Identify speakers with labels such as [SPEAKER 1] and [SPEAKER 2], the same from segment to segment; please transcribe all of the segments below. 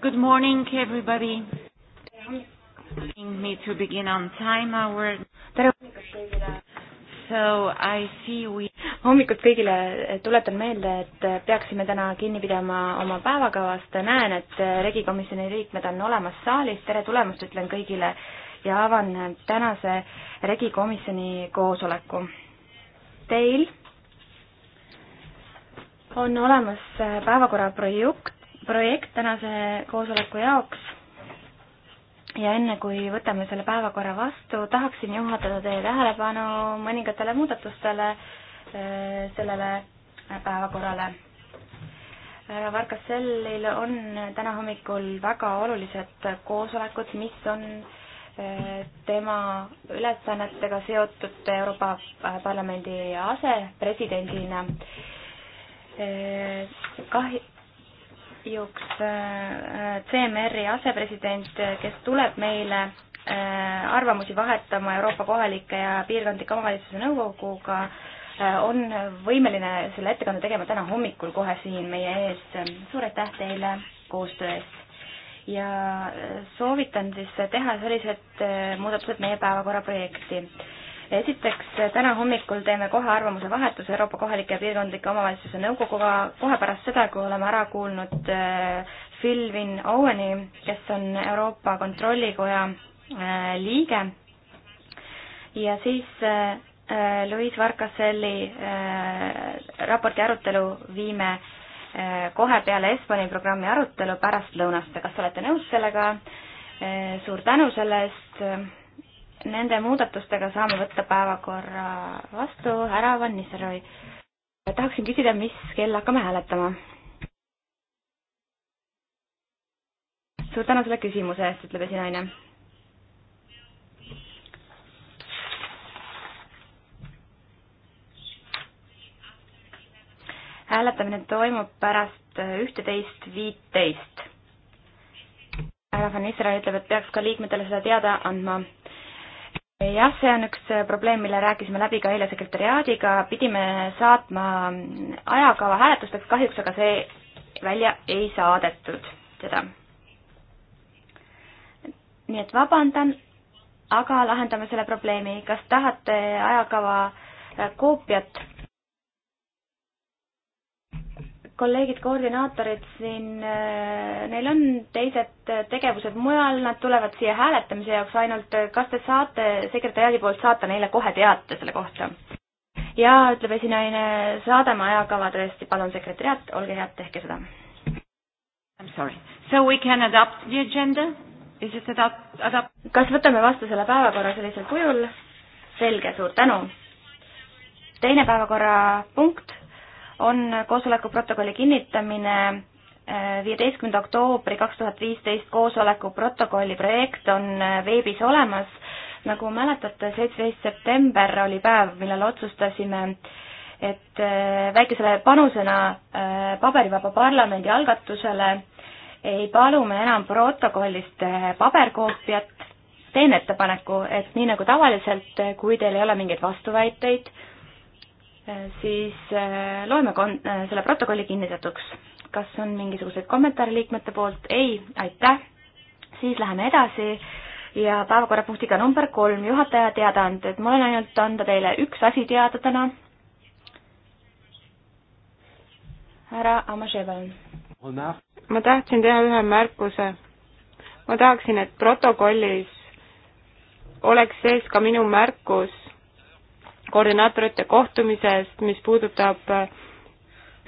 [SPEAKER 1] Good morning, everybody. Me to begin on time our.
[SPEAKER 2] tere hommikust kõigile.
[SPEAKER 1] So I see we. hommikut
[SPEAKER 2] kõigile, tuletan meelde, et peaksime täna kinni pidama oma päevakavast. näen, et regikomisjoni liikmed on olemas saalis. tere tulemast, ütlen kõigile ja avan tänase regikomisjoni koosoleku. Teil on olemas päevakorra projekt projekt tänase koosoleku jaoks ja enne, kui võtame selle päevakorra vastu, tahaksin juhatada teie tähelepanu mõningatele muudatustele äh, sellele päevakorrale. härra Varkasellil on täna hommikul väga olulised koosolekud, mis on äh, tema ülesannetega seotud Euroopa äh, Parlamendi asepresidendina. Kah-, Juks, äh, CMR-i asepresident, kes tuleb meile äh, arvamusi vahetama Euroopa kohalike ja piirkondlike omavalitsuse nõukoguga, äh, on võimeline selle ettekande tegema täna hommikul kohe siin meie ees. suur aitäh teile koostöö eest! ja soovitan siis teha sellised muudatused meie päevakorra projekti esiteks, täna hommikul teeme kohe arvamuse vahetuse Euroopa kohalike ja piirkondlike omavalitsuste nõukoguga, kohe pärast seda, kui oleme ära kuulnud äh, Phil Win Oweni, kes on Euroopa Kontrollikoja äh, liige ja siis äh, Louise Varkaselli raporti arutelu viime kohe peale Espani programmi arutelu pärast lõunast. kas olete nõus sellega? suur tänu selle eest nende muudatustega saame võtta päevakorra vastu, härra Van Nisseroi. tahaksin küsida, mis kell hakkame hääletama? suur tänu selle küsimuse eest, ütleb esinaine. hääletamine toimub pärast ühteteist viiteist. härra Van Nisseroi ütleb, et peaks ka liikmetele seda teada andma jah, see on üks probleem, mille rääkisime läbi ka eile sekretäriaadiga, pidime saatma ajakava hääletusteks, kahjuks aga see välja ei saadetud seda. nii et vabandan, aga lahendame selle probleemi, kas tahate ajakava koopiat? kolleegid, koordinaatorid siin, äh, neil on teised tegevused mujal, nad tulevad siia hääletamise jaoks ainult, kas te saate sekretäriaadi poolt saata neile kohe teate selle kohta? jaa, ütleb esinaine, saadame ajakava tõesti, palun sekretäriaat, olge head, tehke seda.
[SPEAKER 1] I m sorry,
[SPEAKER 2] so we can adopt the agenda? Is it adopt, adopt? kas võtame vastu selle päevakorra sellisel kujul? selge, suur tänu. teine päevakorrapunkt on koosoleku protokolli kinnitamine eh, viieteistkümnenda oktoobri kaks tuhat viisteist koosoleku protokolli projekt on eh, veebis olemas. nagu mäletate, seitseteist september oli päev, millal otsustasime, et eh, väikesele panusena paberivaba parlamendi algatusele ei palu me enam protokollist paberkoopiat. teen ettepaneku, et nii nagu tavaliselt, kui teil ei ole mingeid vastuväiteid, siis äh, loeme kon-, äh, selle protokolli kinnitatuks. kas on mingisuguseid kommentaare liikmete poolt? ei, aitäh. siis läheme edasi ja päevakorrapunktiga number kolm, juhataja teadaanded. mul on ainult anda teile üks asi teada täna. härra Amaše, palun. ma tahtsin teha ühe
[SPEAKER 3] märkuse. ma tahaksin, et protokollis oleks sees ka minu märkus koordinaatorite kohtumisest, mis puudutab äh,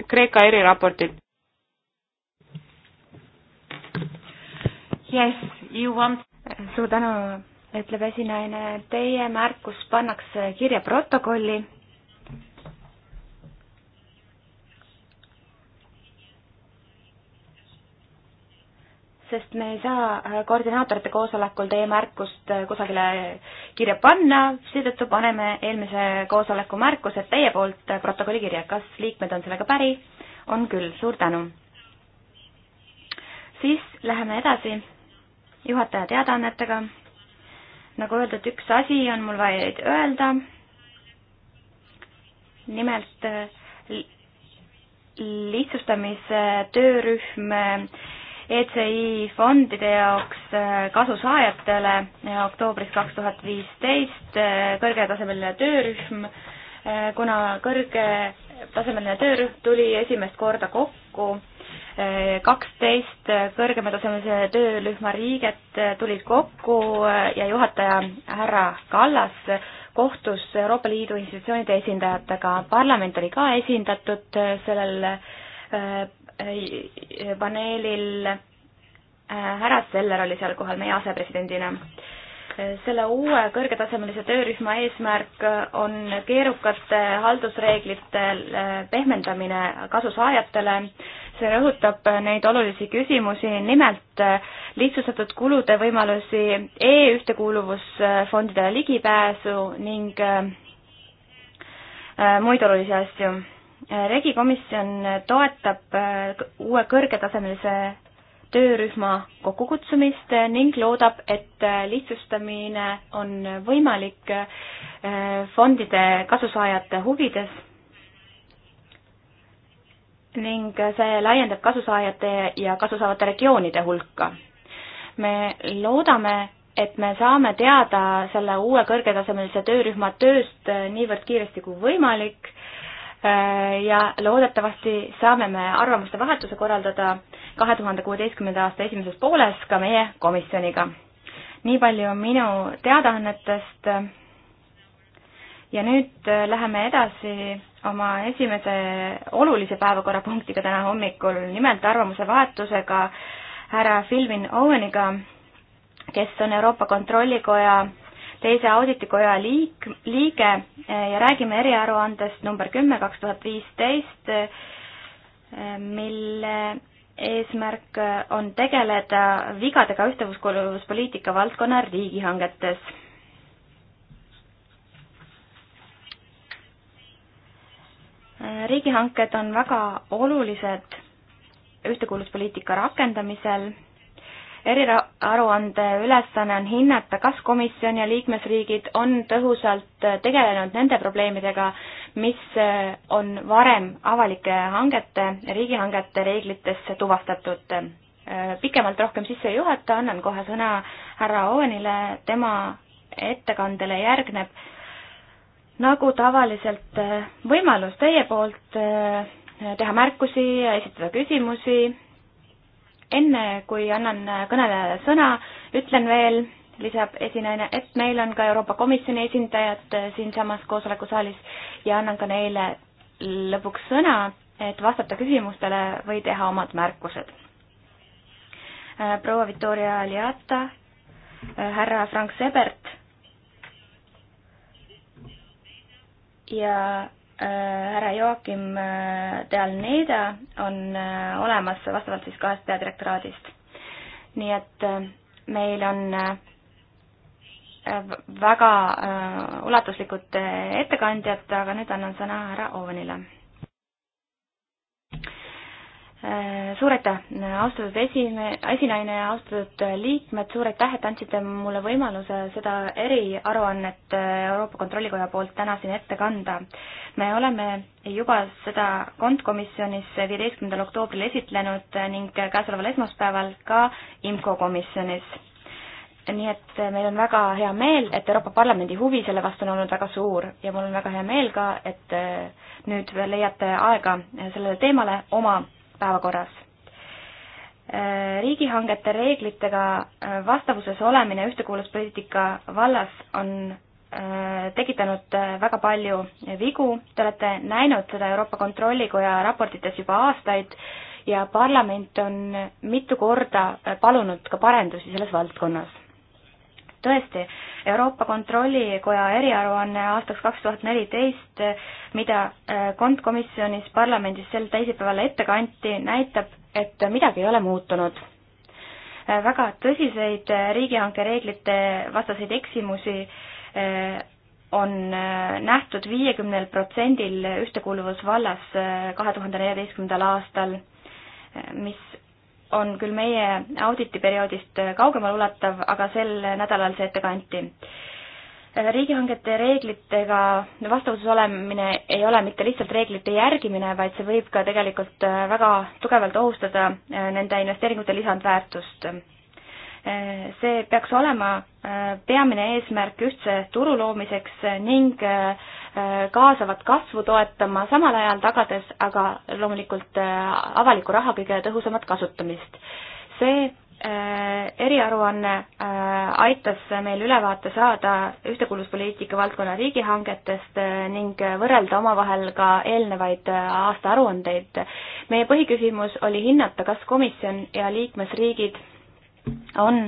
[SPEAKER 3] Kreeka eriraportit.
[SPEAKER 2] Yes, you want suur tänu, ütleb esinaine, teie märkus pannakse kirja protokolli. sest me ei saa koordinaatorite koosolekul teie märkust äh, kusagile kirja panna, seetõttu paneme eelmise koosoleku märkused teie poolt protokolli kirja. kas liikmed on sellega päri? on küll, suur tänu. siis läheme edasi juhataja teadaannetega. nagu öeldud, üks asi on mul vaid öelda. nimelt lihtsustamise töörühm ECI fondide jaoks äh, kasusaajatele ja äh, oktoobris kaks tuhat viisteist äh, kõrgetasemeline töörühm, kuna kõrgetasemeline töörühm tuli esimest korda kokku, kaksteist kõrgematasemelise töörühma liiget tulid kokku ja juhataja härra Kallas kohtus Euroopa Liidu institutsioonide esindajatega. parlament oli ka esindatud sellel paneelil härra äh, Seller oli seal kohal meie asepresidendina. selle uue kõrgetasemelise töörühma eesmärk on keerukate haldusreeglite äh, pehmendamine kasusaajatele. see rõhutab neid olulisi küsimusi, nimelt äh, lihtsustatud kulude võimalusi e, e-ühtekuuluvusfondidele ligipääsu ning muid olulisi asju regikomisjon toetab äh, uue kõrgetasemelise töörühma kokkukutsumist ning loodab, et äh, lihtsustamine on võimalik äh, fondide kasusaajate huvides ning see laiendab kasusaajate ja kasusaavate regioonide hulka. me loodame, et me saame teada selle uue kõrgetasemelise töörühma tööst niivõrd kiiresti kui võimalik Äh, ja loodetavasti saame me arvamuste vahetuse korraldada kahe tuhande kuueteistkümnenda aasta esimeses pooles ka meie komisjoniga. nii palju minu teadaannetest. ja nüüd äh, läheme edasi oma esimese olulise päevakorrapunktiga täna hommikul, nimelt arvamuse vahetusega härra Philvin Oweniga, kes on Euroopa Kontrollikoja teise auditikoja liik-, liige ja räägime eriaruandest number kümme, kaks tuhat viisteist, mille eesmärk on tegeleda vigadega ühtekuuluvuspoliitika valdkonna riigihangetes. riigihanked on väga olulised ühtekuuluvuspoliitika rakendamisel eriaruande ülesanne on hinnata, kas komisjon ja liikmesriigid on tõhusalt tegelenud nende probleemidega, mis on varem avalike hangete, riigihangete reeglitesse tuvastatud. pikemalt rohkem sisse ei juhata, annan kohe sõna härra Owenile, tema ettekandele järgneb nagu tavaliselt võimalus teie poolt teha märkusi ja esitada küsimusi enne kui annan kõnelejale sõna, ütlen veel, lisab esinaine, et meil on ka Euroopa Komisjoni esindajad äh, siinsamas koosolekusaalis ja annan ka neile lõpuks sõna, et vastata küsimustele või teha omad märkused. Äh, proua Victoria Aliata, äh, härra Frank Sebert ja Äh, härra Joakim äh, Dealneda on äh, olemas vastavalt siis kahest peadirektoraadist. nii et meil on väga ulatuslikud ettekandjad, aga nüüd annan sõna härra Ovenile Äh, suur aitäh, austatud esine, esinaine ja austatud liikmed, suur aitäh, et andsite mulle võimaluse seda eriaruannet äh, Euroopa Kontrollikoja poolt täna siin ette kanda. me oleme juba seda kontkomisjonis viieteistkümnendal oktoobril esitlenud ning käesoleval esmaspäeval ka IMCO komisjonis. nii et meil on väga hea meel, et Euroopa Parlamendi huvi selle vastu on olnud väga suur ja mul on väga hea meel ka, et äh, nüüd leiate aega sellele teemale oma päevakorras. riigihangete reeglitega äh, vastavuses olemine ühtekuuluvuspoliitika vallas on äh, tekitanud äh, väga palju vigu, te olete näinud seda Euroopa Kontrollikoja raportites juba aastaid ja parlament on mitu korda palunud ka parendusi selles valdkonnas tõesti, Euroopa Kontrollikoja eriaruanne aastaks kaks tuhat neliteist, mida äh, kontkomisjonis parlamendis sel teisipäeval ette kanti, näitab, et midagi ei ole muutunud. Äh, väga tõsiseid äh, riigihanke reeglite vastaseid eksimusi on nähtud viiekümnel protsendil ühtekuuluvusvallas kahe tuhande neljateistkümnendal aastal, mis on küll meie auditiperioodist kaugemal ulatav, aga sel nädalal see ette kanti. riigihangete reeglitega vastavuses olemine ei ole mitte lihtsalt reeglite järgimine, vaid see võib ka tegelikult väga tugevalt ohustada nende investeeringute lisandväärtust. see peaks olema peamine eesmärk ühtse turu loomiseks ning kaasavat kasvu toetama, samal ajal tagades aga loomulikult äh, avaliku raha kõige tõhusamat kasutamist. see äh, eriaruanne äh, aitas meil ülevaate saada ühtekuuluvuspoliitika valdkonna riigihangetest ning võrrelda omavahel ka eelnevaid aastaaruandeid. meie põhiküsimus oli hinnata, kas komisjon ja liikmesriigid on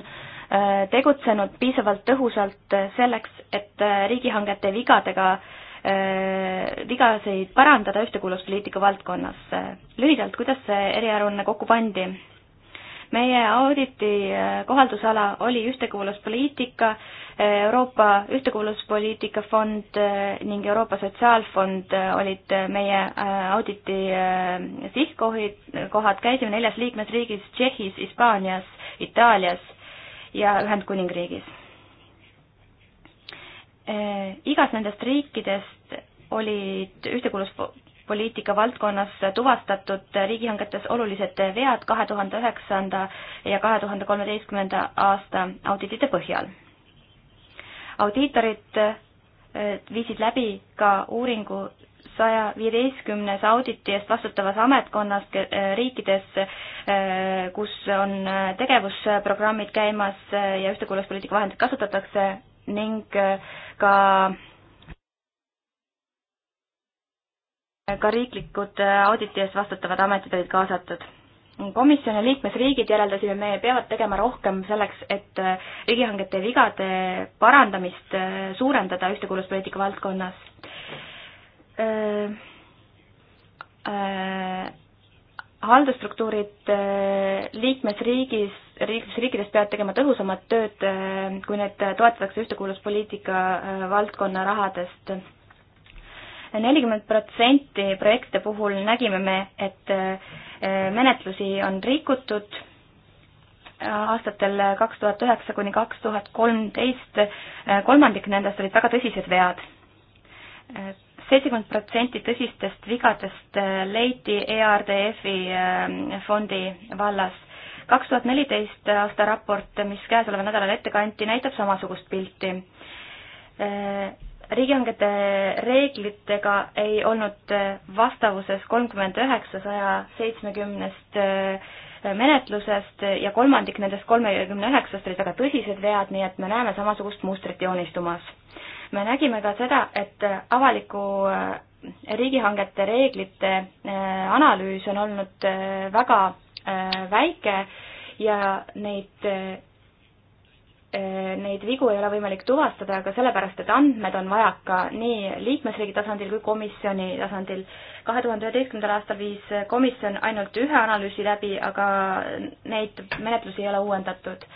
[SPEAKER 2] tegutsenud piisavalt tõhusalt selleks, et riigihangete vigadega äh, Äh, vigaseid parandada ühtekuuluvuspoliitika valdkonnas. lühidalt, kuidas see eriaruanne kokku pandi? meie auditi äh, kohaldusala oli ühtekuuluvuspoliitika, äh, Euroopa Ühtekuuluvuspoliitika Fond ning Euroopa Sotsiaalfond olid meie auditi sihtkohid, kohad, käisime neljas liikmesriigis, Tšehhis, Hispaanias, Itaalias ja Ühendkuningriigis Eh, igas nendest riikidest olid ühtekuuluvuspoliitika valdkonnas tuvastatud riigihangetes olulised vead kahe tuhande üheksanda ja kahe tuhande kolmeteistkümnenda aasta auditite põhjal. audiitorid eh, viisid läbi ka uuringu saja viieteistkümnes auditi eest vastutavas ametkonnas eh, riikides, kus on tegevusprogrammid käimas ja ühtekuuluvuspoliitika vahendeid kasutatakse, ning äh, ka ka riiklikud äh, auditi eest vastutavad ametid olid kaasatud. komisjoni liikmesriigid, järeldasime me, peavad tegema rohkem selleks, et äh, riigihangete vigade parandamist suurendada ühtekuuluvuspoliitika valdkonnas äh,. Äh, haldusstruktuurid liikmesriigis riikides, riikides peavad tegema tõhusamat tööd, äh, kui need toetatakse ühtekuuluvuspoliitika äh, valdkonna rahadest. nelikümmend protsenti projekte puhul nägime me, et äh, menetlusi on rikutud aastatel kaks tuhat üheksa kuni kaks tuhat kolmteist, kolmandik nendest olid väga tõsised vead. seitsekümmend protsenti tõsistest vigadest leiti ERDF-i fondi vallas kaks tuhat neliteist aasta raport, mis käesoleval nädalal ette kanti, näitab samasugust pilti. riigihangete reeglitega ei olnud vastavuses kolmkümmend üheksa saja seitsmekümnest menetlusest ja kolmandik nendest kolmekümne üheksast olid väga tõsised vead, nii et me näeme samasugust mustrit joonistumas. me nägime ka seda, et avaliku äh, riigihangete reeglite äh, analüüs on olnud äh, väga Äh, väike ja neid, äh, neid vigu ei ole võimalik tuvastada ka sellepärast, et andmed on vajaka nii liikmesriigi tasandil kui komisjoni tasandil. kahe tuhande üheteistkümnendal aastal viis komisjon ainult ühe analüüsi läbi, aga neid menetlusi ei ole uuendatud.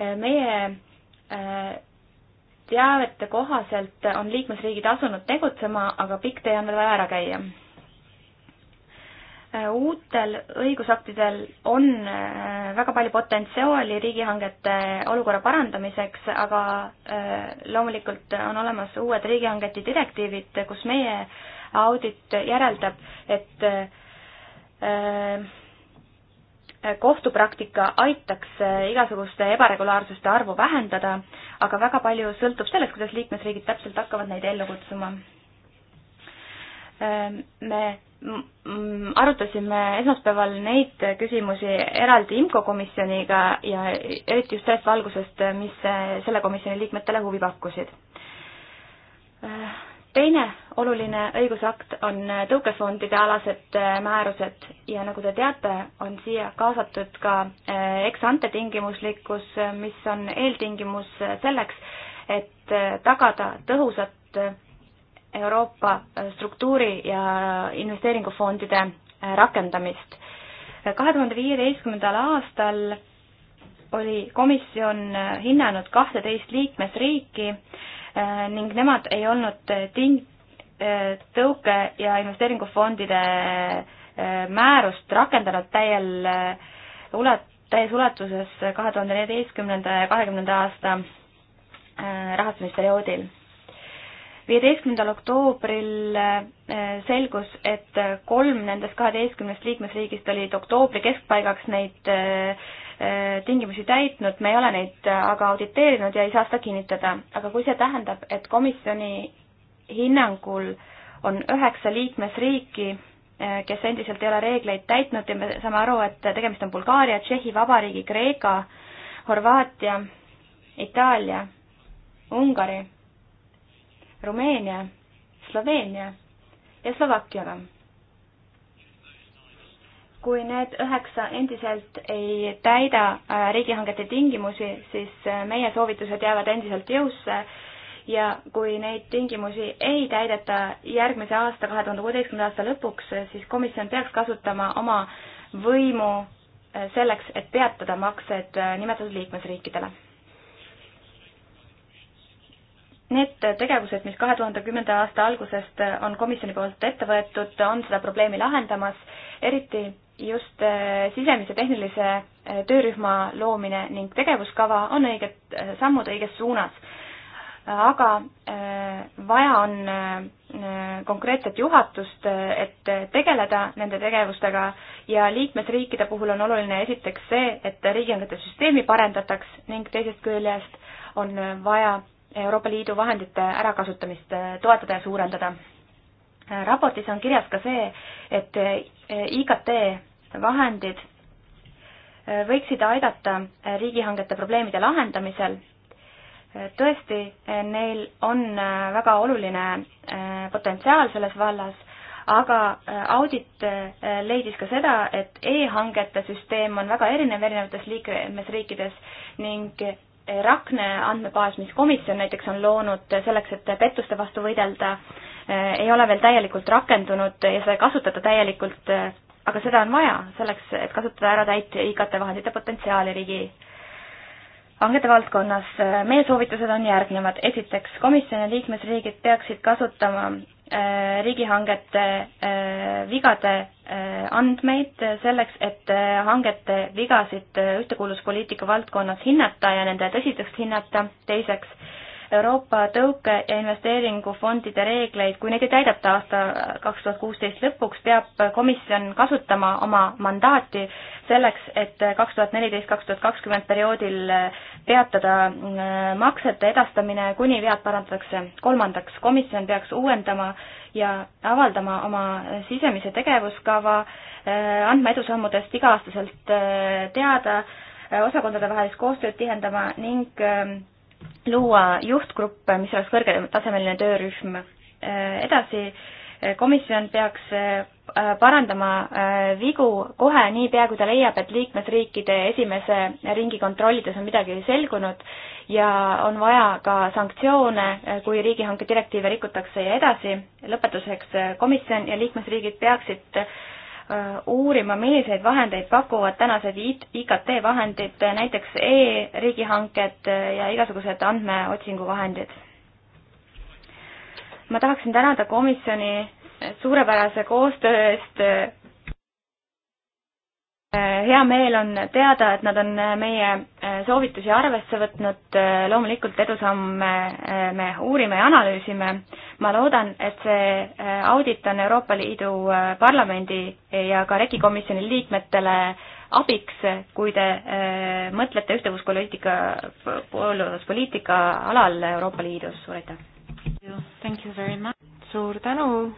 [SPEAKER 2] Äh, meie teavete kohaselt on liikmesriigid asunud tegutsema, aga pikk tee on veel vaja ära käia Äh, uutel õigusaktidel on äh, väga palju potentsiaali riigihangete äh, olukorra parandamiseks, aga loomulikult on olemas uued riigihangete direktiivid, kus meie audit järeldab, et kohtupraktika aitaks igasuguste ebaregulaarsuste arvu vähendada, aga väga palju sõltub sellest, kuidas liikmesriigid täpselt hakkavad neid ellu kutsuma. me Mm, arutasime esmaspäeval neid küsimusi eraldi IMCO komisjoniga ja eriti just sellest valgusest, mis selle komisjoni liikmetele huvi pakkusid. Äh, teine oluline õigusakt on tõukefondide alased äh, määrused ja nagu te teate, on siia kaasatud ka äh, ex-ante tingimuslikkus, mis on eeltingimus selleks, et tagada tõhusat Euroopa struktuuri- ja investeeringufondide rakendamist. kahe tuhande viieteistkümnendal aastal oli komisjon hinnanud kahteteist liikmesriiki äh, ning nemad ei olnud ting-, äh, tõuke- ja investeeringufondide äh, määrust rakendanud täiel ulat-, täies ulatuses kahe tuhande neljateistkümnenda ja kahekümnenda aasta rahastamisperioodil viieteistkümnendal oktoobril eh, selgus, et kolm nendest kaheteistkümnest liikmesriigist olid oktoobri keskpaigaks neid eh, eh, tingimusi täitnud, me ei ole neid aga auditeerinud ja ei saa seda kinnitada. aga kui see tähendab, et komisjoni hinnangul on üheksa liikmesriiki, kes endiselt ei ole reegleid täitnud ja me saame aru, et tegemist on Bulgaaria, Tšehhi Vabariigi, Kreeka, Horvaatia, Itaalia, Ungari Rumeenia, Sloveenia ja Slovakkiaga. kui need üheksa endiselt ei täida äh, riigihangete tingimusi, siis äh, meie soovitused jäävad endiselt jõusse ja kui neid tingimusi ei täideta järgmise aasta, kahe tuhande kuueteistkümnenda aasta lõpuks, äh, siis komisjon peaks kasutama oma võimu selleks, et peatada maksed nimetatud liikmesriikidele Need tegevused, mis kahe tuhande kümnenda aasta algusest on komisjoni poolt ette võetud, on seda probleemi lahendamas, eriti just eh, sisemise tehnilise eh, töörühma loomine ning tegevuskava on õiged eh, sammud õiges suunas. aga vaja on konkreetset juhatust, et tegeleda nende tegevustega ja liikmesriikide puhul on oluline esiteks see, et riigihangete süsteemi parendataks ning teisest küljest on vaja Euroopa Liidu vahendite ärakasutamist toetada ja suurendada. raportis on kirjas ka see, et IKT vahendid võiksid aidata riigihangete probleemide lahendamisel. tõesti, neil on väga oluline potentsiaal selles vallas, aga audit leidis ka seda, et e-hangete süsteem on väga erinev erinevates liikmesriikides ning Rakne andmebaas, mis komisjon näiteks on loonud selleks, et pettuste vastu võidelda, eh, ei ole veel täielikult rakendunud ja seda ei kasutata täielikult, eh, aga seda on vaja selleks, et kasutada ära täit IKT vahendite potentsiaali riigi hangete valdkonnas. meie soovitused on järgnevad. esiteks, komisjoni liikmesriigid peaksid kasutama Äh, riigihangete äh, vigade äh, andmeid selleks, et hangete vigasid ühtekuuluvuspoliitika valdkonnas hinnata ja nende tõsidust hinnata. teiseks, Euroopa tõuke- ja investeeringufondide reegleid, kui neid ei täideta aasta kaks tuhat kuusteist lõpuks, peab komisjon kasutama oma mandaati selleks, et kaks tuhat neliteist, kaks tuhat kakskümmend perioodil peatada äh, maksete edastamine, kuni vead parandatakse. kolmandaks, komisjon peaks uuendama ja avaldama oma sisemise tegevuskava, äh, andma edusammudest iga-aastaselt äh, teada, osakondade vahelist koostööd tihendama ning luua juhtgrupp, mis oleks kõrgetasemeline töörühm. Äh, edasi, äh, komisjon peaks äh, parandama vigu kohe, niipea kui ta leiab, et liikmesriikide esimese ringi kontrollides on midagi selgunud ja on vaja ka sanktsioone, kui riigihanke direktiive rikutakse ja edasi. lõpetuseks, komisjon ja liikmesriigid peaksid Äh, uurima, milliseid vahendeid pakuvad tänased IKT vahendid, näiteks e-riigihanked äh, ja igasugused andmeotsingu vahendid. ma tahaksin tänada komisjoni suurepärase koostöö eest äh, Eh, hea meel on teada, et nad on eh, meie eh, soovitusi arvesse võtnud, loomulikult edusamme me uurime ja analüüsime. ma loodan, et see audit on Euroopa Liidu Parlamendi ja ka REKI komisjoni liikmetele abiks, kui te mõtlete ühtevuspoliitika, pooluspoliitika alal Euroopa Liidus, suur aitäh! suur tänu!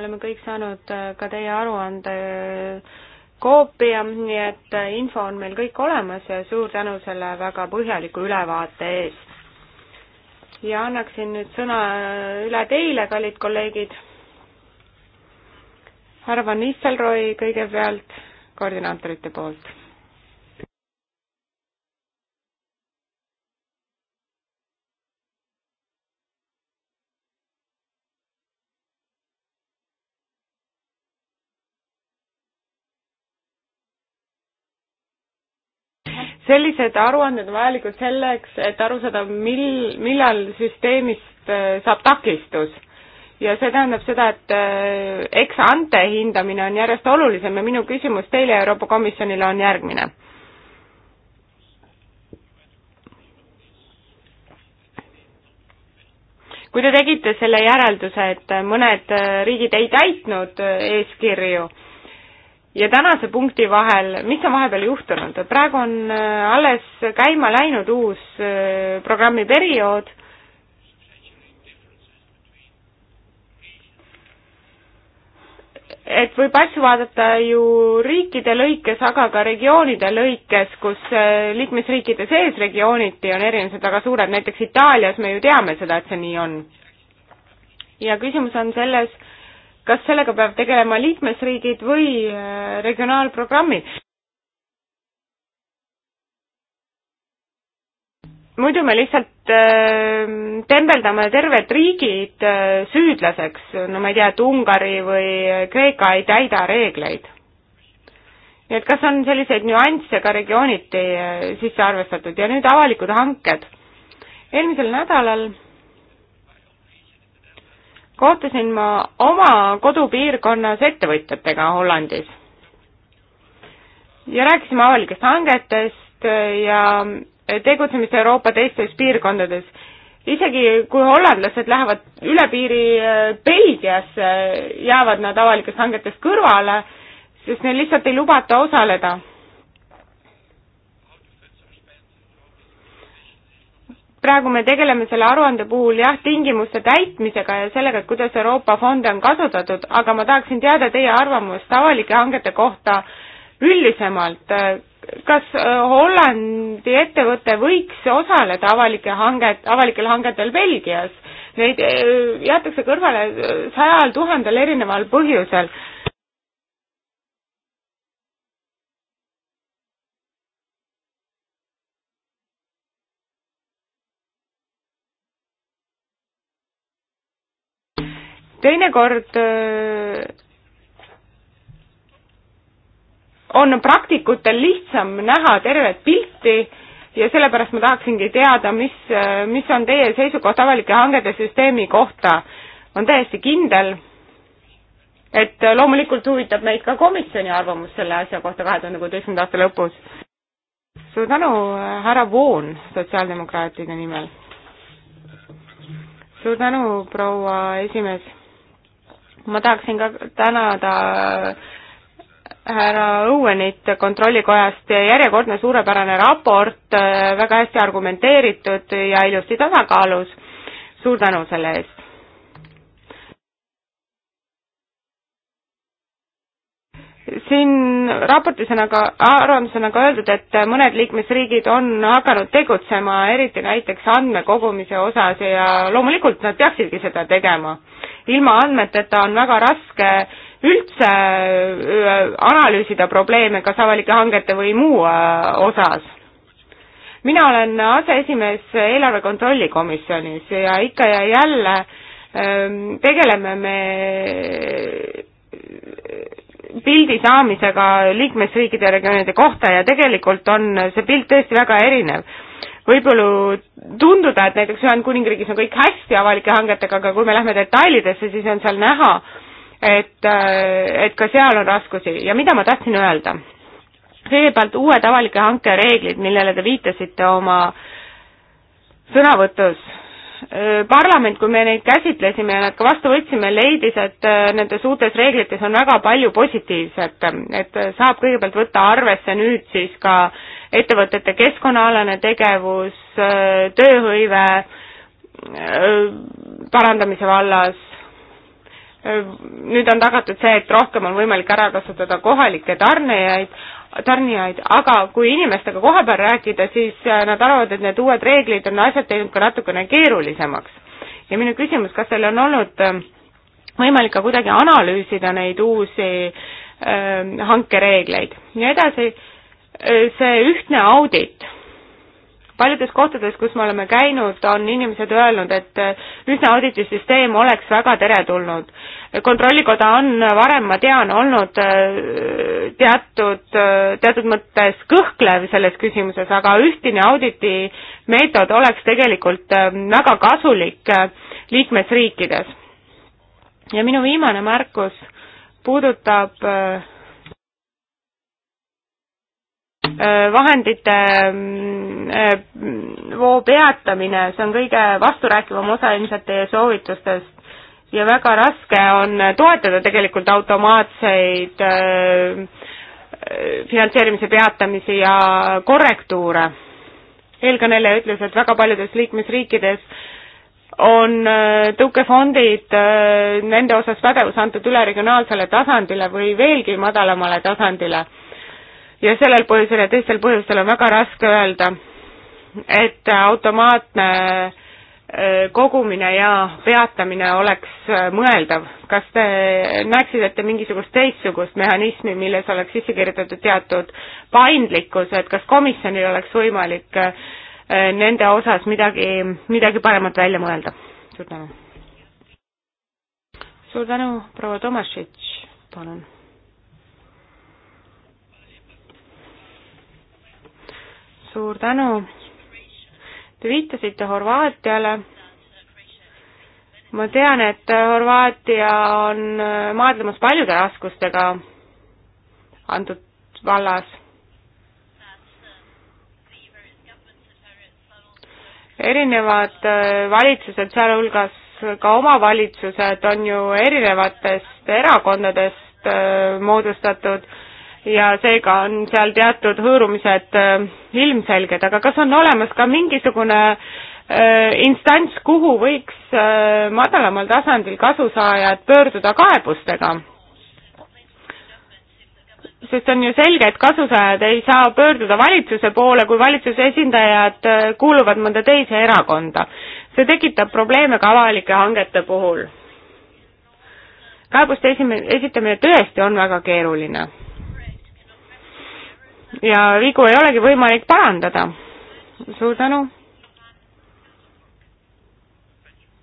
[SPEAKER 3] oleme kõik saanud äh, ka teie aruande äh, koopia, nii et äh, info on meil kõik olemas ja suur tänu selle väga põhjaliku ülevaate eest. ja annaksin nüüd sõna üle teile, kallid kolleegid. härra Van Nistelrooy kõigepealt koordinaatorite poolt sellised aruanded on vajalikud selleks, et aru saada, mil, millal süsteemist äh, saab takistus. ja see tähendab seda, et äh, eks ante hindamine on järjest olulisem ja minu küsimus teile, Euroopa Komisjonile, on järgmine kui te tegite selle järelduse, et mõned äh, riigid ei täitnud eeskirju, ja tänase punkti vahel, mis on vahepeal juhtunud? praegu on äh, alles käima läinud uus äh, programmi periood. et võib asju vaadata ju riikide lõikes, aga ka regioonide lõikes, kus äh, liikmesriikide sees regiooniti on erinevused väga suured, näiteks Itaalias me ju teame seda, et see nii on. ja küsimus on selles, kas sellega peab tegelema liikmesriigid või äh, regionaalprogrammid? muidu me lihtsalt äh, tembeldame terved riigid äh, süüdlaseks, no ma ei tea, et Ungari või Kreeka ei täida reegleid. nii et kas on selliseid nüansse ka regiooniti äh, sisse arvestatud ja nüüd avalikud hanked. eelmisel nädalal kohtusin ma oma kodupiirkonnas ettevõtjatega Hollandis ja rääkisime avalikest hangetest ja tegutsemist Euroopa teistes piirkondades. isegi kui hollandlased lähevad üle piiri äh, Belgiasse, jäävad nad avalikest hangetest kõrvale, sest neil lihtsalt ei lubata osaleda praegu me tegeleme selle aruande puhul jah, tingimuste täitmisega ja sellega, et kuidas Euroopa fonde on kasutatud, aga ma tahaksin teada teie arvamust avalike hangete kohta üldisemalt. kas äh, Hollandi ettevõte võiks osaleda avalike hanget, avalikel hangetel Belgias? Neid äh, jäetakse kõrvale äh, sajal tuhandel erineval põhjusel teinekord äh, on praktikutel lihtsam näha tervet pilti ja sellepärast ma tahaksingi teada, mis, äh, mis on teie seisukoht avalike hangede süsteemi kohta. on täiesti kindel, et loomulikult huvitab meid ka komisjoni arvamus selle asja kohta kahe tuhande kuueteistkümnenda aasta lõpus. suur tänu, äh, härra Voon sotsiaaldemokraatide nimel. suur tänu, proua esimees ma tahaksin ka tänada äh, härra Õuenit Kontrollikojast, järjekordne suurepärane raport, äh, väga hästi argumenteeritud ja ilusti tasakaalus, suur tänu selle eest! siin raportis on aga, arvamus on aga öeldud, et mõned liikmesriigid on hakanud tegutsema, eriti näiteks andmekogumise osas ja loomulikult nad peaksidki seda tegema ilma andmeteta on väga raske üldse äh, analüüsida probleeme kas avalike hangete või muu äh, osas mina olen aseesimees eelarve kontrolli komisjonis ja ikka ja jälle ähm, tegeleme me äh, pildi saamisega liikmesriikide ja regioonide kohta ja tegelikult on see pilt tõesti väga erinev võib-olla tunduda, et näiteks Ühendkuningriigis on kõik hästi avalike hangetega, aga kui me lähme detailidesse, siis on seal näha, et, äh, et ka seal on raskusi ja mida ma tahtsin öelda? kõigepealt uued avalike hanke reeglid, millele te viitasite oma sõnavõtus, äh, parlament, kui me neid käsitlesime ja nad ka vastu võtsime, leidis, et äh, nendes uutes reeglites on väga palju positiivset, et saab kõigepealt võtta arvesse nüüd siis ka äh, ettevõtete keskkonnaalane tegevus, äh, tööhõive äh, parandamise vallas, äh, nüüd on tagatud see, et rohkem on võimalik ära kasutada kohalikke tarnijaid, tarnijaid, aga kui inimestega kohapeal rääkida, siis nad arvavad, et need uued reeglid on asjad teinud ka natukene keerulisemaks. ja minu küsimus, kas teil on olnud võimalik ka kuidagi analüüsida neid uusi äh, hankereegleid ja edasi äh, see ühtne audit, paljudes kohtades, kus me oleme käinud, on inimesed öelnud, et äh, ühtne auditisüsteem oleks väga teretulnud. kontrollikoda on varem, ma tean, olnud äh, teatud, äh, teatud mõttes kõhklev selles küsimuses, aga ühtne auditi meetod oleks tegelikult väga kasulik liikmesriikides. ja minu viimane märkus puudutab äh, Äh, vahendite mm, äh, voo peatamine, see on kõige vasturääkivam osa ilmselt teie soovitustest ja väga raske on toetada tegelikult automaatseid äh, finantseerimise peatamisi ja korrektuure. eelkõneleja ütles, et väga paljudes liikmesriikides on tõukefondid nende osas pädevus antud üle regionaalsele tasandile või veelgi madalamale tasandile ja sellel põhjusel ja teistel põhjustel on väga raske öelda, et automaatne äh, kogumine ja peatamine oleks äh, mõeldav. kas te näeksite mingisugust teistsugust mehhanismi, milles oleks sisse kirjutatud teatud paindlikkus, et kas komisjonil oleks võimalik äh, nende osas midagi, midagi paremat välja mõelda? suur tänu. suur tänu, proua Tomašitš, palun suur tänu. Te viitasite Horvaatiale. ma tean, et Horvaatia on äh, maadlemas paljude raskustega antud vallas erinevad äh, valitsused, sealhulgas ka omavalitsused, on ju erinevatest erakondadest äh, moodustatud ja seega on seal teatud hõõrumised äh, ilmselged, aga kas on olemas ka mingisugune äh, instants, kuhu võiks äh, madalamal tasandil kasusaajad pöörduda kaebustega? sest on ju selge, et kasusaajad ei saa pöörduda valitsuse poole, kui valitsuse esindajad kuuluvad mõnda teise erakonda. see tekitab probleeme ka avalike hangete puhul. kaebuste esimene, esitamine tõesti on väga keeruline ja vigu ei olegi võimalik parandada. suur tänu.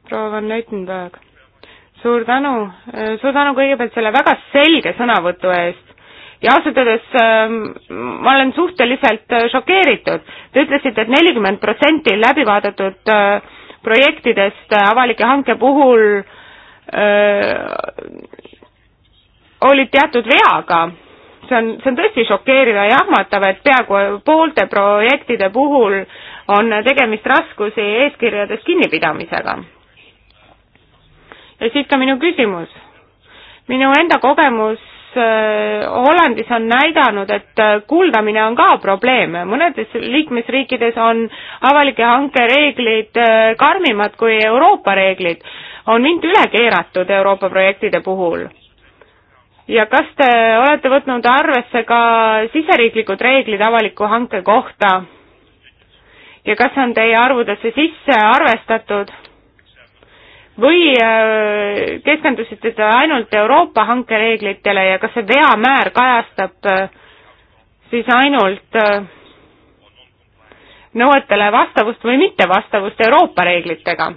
[SPEAKER 3] proua Van Neutenberg. suur tänu, suur tänu kõigepealt selle väga selge sõnavõtu eest ja ausalt öeldes ähm, ma olen suhteliselt äh, šokeeritud. Te ütlesite et, et nelikümmend protsenti läbivaadatud äh, projektidest äh, avalike hanke puhul öö, olid teatud veaga see on, see on tõesti šokeeriv ja jahmatav, et peaaegu poolte projektide puhul on tegemist raskusi eeskirjades kinnipidamisega. ja siit ka minu küsimus. minu enda kogemus äh, Hollandis on näidanud, et äh, kuuldamine on ka probleem, mõnedes liikmesriikides on avalike hanke reeglid äh, karmimad kui Euroopa reeglid, on mind üle keeratud Euroopa projektide puhul ja kas te olete võtnud arvesse ka siseriiklikud reeglid avaliku hanke kohta ja kas on teie arvudesse sisse arvestatud või äh, keskendusite te ainult Euroopa hankereeglitele ja kas see veamäär kajastab äh, siis ainult äh, nõuetele vastavust või mittevastavust Euroopa reeglitega?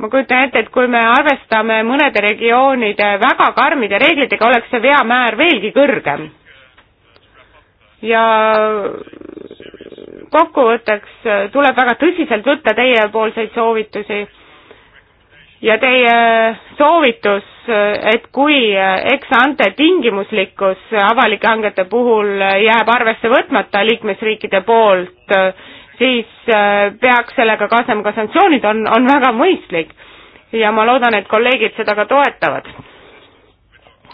[SPEAKER 3] ma kujutan ette, et kui me arvestame mõnede regioonide väga karmide reeglitega, oleks see veamäär veelgi kõrgem. ja kokkuvõtteks tuleb väga tõsiselt võtta teiepoolseid soovitusi ja teie soovitus, et kui ex-ante tingimuslikkus avalike hangete puhul jääb arvesse võtmata liikmesriikide poolt siis äh, peaks sellega kaasnema ka sanktsioonid, on, on väga mõistlik. ja ma loodan, et kolleegid seda ka toetavad.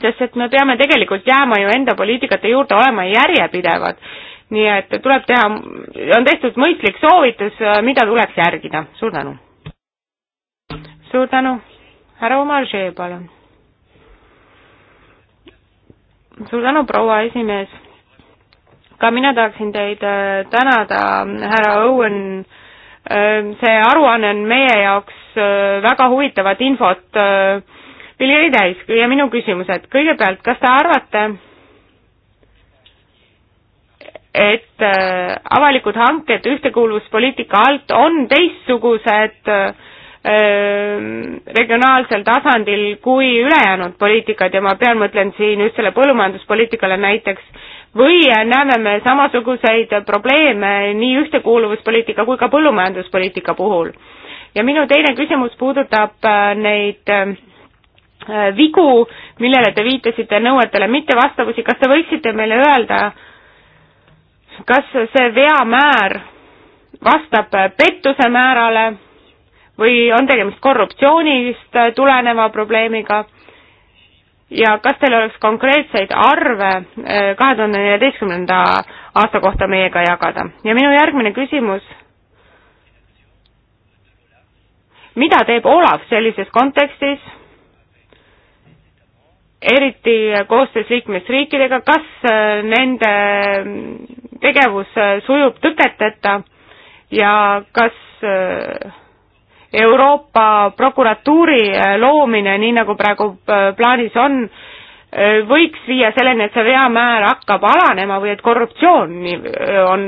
[SPEAKER 3] sest et me peame tegelikult jääma ju enda poliitikate juurde, olema järjepidevad. nii et tuleb teha, on tehtud mõistlik soovitus, äh, mida tuleks järgida. suur tänu. suur tänu. härra Omarjee, palun. suur tänu, proua esimees ka mina tahaksin teid äh, tänada, härra Owen, ähm, see aruanne on meie jaoks äh, väga huvitavat infot pilli äh, täis ja minu küsimused, kõigepealt, kas te arvate, et avalikud hanked ühtekuuluvuspoliitika alt on teistsugused regionaalsel tasandil kui ülejäänud poliitikad ja ma pean, mõtlen siin just selle põllumajanduspoliitikale näiteks või näeme me samasuguseid probleeme nii ühtekuuluvuspoliitika kui ka põllumajanduspoliitika puhul. ja minu teine küsimus puudutab äh, neid äh, vigu, millele te viitasite nõuetele mittevastavusi, kas te võiksite meile öelda, kas see veamäär vastab pettuse määrale või on tegemist korruptsioonist tuleneva probleemiga ja kas teil oleks konkreetseid arve eh, kahe tuhande neljateistkümnenda aasta kohta meiega jagada? ja minu järgmine küsimus, mida teeb Olav sellises kontekstis, eriti koostöös liikmesriikidega, kas eh, nende tegevus eh, sujub tõketeta ja kas äh, Euroopa prokuratuuri äh, loomine, nii nagu praegu äh, plaanis on, äh, võiks viia selleni, et see veamäär hakkab alanema või et korruptsiooni on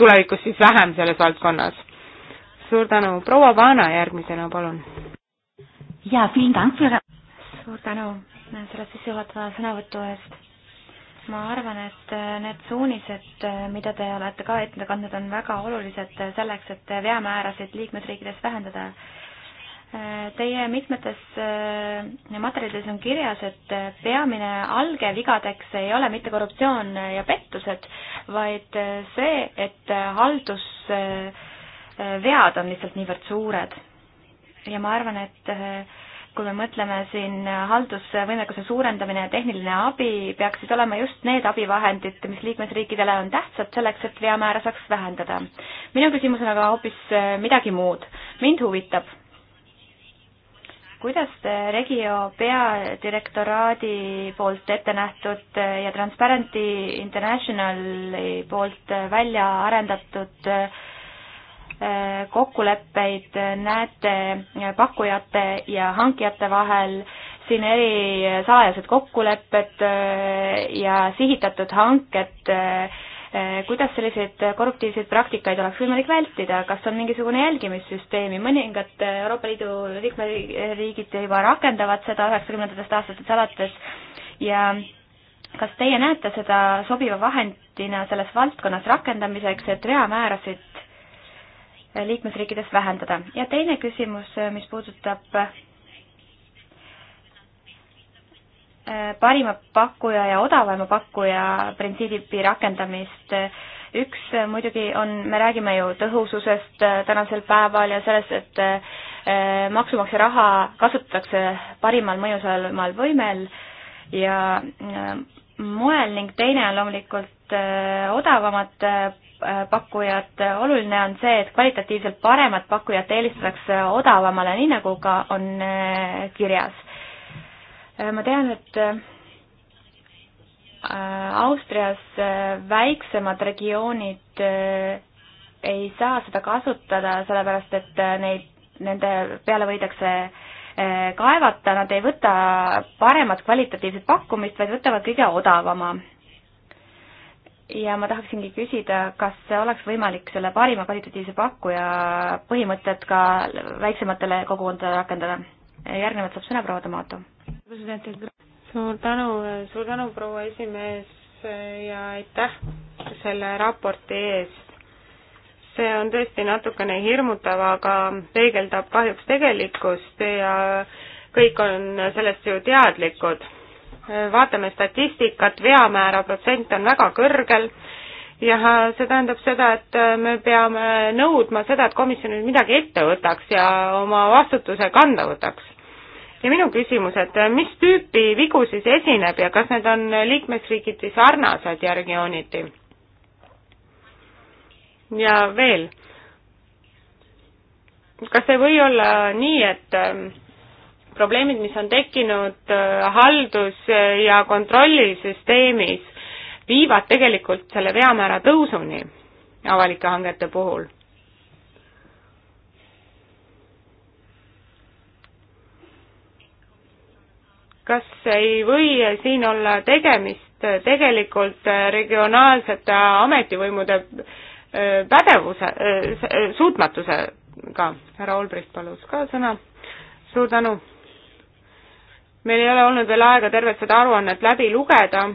[SPEAKER 3] tulevikus siis vähem selles valdkonnas? suur tänu, proua Vana järgmisena, palun. jaa, suur
[SPEAKER 2] tänu selle sissejuhatava sõnavõtu eest ma arvan, et äh, need suunised, äh, mida te olete ka ette kandnud, on väga olulised äh, selleks, et veamäärasid liikmesriikides vähendada. Teie mitmetes materjalides on kirjas, et peamine alge vigadeks ei ole mitte korruptsioon ja pettused, vaid see, et haldusvead on lihtsalt niivõrd suured. ja ma arvan, et kui me mõtleme siin haldusvõimekuse suurendamine ja tehniline abi, peaksid olema just need abivahendid, mis liikmesriikidele on tähtsad selleks, et veamäära saaks vähendada. minu küsimus on aga hoopis äh, midagi muud. mind huvitab, kuidas Regio peadirektoraadi poolt ette nähtud äh, ja Transparency Internationali poolt äh, välja arendatud äh, kokkuleppeid näete pakkujate ja hankijate vahel, siin eri salajased kokkulepped äh, ja sihitatud hanked, äh, kuidas selliseid korruptiivseid praktikaid oleks võimalik vältida, kas on mingisugune jälgimissüsteemi, mõningad Euroopa Liidu liikmeriigid juba rakendavad seda üheksakümnendatest aastatest alates ja kas teie näete seda sobiva vahendina selles valdkonnas rakendamiseks, et veamäärasid liikmesriikides vähendada. ja teine küsimus, mis puudutab äh, parima pakkuja ja odavaima pakkuja printsiibi rakendamist. üks muidugi on, me räägime ju tõhususest äh, tänasel päeval ja sellest, et äh, maksumaksja raha kasutatakse parimal mõjusamal võimel ja moel ning teine on loomulikult odavamad pakkujat, oluline on see, et kvalitatiivselt paremat pakkujat eelistatakse odavamale, nii nagu ka on äh, kirjas. Äh, ma tean, et äh, Austrias väiksemad regioonid ei saa seda kasutada, sellepärast et neid, nende peale võidakse kaevata, nad ei võta paremat kvalitatiivset pakkumist, vaid võtavad kõige odavama ja ma tahaksingi küsida, kas oleks võimalik selle parima kvalitatiivse pakkuja põhimõtet ka väiksematele kogukondadele rakendada? järgnevalt saab sõna proua Tomato.
[SPEAKER 3] suur tänu, suur tänu, proua esimees ja aitäh selle raporti eest. see on tõesti natukene hirmutav, aga peegeldab kahjuks tegelikkust ja kõik on sellest ju teadlikud vaatame statistikat, veamäära protsent on väga kõrgel ja see tähendab seda, et me peame nõudma seda, et komisjon nüüd midagi ette võtaks ja oma vastutuse kanda võtaks. ja minu küsimus, et mis tüüpi vigu siis esineb ja kas need on liikmesriigiti sarnased ja regiooniti? ja veel, kas ei või olla nii, et ähm, probleemid, mis on tekkinud äh, haldus- ja kontrollisüsteemis, viivad tegelikult selle veamäära tõusuni avalike hangete puhul. kas ei või siin olla tegemist tegelikult regionaalsete ametivõimude äh, pädevuse, äh, suutmatusega? härra Olbrist palus ka sõna. suur tänu meil ei ole olnud veel aega tervet seda aruannet läbi lugeda,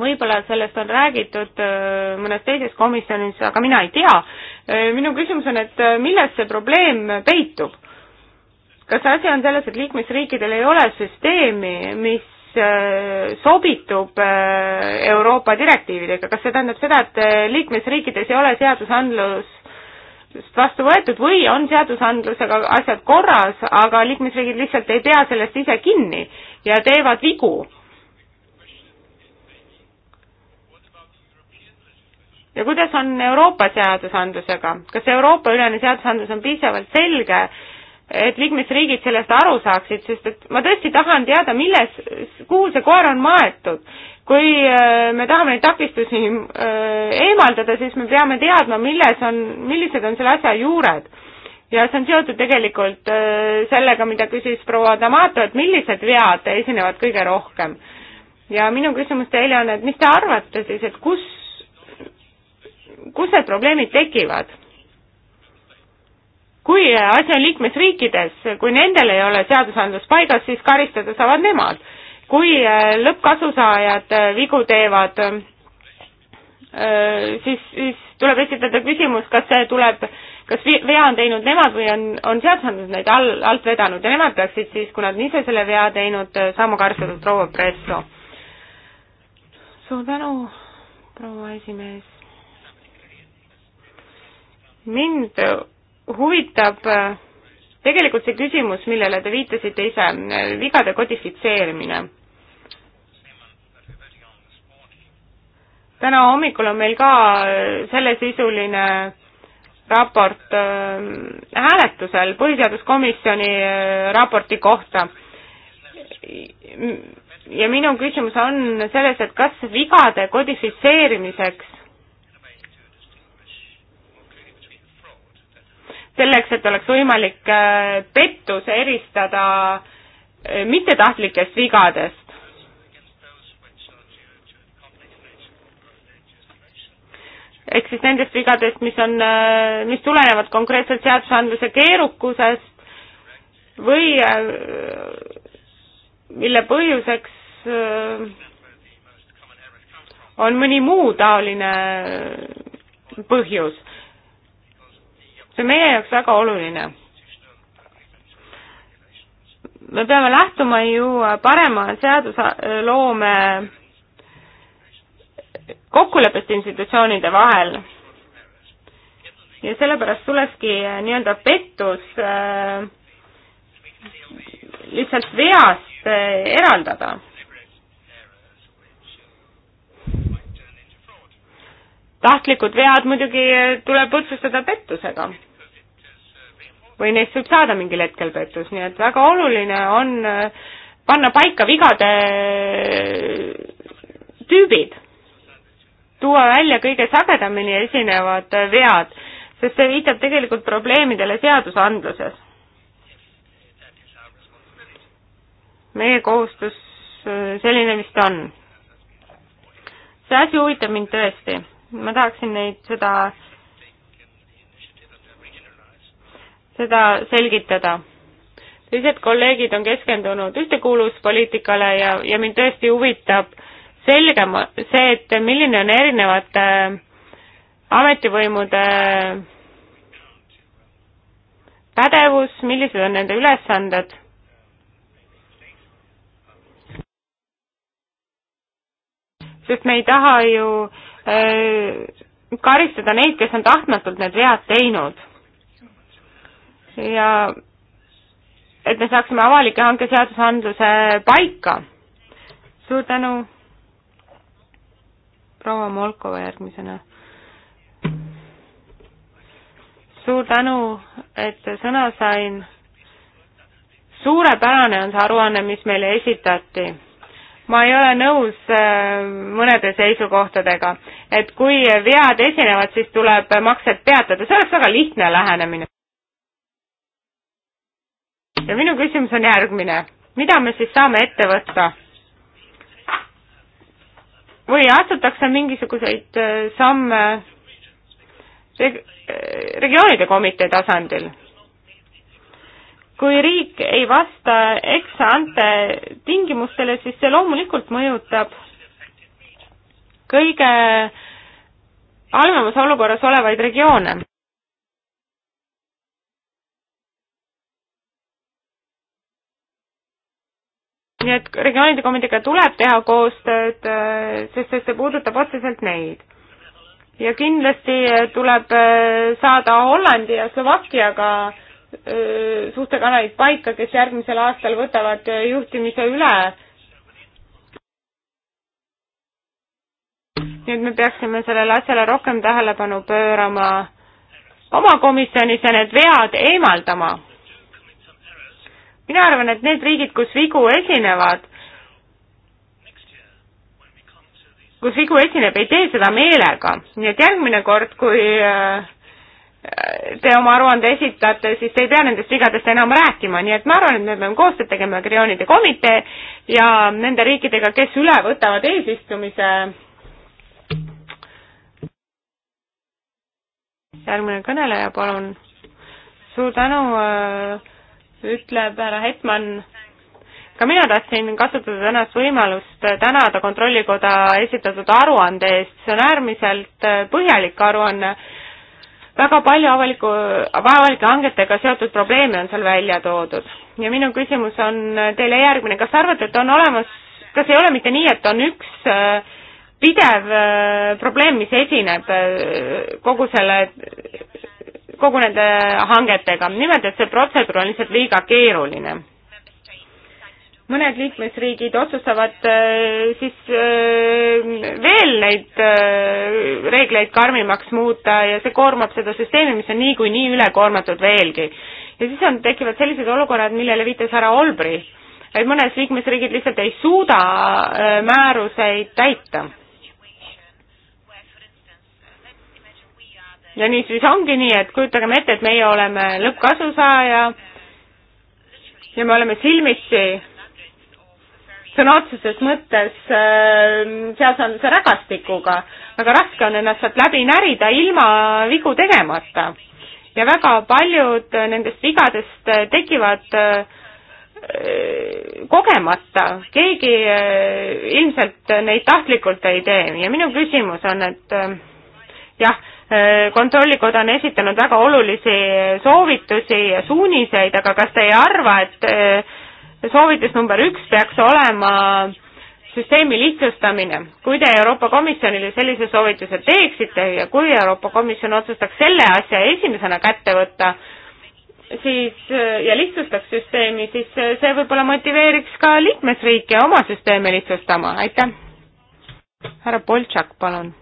[SPEAKER 3] võib-olla sellest on räägitud äh, mõnes teises komisjonis, aga mina ei tea. Äh, minu küsimus on, et äh, milles see probleem peitub? kas asi on selles, et liikmesriikidel ei ole süsteemi, mis sobitub Euroopa direktiividega, kas see tähendab seda, et liikmesriikides ei ole seadusandlus vastu võetud või on seadusandlusega asjad korras, aga liikmesriigid lihtsalt ei pea sellest ise kinni ja teevad vigu. ja kuidas on Euroopa seadusandlusega, kas Euroopa-ülene seadusandlus on piisavalt selge et liikmesriigid sellest aru saaksid, sest et ma tõesti tahan teada, milles, kuhu see koer on maetud. kui äh, me tahame neid takistusi äh, eemaldada, siis me peame teadma, milles on, millised on selle asja juured. ja see on seotud tegelikult äh, sellega, mida küsis proua Damato, et millised vead esinevad kõige rohkem. ja minu küsimus teile on, et mis te arvate siis, et kus, kus need probleemid tekivad? kui asi on liikmesriikides, kui nendel ei ole seadusandlus paigas, siis karistada saavad nemad. kui äh, lõppkasusaajad äh, vigu teevad, äh, siis, siis tuleb esitada küsimus, kas see tuleb, kas vea on teinud nemad või on, on seadusandlus neid all, alt vedanud ja nemad peaksid siis, kui nad on ise selle vea teinud, saama karistada proua Presso. suur tänu, proua esimees. mind huvitab äh, tegelikult see küsimus, millele te viitasite ise, äh, vigade kodifitseerimine. täna hommikul on meil ka äh, sellesisuline raport hääletusel Põhiseaduskomisjoni raporti kohta. ja minu küsimus on selles, et kas vigade kodifitseerimiseks selleks, et oleks võimalik äh, pettuse eristada äh, mittetahtlikest vigadest. ehk siis nendest vigadest, mis on, äh, mis tulenevad konkreetselt seadusandluse keerukusest või mille põhjuseks on mõni muu taoline põhjus see on meie jaoks väga oluline. me peame lähtuma ju parema seadusloome kokkuleppest institutsioonide vahel ja sellepärast tulekski nii-öelda pettus äh, lihtsalt veast äh, eraldada. tahtlikud vead muidugi tuleb otsustada pettusega või neist võib saada mingil hetkel pettus, nii et väga oluline on äh, panna paika vigade äh, tüübid, tuua välja kõige sagedamini esinevad äh, vead, sest see viitab tegelikult probleemidele seadusandluses. meie kohustus selline vist on. see asi huvitab mind tõesti, ma tahaksin neid, seda seda selgitada. teised kolleegid on keskendunud ühtekuuluvuspoliitikale ja, ja mind tõesti huvitab selgema see, et milline on erinevate äh, ametivõimude äh, pädevus, millised on nende ülesanded sest me ei taha ju öö, äh, karistada neid, kes on tahtmatult need vead teinud ja et me saaksime avalike hanke seadusandluse paika. suur tänu, proua Molkova järgmisena. suur tänu, et sõna sain. suurepärane on see aruanne, mis meile esitati ma ei ole nõus äh, mõnede seisukohtadega, et kui vead esinevad, siis tuleb maksed peatada, see oleks väga lihtne lähenemine ja minu küsimus on järgmine, mida me siis saame ette võtta? või astutakse mingisuguseid äh, samme reg-, äh, regioonide komitee tasandil? kui riik ei vasta ex-ante tingimustele, siis see loomulikult mõjutab kõige halvemas olukorras olevaid regioone. nii et regionaalide komiteega tuleb teha koostööd, äh, sest et see puudutab otseselt neid. ja kindlasti äh, tuleb äh, saada Hollandi ja Slovakkiaga suhtekanalid paika, kes järgmisel aastal võtavad juhtimise üle. nii et me peaksime sellele asjale rohkem tähelepanu pöörama oma komisjonis ja need vead eemaldama mina arvan, et need riigid, kus vigu esinevad, kus vigu esineb, ei tee seda meelega. nii et järgmine kord, kui äh, te oma aruande esitate, siis te ei pea nendest vigadest enam rääkima, nii et ma arvan, et me peame koostööd tegema regioonide komitee ja nende riikidega, kes üle võtavad eesistumise. järgmine kõneleja, palun. suur tänu äh, ütleb härra Hetman. ka mina tahtsin kasutada tänast võimalust tänada Kontrollikoda esitatud aruande eest, see on äärmiselt põhjalik aruanne, väga palju avaliku, avalike hangetega seotud probleeme on seal välja toodud. ja minu küsimus on teile järgmine, kas te arvate, et on olemas, kas ei ole mitte nii, et on üks äh, pidev äh, probleem, mis esineb äh, kogu selle kogu nende hangetega. nimelt, et see protseduur on lihtsalt liiga keeruline. mõned liikmesriigid otsustavad äh, siis äh, veel neid äh, reegleid karmimaks muuta ja see koormab seda süsteemi, mis on niikuinii nii ülekoormatud veelgi. ja siis on, tekivad sellised olukorrad, millele viitas härra Olbri, et mõnes liikmesriigid lihtsalt ei suuda määruseid täita ja niisiis ongi nii, et kujutagem ette, et meie oleme lõppkasusaaja ja me oleme silmitsi sõna otseses mõttes äh, seadusandluse rägastikuga. väga raske on ennast sealt läbi närida ilma vigu tegemata. ja väga paljud nendest vigadest tekivad äh, kogemata, keegi äh, ilmselt neid tahtlikult ei tee ja minu küsimus on, et äh, jah, Äh, kontrollikoda on esitanud väga olulisi soovitusi ja suuniseid, aga kas te ei arva, et äh, soovitus number üks peaks olema süsteemi lihtsustamine. kui te Euroopa Komisjonile sellise soovituse teeksite ja kui Euroopa Komisjon otsustaks selle asja esimesena kätte võtta, siis äh, ja lihtsustaks süsteemi, siis see võib-olla motiveeriks ka liikmesriike oma süsteeme lihtsustama, aitäh. härra Boltšak, palun.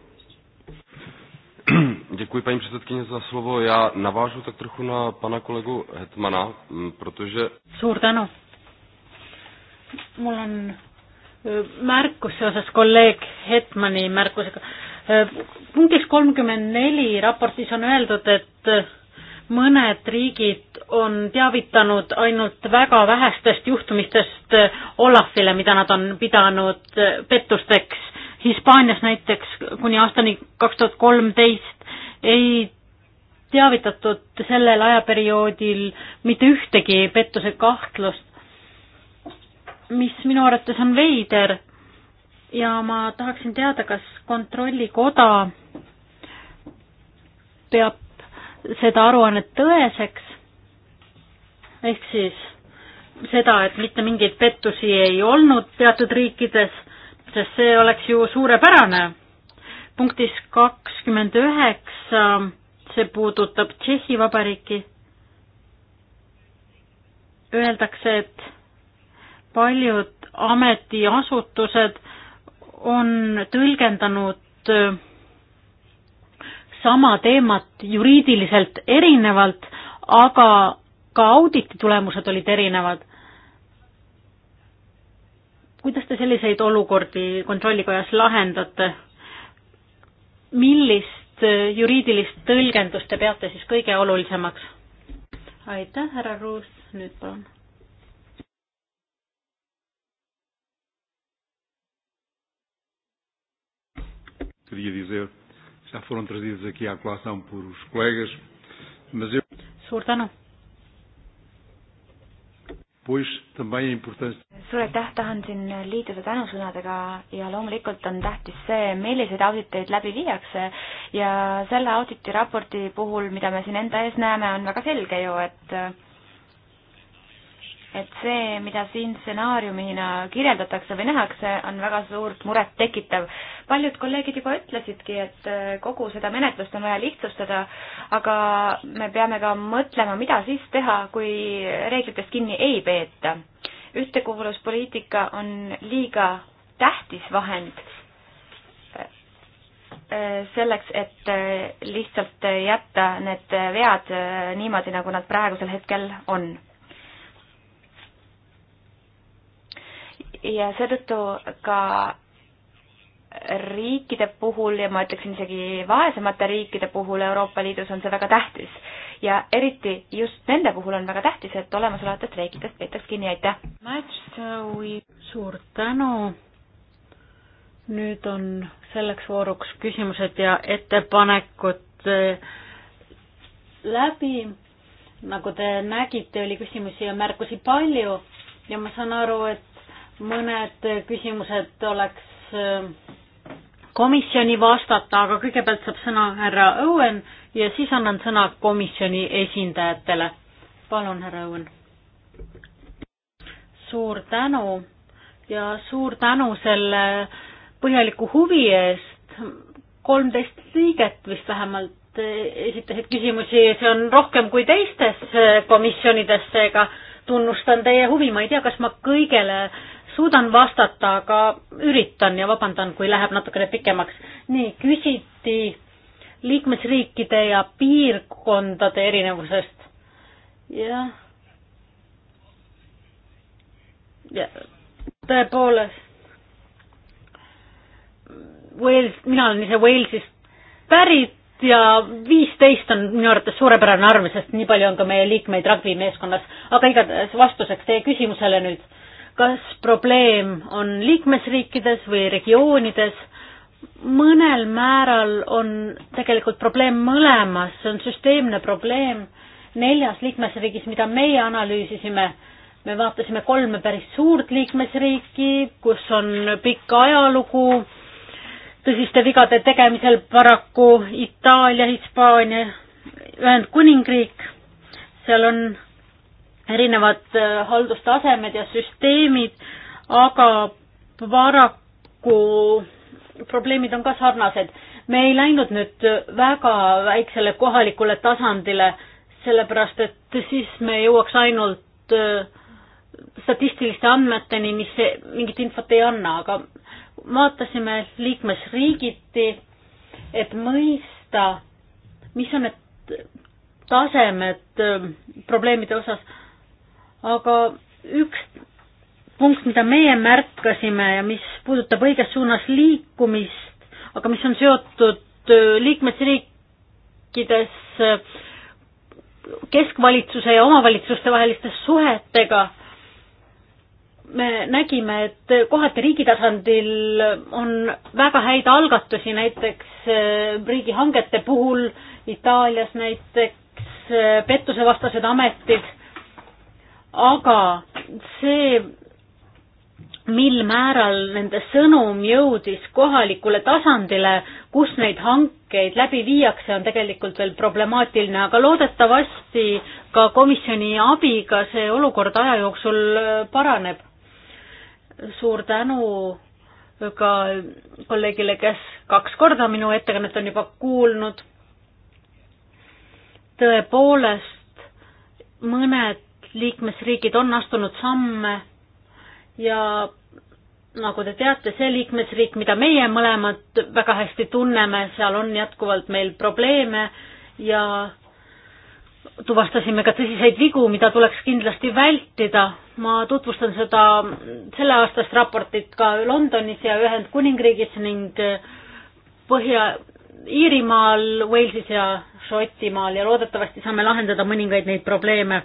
[SPEAKER 1] Děkuji paní předsedkyně za slovo. Já navážu tak trochu na pana kolegu Hetmana, protože... Suur tänu. Mul on e, märkus seoses kolleeg Hetmani märkusega. E, punktis 34 raportis on öeldud, et mõned riigid on teavitanud ainult väga vähestest juhtumistest Olafile, mida nad on pidanud pettusteks. Hispaanias näiteks kuni aastani kaks tuhat kolmteist ei teavitatud sellel ajaperioodil mitte ühtegi pettuse kahtlust, mis minu arvates on veider ja ma tahaksin teada, kas Kontrollikoda peab seda aruannet tõeseks, ehk siis seda, et mitte mingeid pettusi ei olnud teatud riikides, sest see oleks ju suurepärane punktis kakskümmend üheksa, see puudutab Tšehhi Vabariiki, öeldakse, et paljud ametiasutused on tõlgendanud äh, sama teemat juriidiliselt erinevalt, aga ka auditi tulemused olid erinevad. kuidas te selliseid olukordi Kontrollikojas lahendate? millist äh, juriidilist tõlgendust te peate siis kõige olulisemaks? aitäh, härra Ruus, nüüd palun. Queria dizer, já foram trazidos aqui à colação por os colegas, mas eu. Suur tänu
[SPEAKER 2] pois também a importância. suur aitäh, tahan siin liituda tänusõnadega ja loomulikult on tähtis see, milliseid auditeid läbi viiakse ja selle auditi raporti puhul, mida me siin enda ees näeme, on väga selge ju, et et see, mida siin stsenaariumina kirjeldatakse või nähakse, on väga suurt muret tekitav. paljud kolleegid juba ütlesidki, et äh, kogu seda menetlust on vaja lihtsustada, aga me peame ka mõtlema, mida siis teha, kui reeglitest kinni ei peeta. ühtekuuluvuspoliitika on liiga tähtis vahend äh, selleks, et äh, lihtsalt jätta need vead niimoodi, nagu nad praegusel hetkel on ja seetõttu ka riikide puhul ja ma ütleksin isegi vaesemate riikide puhul Euroopa Liidus on see väga tähtis. ja eriti just nende puhul on väga tähtis, et olemasolevatest reeglitest peetaks kinni, aitäh!
[SPEAKER 1] suur tänu! nüüd on selleks vooruks küsimused ja ettepanekud eh, läbi. nagu te nägite, oli küsimusi ja märkusi palju ja ma saan aru, et mõned küsimused oleks äh, komisjoni vastata, aga kõigepealt saab sõna härra Õuen ja siis annan sõna komisjoni esindajatele. palun, härra Õuen. suur tänu ja suur tänu selle põhjaliku huvi eest. kolmteist liiget vist vähemalt äh, esitasid küsimusi, see on rohkem kui teistes äh, komisjonides, seega tunnustan teie huvi, ma ei tea, kas ma kõigele äh, suudan vastata, aga üritan ja vabandan, kui läheb natukene pikemaks. nii, küsiti liikmesriikide ja piirkondade erinevusest. jah. ja tõepoolest. Wales, mina olen ise Walesist pärit ja viisteist on minu arvates suurepärane arv, sest nii palju on ka meie liikmeid rugby meeskonnas. aga igatahes vastuseks teie küsimusele nüüd kas probleem on liikmesriikides või regioonides, mõnel määral on tegelikult probleem mõlemas, see on süsteemne probleem neljas liikmesriigis, mida meie analüüsisime. me vaatasime kolme päris suurt liikmesriiki, kus on pikk ajalugu tõsiste vigade tegemisel paraku Itaalia, Hispaania, Ühendkuningriik, seal on erinevad äh, haldustasemed ja süsteemid, aga paraku probleemid on ka sarnased. me ei läinud nüüd väga väiksele kohalikule tasandile, sellepärast et siis me jõuaks ainult äh, statistiliste andmeteni, mis mingit infot ei anna, aga vaatasime liikmesriigiti, et mõista, mis on need tasemed äh, probleemide osas aga üks punkt, mida meie märkasime ja mis puudutab õiges suunas liikumist, aga mis on seotud äh, liikmesriikides äh, keskvalitsuse ja omavalitsuste vaheliste suhetega, me nägime, et kohati riigi tasandil on väga häid algatusi, näiteks äh, riigihangete puhul Itaalias näiteks pettusevastased ametid aga see, mil määral nende sõnum jõudis kohalikule tasandile, kus neid hankeid läbi viiakse, on tegelikult veel problemaatiline, aga loodetavasti ka komisjoni abiga see olukord aja jooksul äh, paraneb. suur tänu ka kolleegile, kes kaks korda minu ettekannet on juba kuulnud. tõepoolest, mõned liikmesriigid on astunud samme ja nagu te teate, see liikmesriik, mida meie mõlemad väga hästi tunneme, seal on jätkuvalt meil probleeme ja tuvastasime ka tõsiseid vigu, mida tuleks kindlasti vältida. ma tutvustan seda selleaastast raportit ka Londonis ja Ühendkuningriigis ning Põhja-Iirimaal, Walesis ja Šotimaal ja loodetavasti saame lahendada mõningaid neid probleeme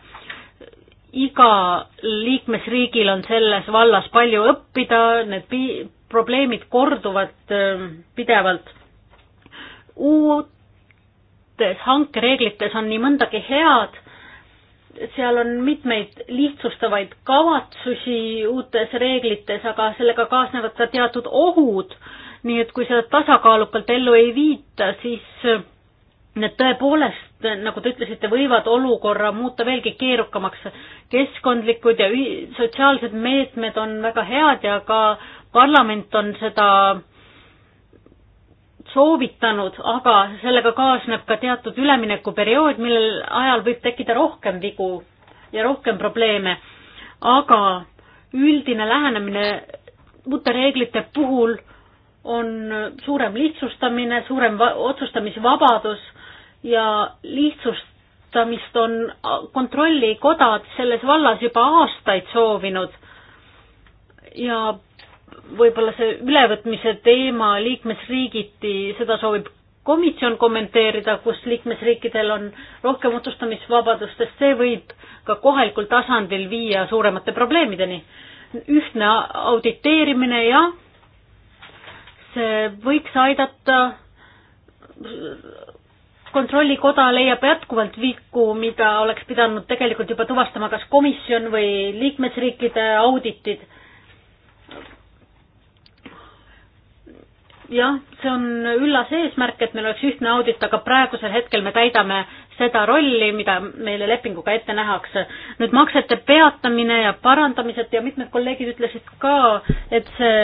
[SPEAKER 1] iga liikmesriigil on selles vallas palju õppida, need pi-, probleemid korduvad ähm, pidevalt. uutes hankereeglites on nii mõndagi head, seal on mitmeid lihtsustavaid kavatsusi uutes reeglites, aga sellega kaasnevad ka teatud ohud, nii et kui seda tasakaalukalt ellu ei viita, siis äh, Need tõepoolest, nagu te ütlesite, võivad olukorra muuta veelgi keerukamaks. keskkondlikud ja sotsiaalsed meetmed on väga head ja ka parlament on seda soovitanud, aga sellega kaasneb ka teatud üleminekuperiood, millel ajal võib tekkida rohkem vigu ja rohkem probleeme. aga üldine lähenemine uute reeglite puhul on suurem lihtsustamine, suurem otsustamisvabadus ja lihtsustamist on kontrollikodad selles vallas juba aastaid soovinud ja võib-olla see ülevõtmise teema liikmesriigiti, seda soovib komisjon kommenteerida, kus liikmesriikidel on rohkem otsustamisvabadust, sest see võib ka kohalikul tasandil viia suuremate probleemideni. ühtne auditeerimine, jah, see võiks aidata kontrollikoda leiab jätkuvalt viku, mida oleks pidanud tegelikult juba tuvastama kas komisjon või liikmesriikide auditid. jah, see on üllas eesmärk, et meil oleks ühtne audit, aga praegusel hetkel me täidame seda rolli, mida meile lepinguga ette nähakse. nüüd maksete peatamine ja parandamised ja mitmed kolleegid ütlesid ka, et see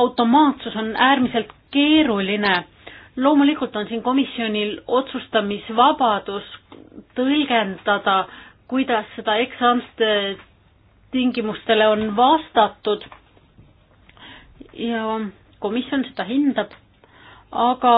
[SPEAKER 1] automaatsus on äärmiselt keeruline loomulikult on siin komisjonil otsustamisvabadus tõlgendada, kuidas seda eksamste tingimustele on vastatud ja komisjon seda hindab, aga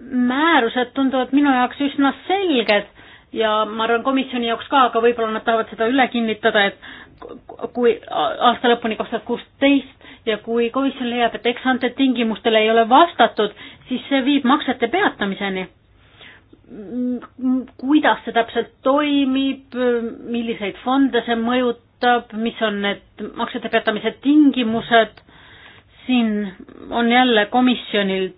[SPEAKER 1] määrused tunduvad minu jaoks üsna selged ja ma arvan komisjoni jaoks ka, aga võib-olla nad tahavad seda üle kinnitada, et kui aasta lõpuni kaks tuhat kuusteist ja kui komisjon leiab, et eksante tingimustele ei ole vastatud, siis see viib maksete peatamiseni. kuidas see täpselt toimib, milliseid fonde see mõjutab, mis on need maksete peatamise tingimused, siin on jälle komisjonil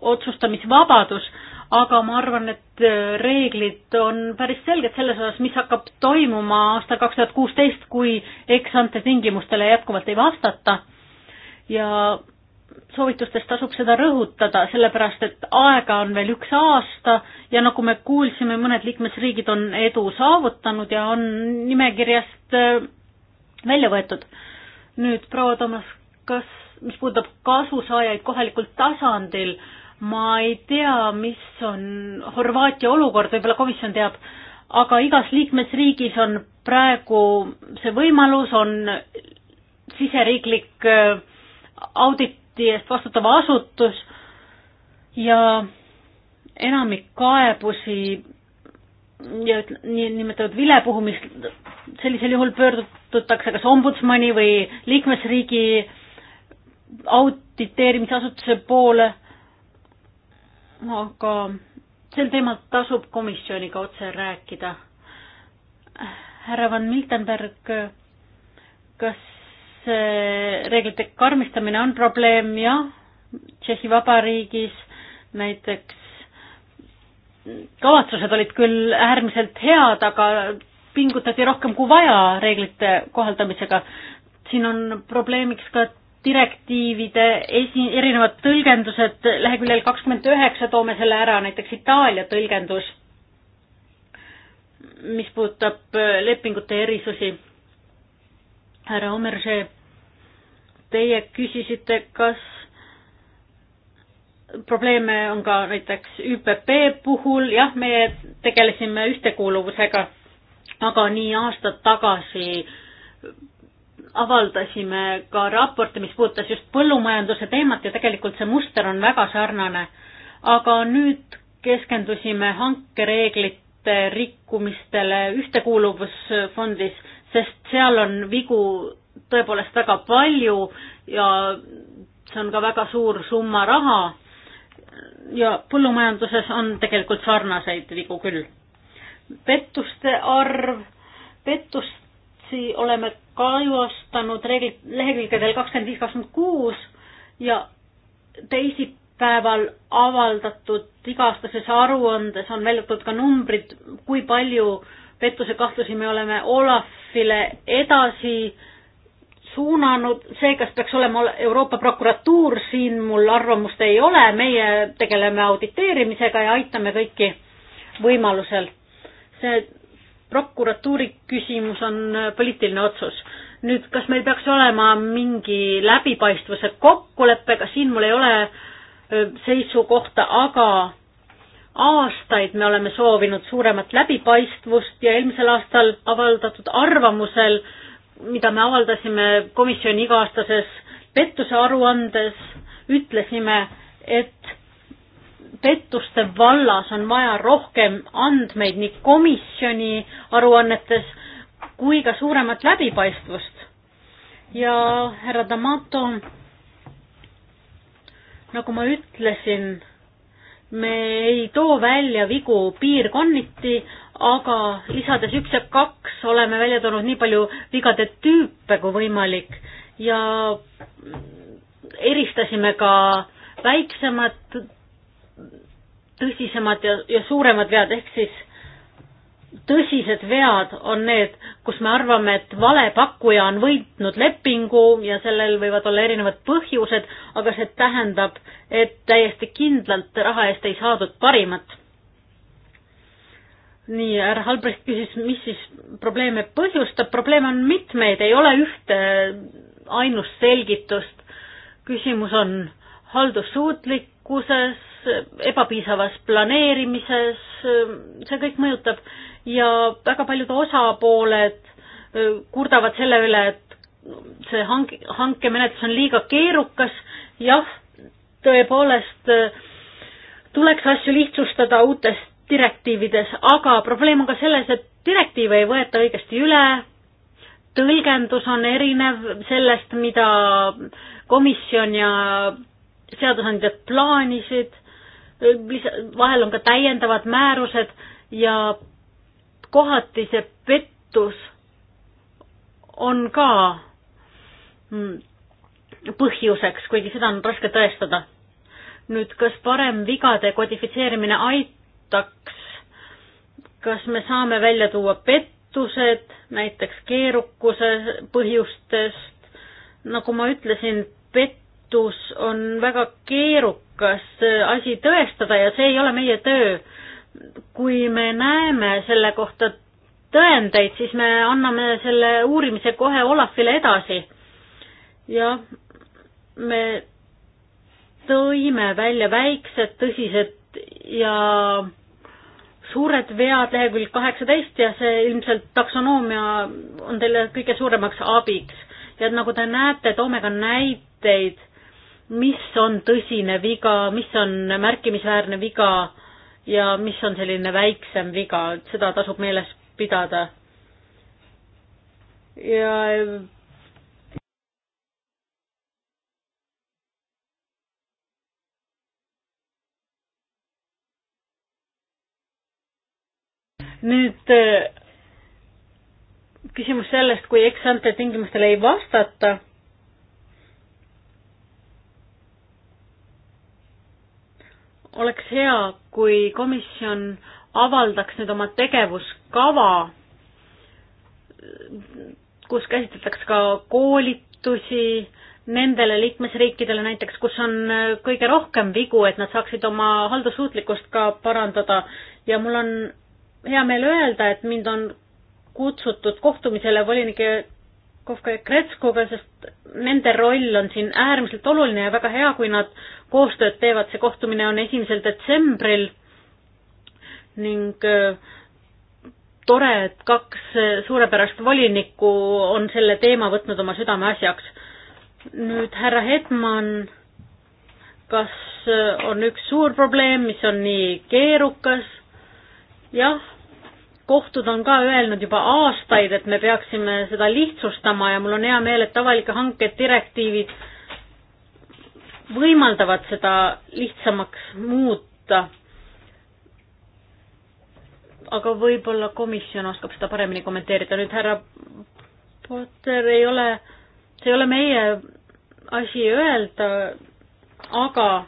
[SPEAKER 1] otsustamisvabadus aga ma arvan, et äh, reeglid on päris selged selles osas, mis hakkab toimuma aastal kaks tuhat kuusteist, kui eksante tingimustele jätkuvalt ei vastata. ja soovitustes tasub seda rõhutada, sellepärast et aega on veel üks aasta ja nagu me kuulsime, mõned liikmesriigid on edu saavutanud ja on nimekirjast äh, välja võetud. nüüd proua Toomas, kas, mis puudutab kasusaajaid kohalikul tasandil, ma ei tea, mis on Horvaatia olukord, võib-olla komisjon teab, aga igas liikmesriigis on praegu see võimalus, on siseriiklik äh, auditi eest vastutav asutus ja enamik kaebusi ja niinimetatud vilepuhumist, sellisel juhul pöördutakse kas ombudsmani või liikmesriigi auditeerimisasutuse poole aga sel teemal tasub komisjoniga otse rääkida. härra Van Miltenberg, kas eh, reeglite karmistamine on probleem, jah, Tšehhi Vabariigis näiteks kavatsused olid küll äärmiselt head, aga pingutati rohkem kui vaja reeglite kohaldamisega. siin on probleemiks ka direktiivide esi, erinevad tõlgendused, leheküljel kakskümmend üheksa toome selle ära, näiteks Itaalia tõlgendus, mis puudutab äh, lepingute erisusi. härra Omerže, teie küsisite, kas probleeme on ka näiteks ÜPP puhul, jah, meie tegelesime ühtekuuluvusega, aga nii aastad tagasi avaldasime ka raporti, mis puudutas just põllumajanduse teemat ja tegelikult see muster on väga sarnane. aga nüüd keskendusime hankereeglite rikkumistele ühtekuuluvusfondis, sest seal on vigu tõepoolest väga palju ja see on ka väga suur summa raha ja põllumajanduses on tegelikult sarnaseid vigu küll. pettuste arv, pettusi oleme kajastanud reeglid, lehekülgedel kakskümmend viis, kakskümmend kuus ja teisipäeval avaldatud iga-aastases aruandes on välja toodud ka numbrid, kui palju pettusekahtlusi me oleme Olafile edasi suunanud, see, kas peaks olema Euroopa prokuratuur, siin mul arvamust ei ole, meie tegeleme auditeerimisega ja aitame kõiki võimalusel. see prokuratuuri küsimus on äh, poliitiline otsus. nüüd, kas meil peaks olema mingi läbipaistvuse kokkulepe, ka siin mul ei ole äh, seisukohta, aga aastaid me oleme soovinud suuremat läbipaistvust ja eelmisel aastal avaldatud arvamusel, mida me avaldasime komisjoni iga-aastases pettuse aruandes, ütlesime, et pettuste vallas on vaja rohkem andmeid nii komisjoni aruannetes kui ka suuremat läbipaistvust. ja härra D'Amato, nagu ma ütlesin, me ei too välja vigu piirkonniti, aga lisades üks ja kaks oleme välja toonud nii palju vigade tüüpe kui võimalik ja eristasime ka väiksemad tõsisemad ja, ja suuremad vead, ehk siis tõsised vead on need, kus me arvame, et vale pakkuja on võitnud lepingu ja sellel võivad olla erinevad põhjused, aga see tähendab, et täiesti kindlalt raha eest ei saadud parimat. nii, härra Halbrecht küsis, mis siis probleeme põhjustab, probleeme on mitmeid, ei ole ühte ainust selgitust. küsimus on haldussuutlik, edukuses, ebapiisavas planeerimises, see kõik mõjutab ja väga paljud osapooled äh, kurdavad selle üle, et see hank-, hankemenetlus on liiga keerukas, jah, tõepoolest äh, tuleks asju lihtsustada uutes direktiivides, aga probleem on ka selles, et direktiive ei võeta õigesti üle, tõlgendus on erinev sellest, mida komisjon ja seadusandjad plaanisid, vahel on ka täiendavad määrused ja kohati see pettus on ka mm, põhjuseks, kuigi seda on raske tõestada. nüüd, kas parem vigade kodifitseerimine aitaks, kas me saame välja tuua pettused näiteks keerukuse põhjustest, nagu ma ütlesin, pet-, kohtus on väga keerukas asi tõestada ja see ei ole meie töö. kui me näeme selle kohta tõendeid, siis me anname selle uurimise kohe Olafile edasi. ja me tõime välja väiksed, tõsised ja suured vead lehekülg kaheksateist ja see ilmselt taksonoomia on teile kõige suuremaks abiks. ja nagu te näete, toome ka näiteid mis on tõsine viga, mis on märkimisväärne viga ja mis on selline väiksem viga, et seda tasub meeles pidada. ja nüüd äh, küsimus sellest, kui eksante tingimustele ei vastata oleks hea, kui komisjon avaldaks nüüd oma tegevuskava, kus käsitletakse ka koolitusi nendele liikmesriikidele näiteks, kus on äh, kõige rohkem vigu, et nad saaksid oma haldussuutlikkust ka parandada ja mul on hea meel öelda, et mind on kutsutud kohtumisele volinike Kovka ja Kretskoga, sest nende roll on siin äärmiselt oluline ja väga hea, kui nad koostööd teevad, see kohtumine on esimesel detsembril ning äh, tore, et kaks äh, suurepärast volinikku on selle teema võtnud oma südameasjaks. nüüd härra Hetman, kas äh, on üks suur probleem, mis on nii keerukas? jah kohtud on ka öelnud juba aastaid, et me peaksime seda lihtsustama ja mul on hea meel, et avalike hanked, direktiivid võimaldavad seda lihtsamaks muuta. aga võib-olla komisjon oskab seda paremini kommenteerida, nüüd härra Potter ei ole, see ei ole meie asi öelda, aga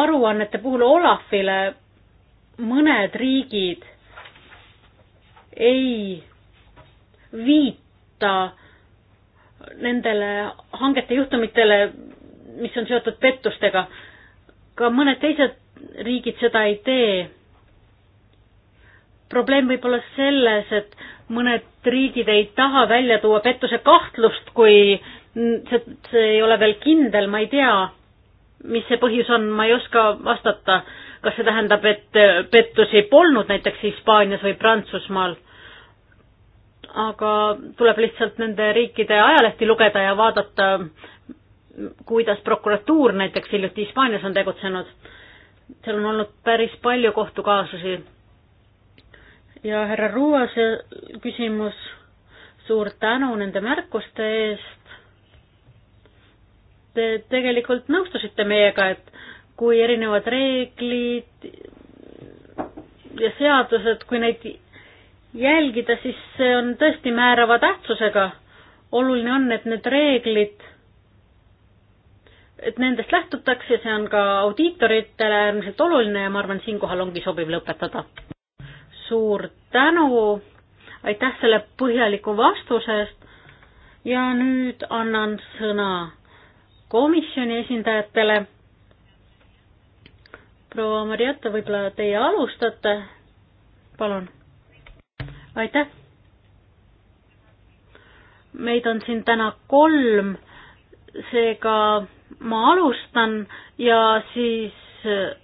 [SPEAKER 1] aruannete puhul Olafile mõned riigid ei viita nendele hangete juhtumitele, mis on seotud pettustega. ka mõned teised riigid seda ei tee. probleem võib olla selles, et mõned riigid ei taha välja tuua pettuse kahtlust, kui see, see ei ole veel kindel, ma ei tea, mis see põhjus on, ma ei oska vastata kas see tähendab, et äh, pettusi polnud näiteks Hispaanias või Prantsusmaal? aga tuleb lihtsalt nende riikide ajalehti lugeda ja vaadata, kuidas prokuratuur näiteks hiljuti Hispaanias on tegutsenud. seal on olnud päris palju kohtukaasusi. ja härra Ruuase küsimus, suur tänu nende märkuste eest. Te tegelikult nõustusite meiega, et kui erinevad reeglid ja seadused, kui neid jälgida, siis see on tõesti määrava tähtsusega. oluline on, et need reeglid, et nendest lähtutakse, see on ka audiitoritele äärmiselt oluline ja ma arvan, siinkohal ongi sobiv lõpetada. suur tänu, aitäh selle põhjaliku vastuse eest ja nüüd annan sõna komisjoni esindajatele proua Marietta, võib-olla teie alustate? palun. aitäh. meid on siin täna kolm, seega ma alustan ja siis äh,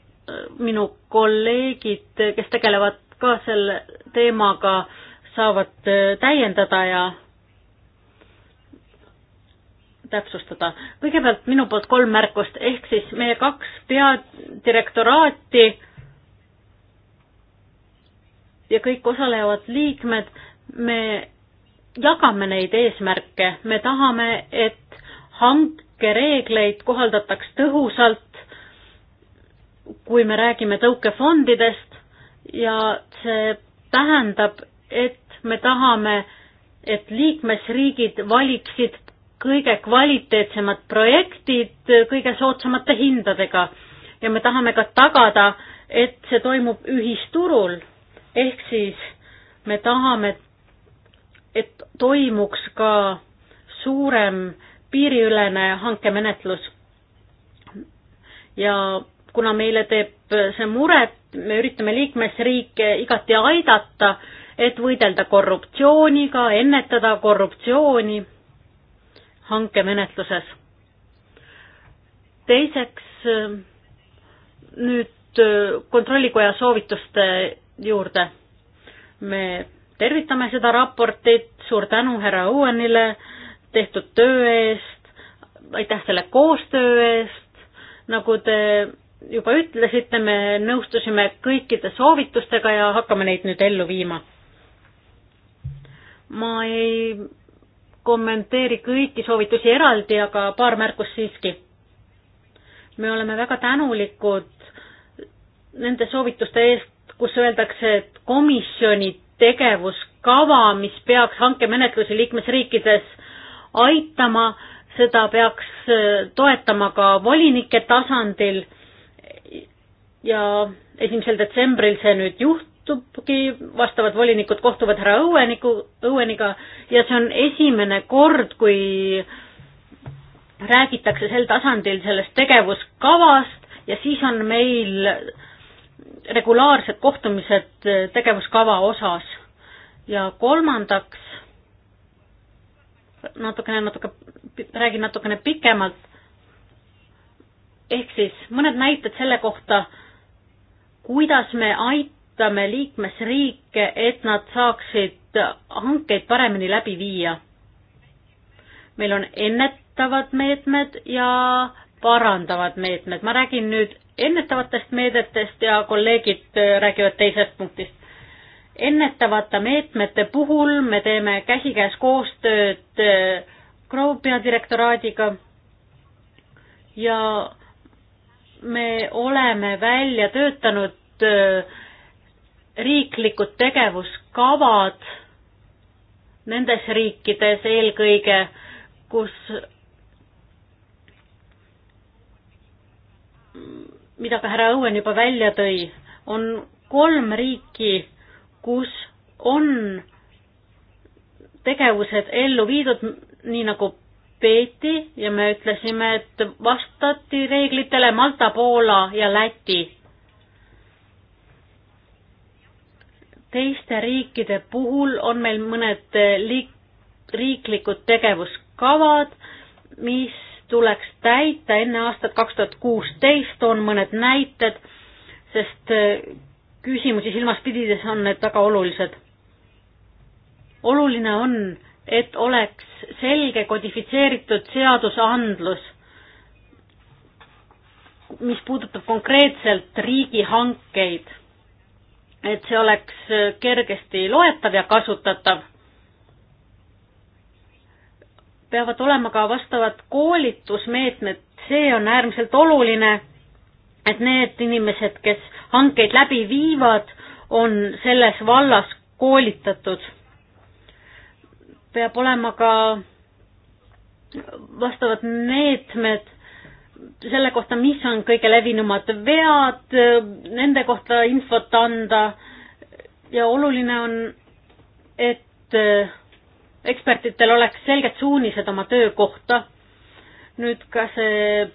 [SPEAKER 1] minu kolleegid, kes tegelevad ka selle teemaga, saavad äh, täiendada ja täpsustada. kõigepealt minu poolt kolm märkust, ehk siis meie kaks peadirektoraati ja kõik osalevad liikmed, me jagame neid eesmärke, me tahame, et hankereegleid kohaldataks tõhusalt, kui me räägime tõukefondidest ja see tähendab, et me tahame, et liikmesriigid valiksid kõige kvaliteetsemad projektid kõige soodsamate hindadega ja me tahame ka tagada, et see toimub ühisturul, ehk siis me tahame, et toimuks ka suurem piiriülene hankemenetlus. ja kuna meile teeb see muret, me üritame liikmesriike igati aidata, et võidelda korruptsiooniga, ennetada korruptsiooni hankemenetluses. teiseks nüüd äh, Kontrollikoja soovituste juurde. me tervitame seda raportit, suur tänu härra Õuenile tehtud töö eest, aitäh selle koostöö eest, nagu te juba ütlesite, me nõustusime kõikide soovitustega ja hakkame neid nüüd ellu viima. ma ei kommenteeri kõiki soovitusi eraldi, aga paar märkust siiski. me oleme väga tänulikud nende soovituste eest, kus öeldakse, et komisjoni tegevuskava, mis peaks hankemenetlusi liikmesriikides aitama, seda peaks äh, toetama ka volinike tasandil ja esimesel detsembril see nüüd juht-, kohtubki, vastavad volinikud kohtuvad härra Õueniku, Õueniga ja see on esimene kord, kui räägitakse sel tasandil sellest tegevuskavast ja siis on meil regulaarsed kohtumised tegevuskava osas. ja kolmandaks, natukene, natuke, räägin natukene pikemalt, ehk siis mõned näited selle kohta, kuidas me ait-, toetame liikmesriike, et nad saaksid hankeid paremini läbi viia. meil on ennetavad meetmed ja parandavad meetmed, ma räägin nüüd ennetavatest meedetest ja kolleegid räägivad teisest punktist. ennetavate meetmete puhul me teeme käsikäes koostööd eh, Grow peadirektoraadiga ja me oleme välja töötanud eh, riiklikud tegevuskavad nendes riikides eelkõige, kus, mida ka härra Õuen juba välja tõi, on kolm riiki, kus on tegevused ellu viidud, nii nagu peeti ja me ütlesime, et vastati reeglitele Malta, Poola ja Läti. teiste riikide puhul on meil mõned eh, liik-, riiklikud tegevuskavad, mis tuleks täita enne aastat kaks tuhat kuusteist, toon mõned näited, sest eh, küsimusi silmas pidides on need väga olulised. oluline on, et oleks selge kodifitseeritud seadusandlus, mis puudutab konkreetselt riigihankeid et see oleks äh, kergesti loetav ja kasutatav. peavad olema ka vastavad koolitusmeetmed, see on äärmiselt oluline, et need inimesed, kes hankeid läbi viivad, on selles vallas koolitatud. peab olema ka vastavad meetmed selle kohta, mis on kõige levinumad vead, nende kohta infot anda ja oluline on, et äh, ekspertidel oleks selged suunised oma töö kohta. nüüd ka see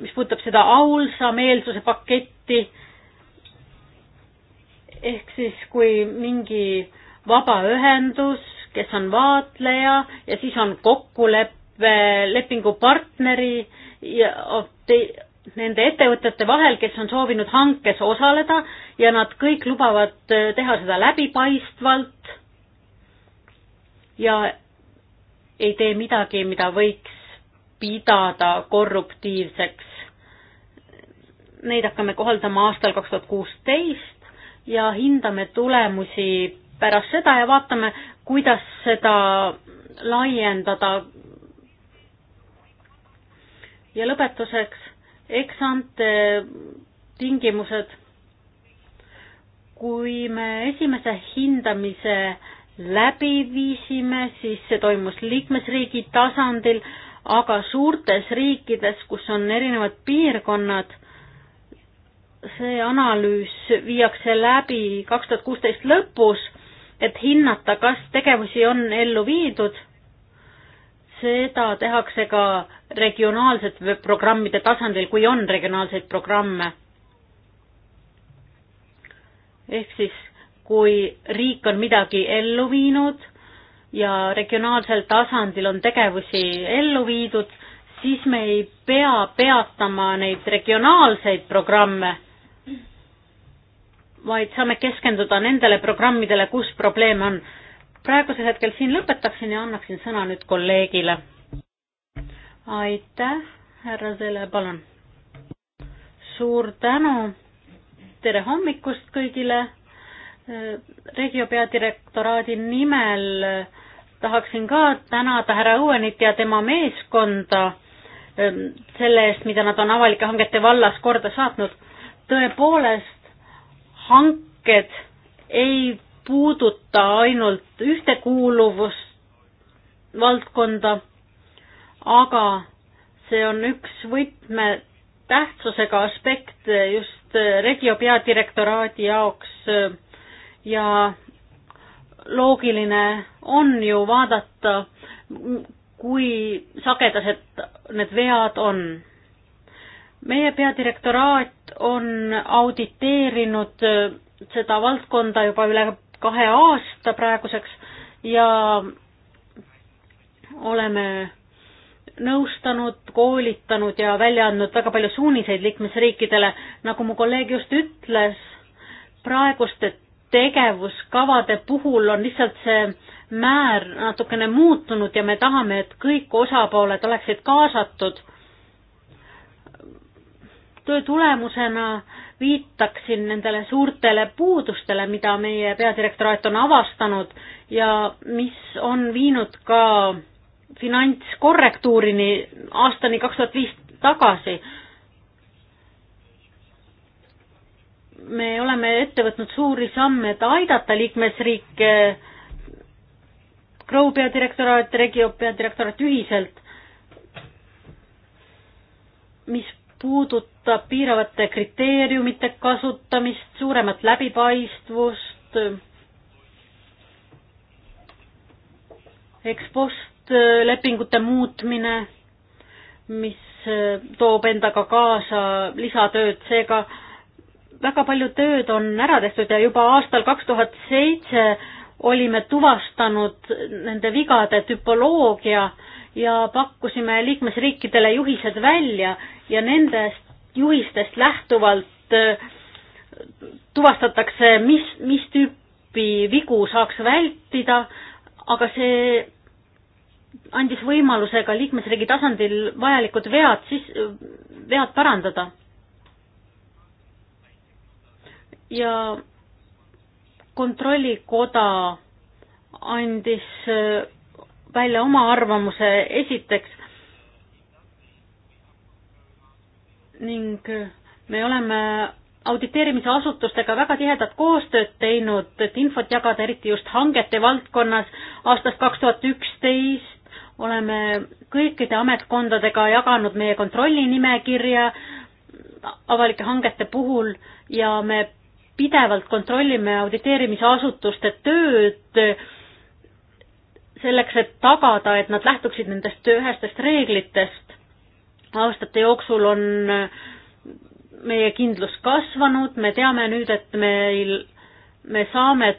[SPEAKER 1] mis puudutab seda ausa meelsuse paketti, ehk siis kui mingi vabaühendus kes on vaatleja ja siis on kokkulepe lepingupartneri ja oh, te, nende ettevõtete vahel, kes on soovinud hankes osaleda ja nad kõik lubavad eh, teha seda läbipaistvalt ja ei tee midagi, mida võiks pidada korruptiivseks. Neid hakkame kohaldama aastal kaks tuhat kuusteist ja hindame tulemusi pärast seda ja vaatame, kuidas seda laiendada. ja lõpetuseks, eksante tingimused. kui me esimese hindamise läbi viisime, siis see toimus liikmesriigi tasandil, aga suurtes riikides, kus on erinevad piirkonnad, see analüüs viiakse läbi kaks tuhat kuusteist lõpus et hinnata, kas tegevusi on ellu viidud. seda tehakse ka regionaalsete programmide tasandil, kui on regionaalseid programme. ehk siis, kui riik on midagi ellu viinud ja regionaalsel tasandil on tegevusi ellu viidud, siis me ei pea peatama neid regionaalseid programme vaid saame keskenduda nendele programmidele, kus probleeme on. praegusel hetkel siin lõpetaksin ja annaksin sõna nüüd kolleegile. aitäh, härra Sele, palun. suur tänu, tere hommikust kõigile. Regio peadirektoraadi nimel tahaksin ka tänada härra Õuenit ja tema meeskonda ehm, selle eest, mida nad on avalike hangete vallas korda saatnud. tõepoolest, hanked ei puuduta ainult ühtekuuluvust, valdkonda, aga see on üks võtmetähtsusega aspekt just Regio peadirektoraadi jaoks ja loogiline on ju vaadata, kui sagedased need vead on meie peadirektoraat on auditeerinud äh, seda valdkonda juba üle kahe aasta praeguseks ja oleme nõustanud, koolitanud ja välja andnud väga palju suuniseid liikmesriikidele, nagu mu kolleeg just ütles, praeguste tegevuskavade puhul on lihtsalt see määr natukene muutunud ja me tahame, et kõik osapooled oleksid kaasatud töö tulemusena viitaksin nendele suurtele puudustele, mida meie peadirektoraat on avastanud ja mis on viinud ka finantskorrektuurini aastani kaks tuhat viis tagasi. me oleme ette võtnud suuri samme, et aidata liikmesriike, Grow peadirektoraat, Regio peadirektoraat ühiselt, mis puudutab puudutab piiravate kriteeriumite kasutamist, suuremat läbipaistvust, ekspost äh, lepingute muutmine, mis äh, toob endaga kaasa lisatööd, seega väga palju tööd on ära tehtud ja juba aastal kaks tuhat seitse olime tuvastanud nende vigade tüpoloogia ja pakkusime liikmesriikidele juhised välja ja nendest juhistest lähtuvalt äh, tuvastatakse, mis, mis tüüpi vigu saaks vältida, aga see andis võimaluse ka liikmesriigi tasandil vajalikud vead siis, vead parandada. ja kontrollikoda andis äh, välja oma arvamuse, esiteks ning me oleme auditeerimise asutustega väga tihedat koostööd teinud, et infot jagada, eriti just hangete valdkonnas. aastast kaks tuhat üksteist oleme kõikide ametkondadega jaganud meie kontrollinimekirja avalike hangete puhul ja me pidevalt kontrollime auditeerimise asutuste tööd selleks, et tagada, et nad lähtuksid nendest ühestest reeglitest aastate jooksul on äh, meie kindlus kasvanud, me teame nüüd, et meil, me saame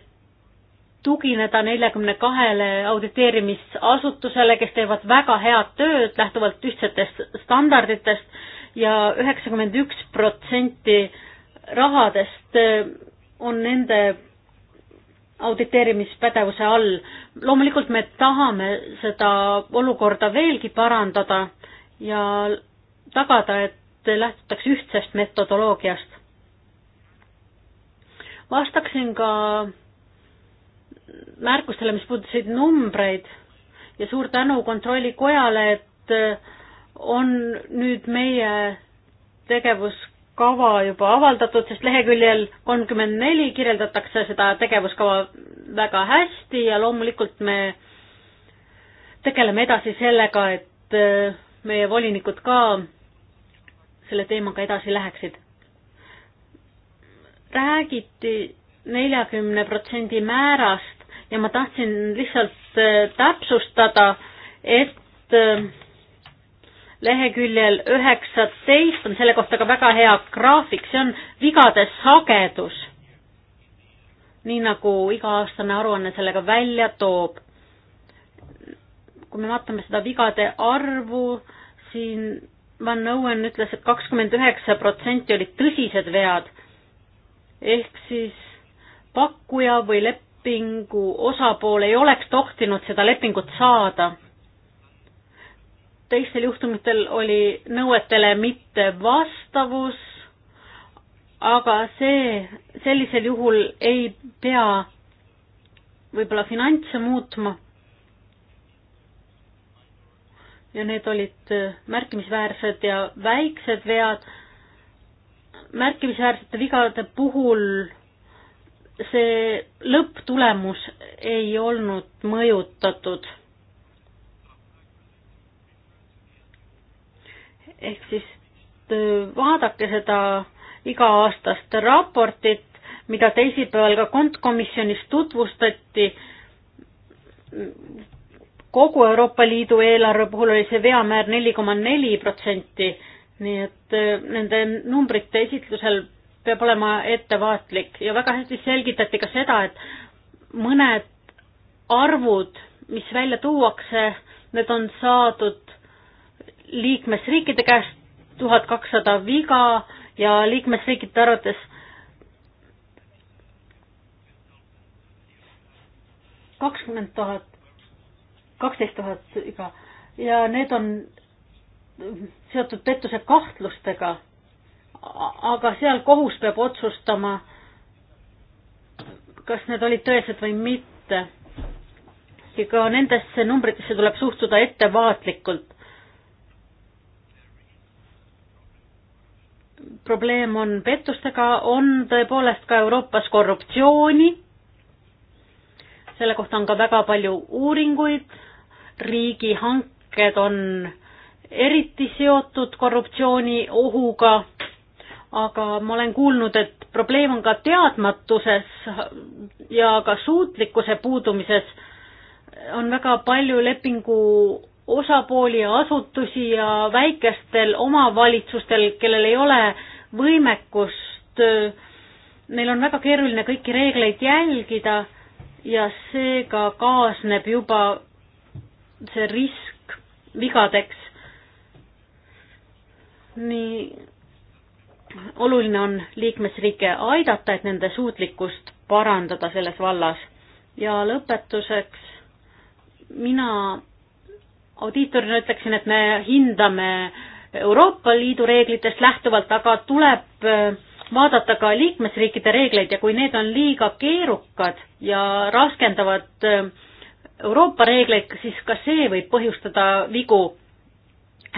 [SPEAKER 1] tugineda neljakümne kahele auditeerimisasutusele, kes teevad väga head tööd lähtuvalt ühtsetest standarditest ja üheksakümmend üks protsenti rahadest äh, on nende auditeerimispädevuse all. loomulikult me tahame seda olukorda veelgi parandada ja tagada, et lähtutakse ühtsest metodoloogiast. vastaksin ka märkustele, mis puudutasid numbreid ja suur tänu Kontrollikojale, et eh, on nüüd meie tegevuskava juba avaldatud, sest leheküljel kolmkümmend neli kirjeldatakse seda tegevuskava väga hästi ja loomulikult me tegeleme edasi sellega, et eh, meie volinikud ka selle teemaga edasi läheksid. räägiti neljakümne protsendi määrast ja ma tahtsin lihtsalt äh, täpsustada, et äh, leheküljel üheksateist on selle kohta ka väga hea graafik, see on vigade sagedus. nii nagu iga-aastane aruanne sellega välja toob kui me vaatame seda vigade arvu, siin Van Owen ütles et, et kakskümmend üheksa protsenti olid tõsised vead ehk siis pakkuja või lepingu osapool ei oleks tohtinud seda lepingut saada. teistel juhtumitel oli nõuetele mittevastavus, aga see, sellisel juhul ei pea võib-olla finantse muutma ja need olid äh, märkimisväärsed ja väiksed vead. märkimisväärsete vigade puhul see lõpptulemus ei olnud mõjutatud. ehk siis äh, vaadake seda iga-aastast raportit, mida teisipäeval ka kontkomisjonis tutvustati kogu Euroopa Liidu eelarve puhul oli see veamäär neli koma neli protsenti, nii et äh, nende numbrite esitlusel peab olema ettevaatlik ja väga hästi selgitati ka seda, et mõned arvud, mis välja tuuakse, need on saadud liikmesriikide käest, tuhat kakssada viga ja liikmesriikide arvates kakskümmend tuhat kaksteist tuhat iga ja need on seotud pettuse kahtlustega. aga seal kohus peab otsustama, kas need olid tõesed või mitte. ega nendesse numbritesse tuleb suhtuda ettevaatlikult. probleem on pettustega, on tõepoolest ka Euroopas korruptsiooni. selle kohta on ka väga palju uuringuid riigihanked on eriti seotud korruptsiooniohuga, aga ma olen kuulnud, et probleem on ka teadmatuses ja ka suutlikkuse puudumises. on väga palju lepingu osapooli ja asutusi ja väikestel omavalitsustel, kellel ei ole võimekust, neil on väga keeruline kõiki reegleid jälgida ja seega kaasneb juba see risk vigadeks nii oluline on liikmesriike aidata, et nende suutlikkust parandada selles vallas. ja lõpetuseks mina audiitorina ütleksin, et me hindame Euroopa Liidu reeglitest lähtuvalt, aga tuleb äh, vaadata ka liikmesriikide reegleid ja kui need on liiga keerukad ja raskendavad äh, Euroopa reegleid, siis ka see võib põhjustada vigu.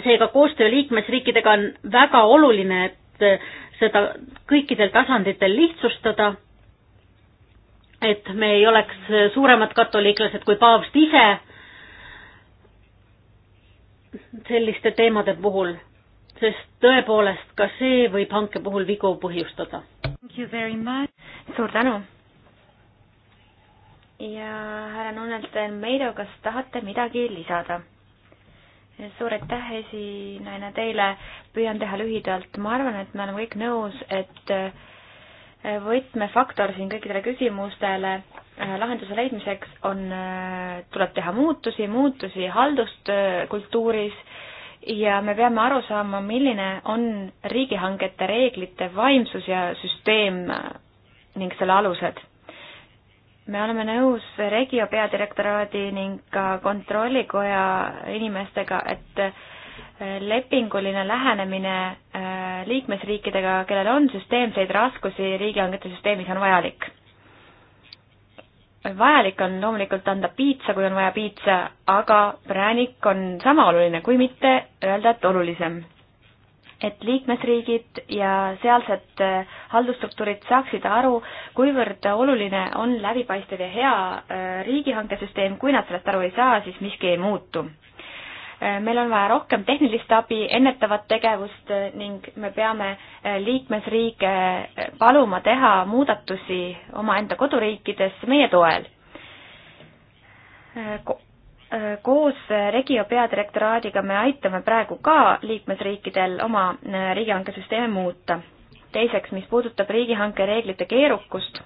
[SPEAKER 1] seega koostöö liikmesriikidega on väga oluline, et seda kõikidel tasanditel lihtsustada, et me ei oleks suuremad katoliiklased kui paavst ise selliste teemade puhul, sest tõepoolest ka see võib hanke puhul vigu põhjustada.
[SPEAKER 2] suur tänu! ja härra Nunnelten Meiro, kas tahate midagi lisada? suur aitäh, esinaine teile, püüan teha lühidalt, ma arvan, et me oleme kõik nõus, et äh, võtmefaktor siin kõikidele küsimustele äh, lahenduse leidmiseks on, äh, tuleb teha muutusi, muutusi halduskultuuris ja me peame aru saama, milline on riigihangete reeglite vaimsus ja süsteem ning selle alused me oleme nõus Regio peadirektoraadi ning ka kontrollikoja inimestega, et äh, lepinguline lähenemine äh, liikmesriikidega, kellel on süsteemseid raskusi riigihangete süsteemis, on vajalik. vajalik on loomulikult anda piitsa, kui on vaja piitsa, aga präänik on sama oluline, kui mitte öelda, et olulisem et liikmesriigid ja sealsed äh, haldusstruktuurid saaksid aru, kuivõrd oluline on läbipaistev ja hea äh, riigihankesüsteem, kui nad sellest aru ei saa, siis miski ei muutu. Äh, meil on vaja rohkem tehnilist abi, ennetavat tegevust ning me peame liikmesriike paluma teha muudatusi omaenda koduriikides meie toel koos Regio peadirektoraadiga me aitame praegu ka liikmesriikidel oma äh, riigihankesüsteeme muuta. teiseks, mis puudutab riigihanke reeglite keerukust,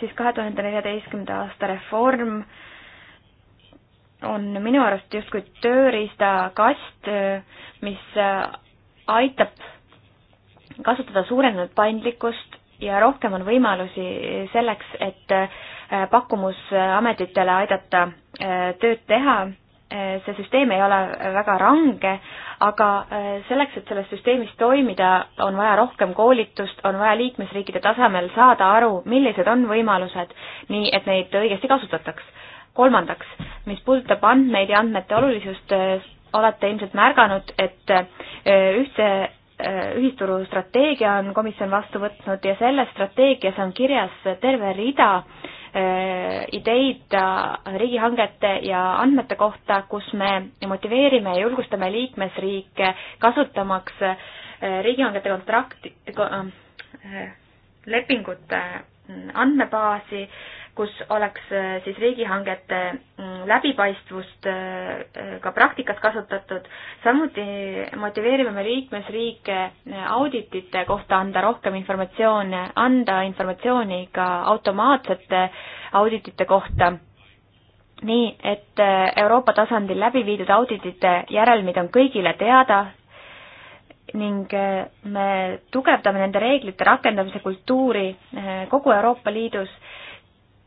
[SPEAKER 2] siis kahe tuhande neljateistkümnenda aasta reform on minu arust justkui tööriistakast, äh, mis äh, aitab kasutada suurenenud paindlikkust ja rohkem on võimalusi selleks, et Äh, pakkumus ametitele aidata äh, tööd teha. Äh, see süsteem ei ole väga range, aga selleks, et selles süsteemis toimida, on vaja rohkem koolitust, on vaja liikmesriikide tasemel saada aru, millised on võimalused, nii et neid õigesti kasutataks. kolmandaks, mis puudutab andmeid ja andmete olulisust, olete ilmselt märganud, et ühtse ühisturu strateegia on komisjon vastu võtnud ja selles strateegias on kirjas terve rida äh, Äh, ideid äh, riigihangete ja andmete kohta, kus me motiveerime ja julgustame liikmesriike kasutamaks äh, riigihangete kontrakti, lepingute andmebaasi kus oleks äh, siis riigihangete mm, läbipaistvust äh, äh, ka praktikas kasutatud. samuti motiveerime me liikmesriike auditite kohta anda rohkem informatsioone, anda informatsiooni ka automaatsete auditite kohta nii, et Euroopa tasandil läbi viidud auditite järelmid on kõigile teada ning me tugevdame nende reeglite rakendamise kultuuri kogu Euroopa Liidus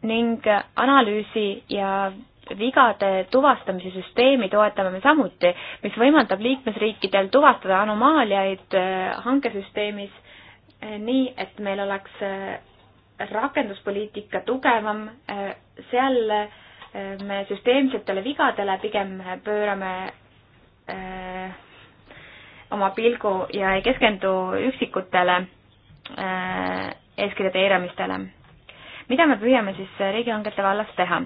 [SPEAKER 2] ning analüüsi ja vigade tuvastamise süsteemi toetame me samuti, mis võimaldab liikmesriikidel tuvastada anomaaliaid äh, hankesüsteemis äh, nii, et meil oleks äh, rakenduspoliitika tugevam, seal me süsteemsetele vigadele pigem pöörame oma pilgu ja ei keskendu üksikutele eeskirjade eiramistele mida me püüame siis riigihangete vallas teha?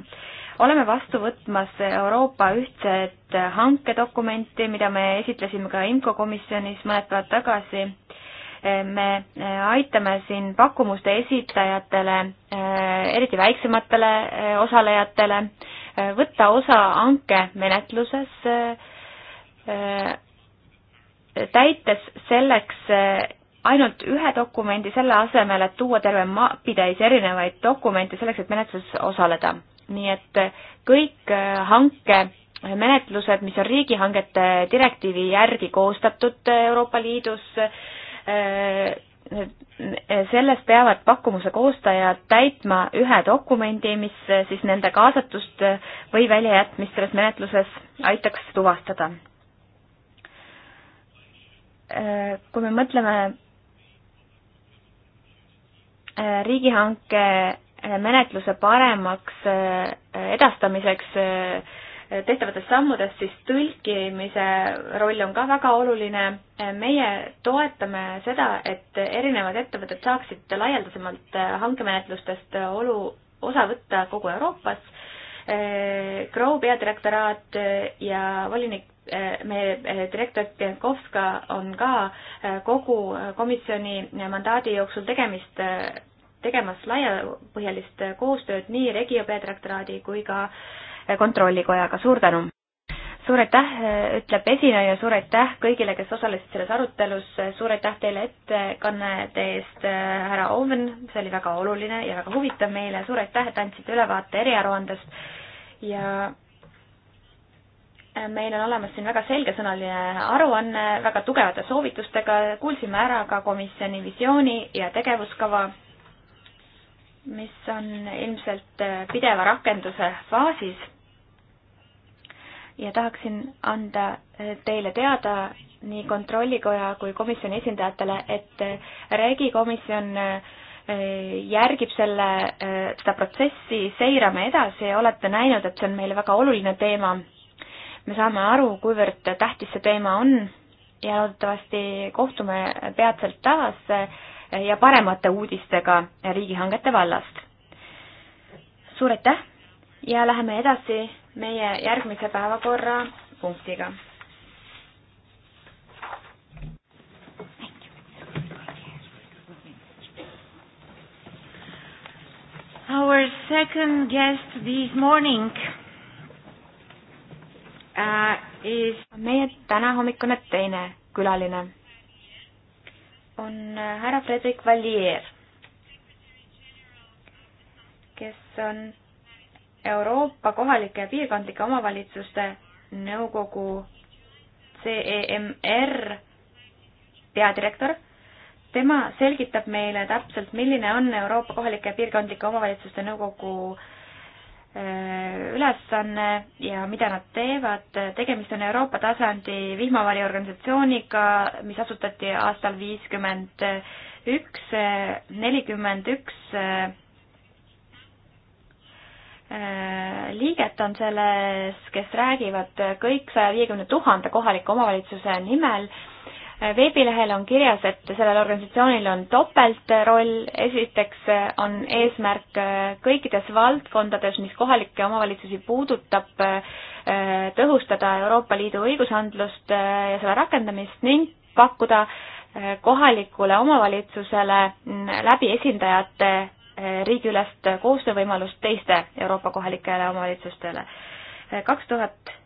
[SPEAKER 2] oleme vastu võtmas Euroopa ühtset hankedokumenti, mida me esitlesime ka IMCO komisjonis mõned päevad tagasi. me aitame siin pakkumuste esitajatele, eriti väiksematele osalejatele, võtta osa hankemenetluses, täites selleks ainult ühe dokumendi selle asemel, et tuua terve mapitäis erinevaid dokumente selleks, et menetluses osaleda. nii et kõik äh, hanke menetlused, mis on riigihangete direktiivi järgi koostatud äh, Euroopa Liidus, äh, selles peavad pakkumuse koostajad täitma ühe dokumendi, mis siis nende kaasatust või väljajätmist selles menetluses aitaks tuvastada. Kui me mõtleme riigihanke äh, menetluse paremaks äh, edastamiseks äh, tehtavatest sammudest, siis tõlkimise roll on ka väga oluline. meie toetame seda, et erinevad ettevõtted saaksid laialdasemalt hankemenetlustest olu, osa võtta kogu Euroopas. Grow peadirektoraat ja volinik Eh, meie eh, direktor Pienkovska on ka eh, kogu komisjoni mandaadi jooksul tegemist, tegemas laiapõhjalist koostööd nii Regio peadirektoraadi kui ka kontrollikojaga, suur tänu! suur aitäh, ütleb esineja, suur aitäh kõigile, kes osalesid selles arutelus, suur aitäh teile ettekannete eest, härra Oven, see oli väga oluline ja väga huvitav meile, suur aitäh, et andsite ülevaate eriaruandest ja meil on olemas siin väga selgesõnaline aruanne väga tugevate soovitustega, kuulsime ära ka komisjoni visiooni ja tegevuskava, mis on ilmselt pideva rakenduse faasis. ja tahaksin anda teile teada nii Kontrollikoja kui komisjoni esindajatele, et REGI komisjon eh, järgib selle, eh, seda protsessi, seirame edasi ja olete näinud, et see on meile väga oluline teema me saame aru, kuivõrd tähtis see teema on ja loodetavasti kohtume peatselt taas eh, ja paremate uudistega riigihangete vallast. suur aitäh ja läheme edasi meie järgmise päevakorrapunktiga. Our second guest this morning Äh, meie tänahommikune teine külaline on äh, härra Fredrik Valier, kes on Euroopa kohalike piirkondlike omavalitsuste nõukogu CEMR peadirektor. tema selgitab meile täpselt, milline on Euroopa kohalike piirkondlike omavalitsuste nõukogu äh, Äh, ülesanne ja mida nad teevad. tegemist on Euroopa tasandi vihmavariorganisatsiooniga, mis asutati aastal viiskümmend üks, nelikümmend üks äh, liiget on selles, kes räägivad kõik saja viiekümne tuhande kohaliku omavalitsuse nimel veebilehel on kirjas, et sellel organisatsioonil on topeltroll, esiteks eh, on eesmärk eh, kõikides valdkondades, mis kohalikke omavalitsusi puudutab, eh, tõhustada Euroopa Liidu õigusandlust ja selle rakendamist ning pakkuda kohalikule omavalitsusele mm, läbi esindajate riigiülest koostöövõimalust teiste Euroopa kohalikele omavalitsustele. kaks tuhat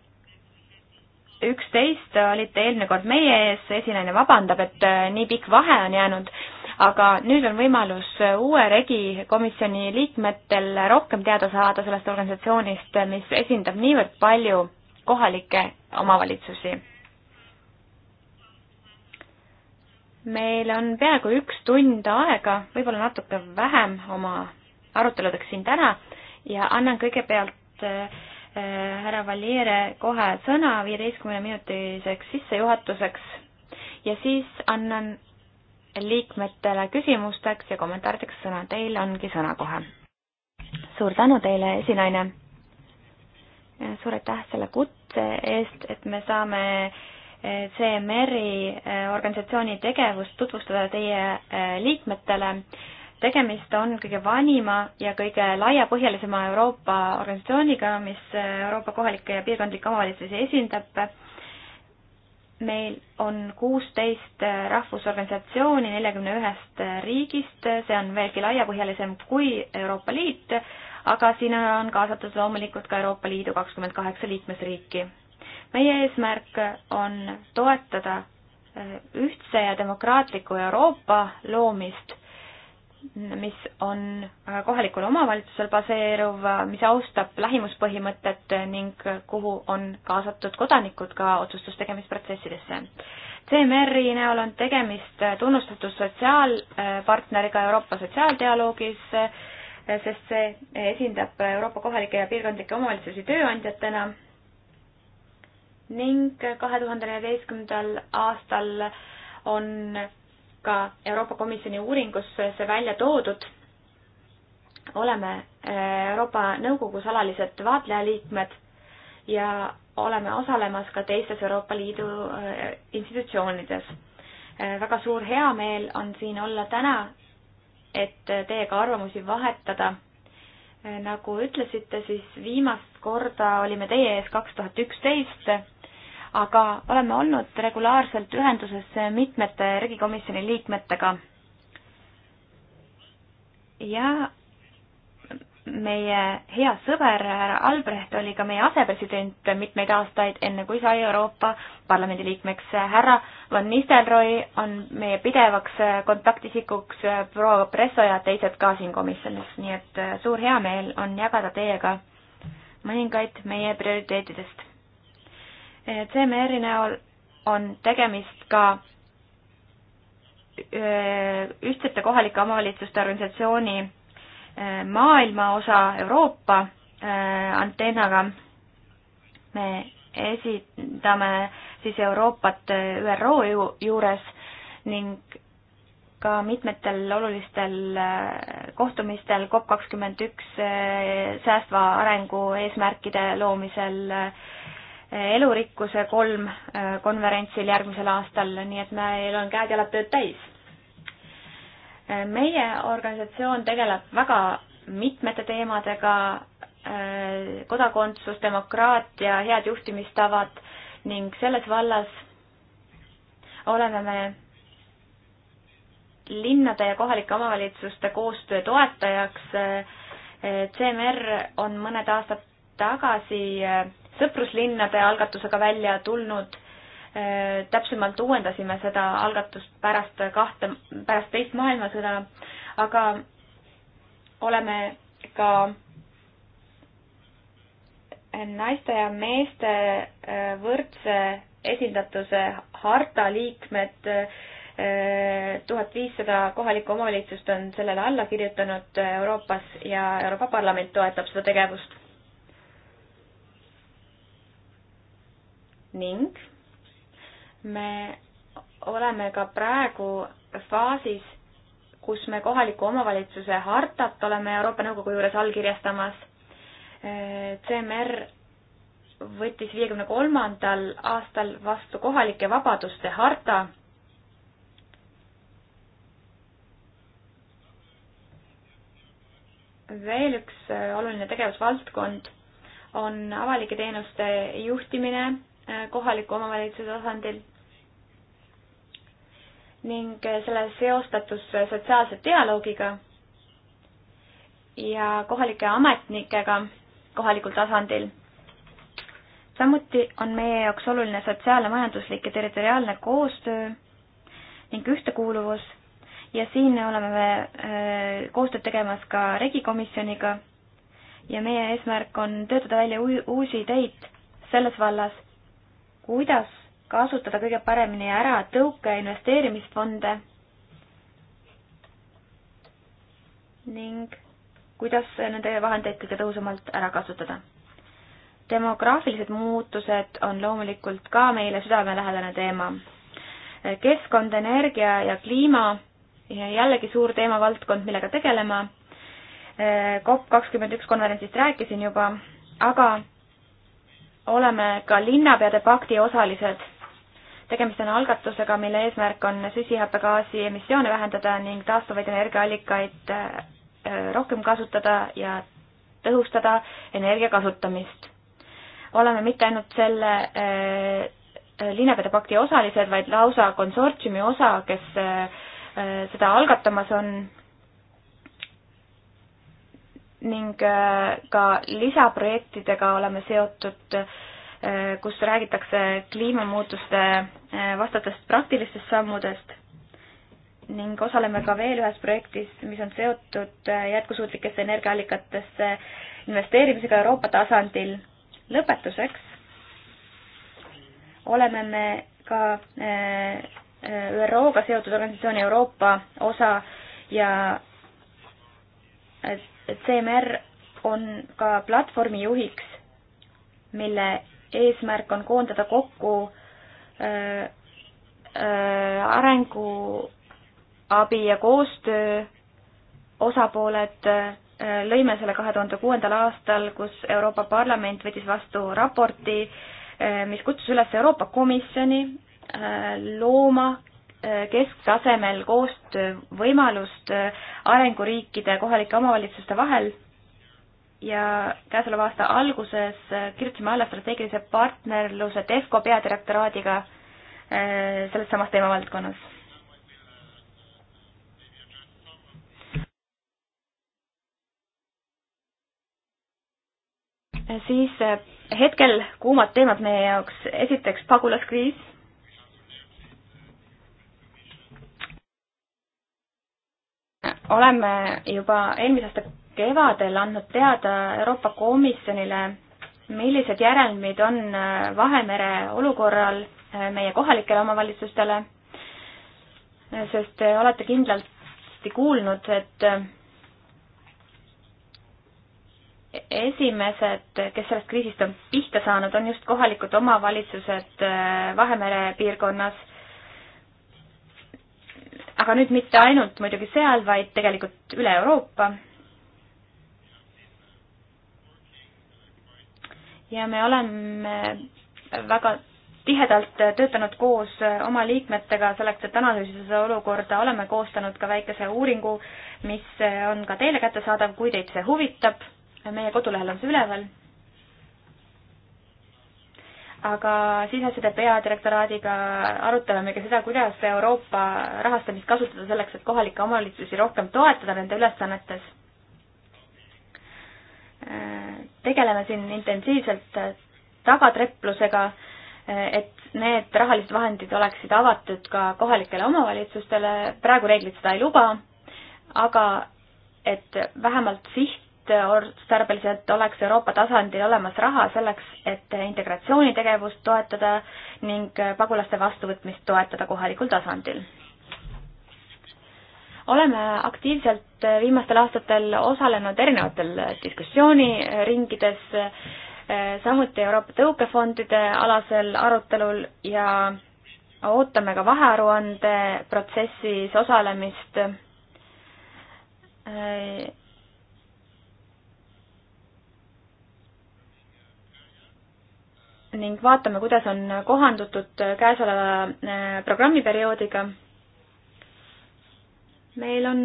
[SPEAKER 2] üksteist olite eelmine kord meie ees, esinaine vabandab, et äh, nii pikk vahe on jäänud, aga nüüd on võimalus äh, uue regi komisjoni liikmetel rohkem teada saada sellest organisatsioonist, mis esindab niivõrd palju kohalikke omavalitsusi. meil on peaaegu üks tund aega, võib-olla natuke vähem oma aruteludeks siin täna ja annan kõigepealt äh, Äh, härra Valiere kohe sõna viieteistkümne minutiseks sissejuhatuseks ja siis annan liikmetele küsimusteks ja kommentaarideks sõna. Teil ongi sõna kohe. suur tänu teile, esinaine. Äh, suur aitäh selle kutse eest, et me saame äh, CMR-i organisatsiooni tegevust tutvustada teie liikmetele tegemist on kõige vanima ja kõige laiapõhjalisema Euroopa organisatsiooniga, mis Euroopa kohalikke ja piirkondlikke omavalitsusi esindab. meil on kuusteist rahvusorganisatsiooni neljakümne ühest riigist, see on veelgi laiapõhjalisem kui Euroopa Liit, aga sinna on kaasatud loomulikult ka Euroopa Liidu kakskümmend kaheksa liikmesriiki. meie eesmärk on toetada ühtse ja demokraatliku Euroopa loomist mis on äh, kohalikul omavalitsusel baseeruv, äh, mis austab lähimuspõhimõtet ning kuhu on kaasatud kodanikud ka otsustustegemisprotsessidesse. CMR-i näol on tegemist äh, tunnustatud sotsiaalpartneriga Euroopa sotsiaaldialoogis, sest see esindab Euroopa kohalikke ja piirkondlikke omavalitsusi tööandjatena ning kahe tuhande neljateistkümnendal aastal on ka Euroopa Komisjoni uuringus see välja toodud. oleme eh, Euroopa Nõukogus alalised vaatlejaliikmed ja oleme osalemas ka teistes Euroopa Liidu eh, institutsioonides. Eh, väga suur heameel on siin olla täna, et teiega arvamusi vahetada. nagu ütlesite, siis viimast korda olime teie ees kaks tuhat üksteist aga oleme olnud regulaarselt ühenduses mitmete regikomisjoni liikmetega. ja meie hea sõber härra Albrecht oli ka meie asepresident mitmeid aastaid, enne kui sai Euroopa Parlamendi liikmeks. härra Van Nistelrooy on meie pidevaks kontaktisikuks, proua Presso ja teised ka siin komisjonis, nii et suur heameel on jagada teiega mõningaid meie prioriteetidest CMR-i näol on tegemist ka ühtsete kohalike omavalitsuste organisatsiooni maailma osa Euroopa antennaga. me esindame siis Euroopat ÜRO juures ning ka mitmetel olulistel kohtumistel COP kakskümmend üks säästva arengu eesmärkide loomisel äh, elurikkuse kolm äh, konverentsil järgmisel aastal, nii et meil on käed-jalad tööd täis. Äh, meie organisatsioon tegeleb väga mitmete teemadega, äh, kodakondsus, demokraatia, head juhtimistavad ning selles vallas oleme me linnade ja kohalike omavalitsuste koostöö toetajaks. CMR on mõned aastad tagasi sõpruslinnade algatusega välja tulnud. Äh, täpsemalt uuendasime seda algatust pärast kahte, pärast teist maailmasõda, aga oleme ka naiste ja meeste äh, võrdse esindatuse harta liikmed, äh, tuhat viissada kohalikku omavalitsust on sellele alla kirjutanud Euroopas ja Euroopa Parlament toetab seda tegevust. ning me oleme ka praegu faasis, kus me kohaliku omavalitsuse hartat oleme Euroopa Nõukogu juures allkirjastamas. CMR võttis viiekümne kolmandal aastal vastu kohalike vabaduste harta. veel üks äh, oluline tegevusvaldkond on avalike teenuste juhtimine Äh, kohaliku omavalitsuse tasandil ning äh, selle seostatus äh, sotsiaalse dialoogiga ja kohalike ametnikega kohalikul tasandil. samuti on meie jaoks oluline sotsiaalne, majanduslik ja territoriaalne koostöö ning ühtekuuluvus ja siin oleme me koostööd tegemas ka regikomisjoniga ja meie eesmärk on töötada välja uusi ideid selles vallas kuidas kasutada kõige paremini ära tõuke investeerimisfonde ning kuidas nende vahendeid kõige tõhusamalt ära kasutada. demograafilised muutused on loomulikult ka meile südamelähedane teema. keskkond, energia ja kliima, jällegi suur teemavaldkond, millega tegelema COP kakskümmend üks konverentsist rääkisin juba, aga oleme ka linnapeade pakti osalised. tegemist on algatusega, mille eesmärk on süsihappegaasi emissioone vähendada ning taastuvaid energiaallikaid äh, rohkem kasutada ja tõhustada energia kasutamist. oleme mitte ainult selle äh, linnapeade pakti osalised, vaid lausa konsortsiumi osa, kes äh, seda algatamas on ning äh, ka lisaprojektidega oleme seotud, äh, kus räägitakse kliimamuutuste äh, vastastest praktilistest sammudest ning osaleme ka veel ühes projektis, mis on seotud jätkusuutlikesse energiaallikatesse investeerimisega Euroopa tasandil. lõpetuseks oleme me ka ÜRO-ga seotud organisatsiooni Euroopa osa ja CMR on ka platvormi juhiks, mille eesmärk on koondada kokku äh, äh, arenguabi ja koostöö osapooled äh, lõime selle kahe tuhande kuuendal aastal, kus Euroopa Parlament võttis vastu raporti, äh, mis kutsus üles Euroopa Komisjoni äh, looma kesktasemel koostöövõimalust äh, arenguriikide kohalike omavalitsuste vahel ja käesoleva aasta alguses äh, kirjutasime alla strateegilise partnerluse TEFCO peadirektoraadiga äh, selles samas teemavaldkonnas. siis hetkel kuumad teemad meie jaoks, esiteks pagulaskriis oleme juba eelmise aasta kevadel andnud teada Euroopa Komisjonile, millised järelmid on äh, Vahemere olukorral äh, meie kohalikele omavalitsustele, äh, sest te olete kindlasti kuulnud, et esimesed, kes sellest kriisist on pihta saanud, on just kohalikud omavalitsused Vahemere piirkonnas aga nüüd mitte ainult muidugi seal, vaid tegelikult üle Euroopa. ja me oleme väga tihedalt töötanud koos oma liikmetega selleks, et analüüsida seda olukorda, oleme koostanud ka väikese uuringu, mis on ka teile kättesaadav, kui teid see huvitab. meie kodulehel on see üleval aga siseside peadirektoraadiga arutame ka seda, kuidas Euroopa rahastamist kasutada selleks, et kohalikke omavalitsusi rohkem toetada nende ülesannetes. tegeleme siin intensiivselt tagatreplusega, et need rahalised vahendid oleksid avatud ka kohalikele omavalitsustele, praegu reeglid seda ei luba, aga et vähemalt siht sihtotstarbeliselt oleks Euroopa tasandil olemas raha selleks, et integratsioonitegevust toetada ning pagulaste vastuvõtmist toetada kohalikul tasandil. oleme aktiivselt viimastel aastatel osalenud erinevatel diskussiooniringides, samuti Euroopa tõukefondide alasel arutelul ja ootame ka vahearuande protsessis osalemist ning vaatame, kuidas on kohandutud käesoleva äh, programmiperioodiga. meil on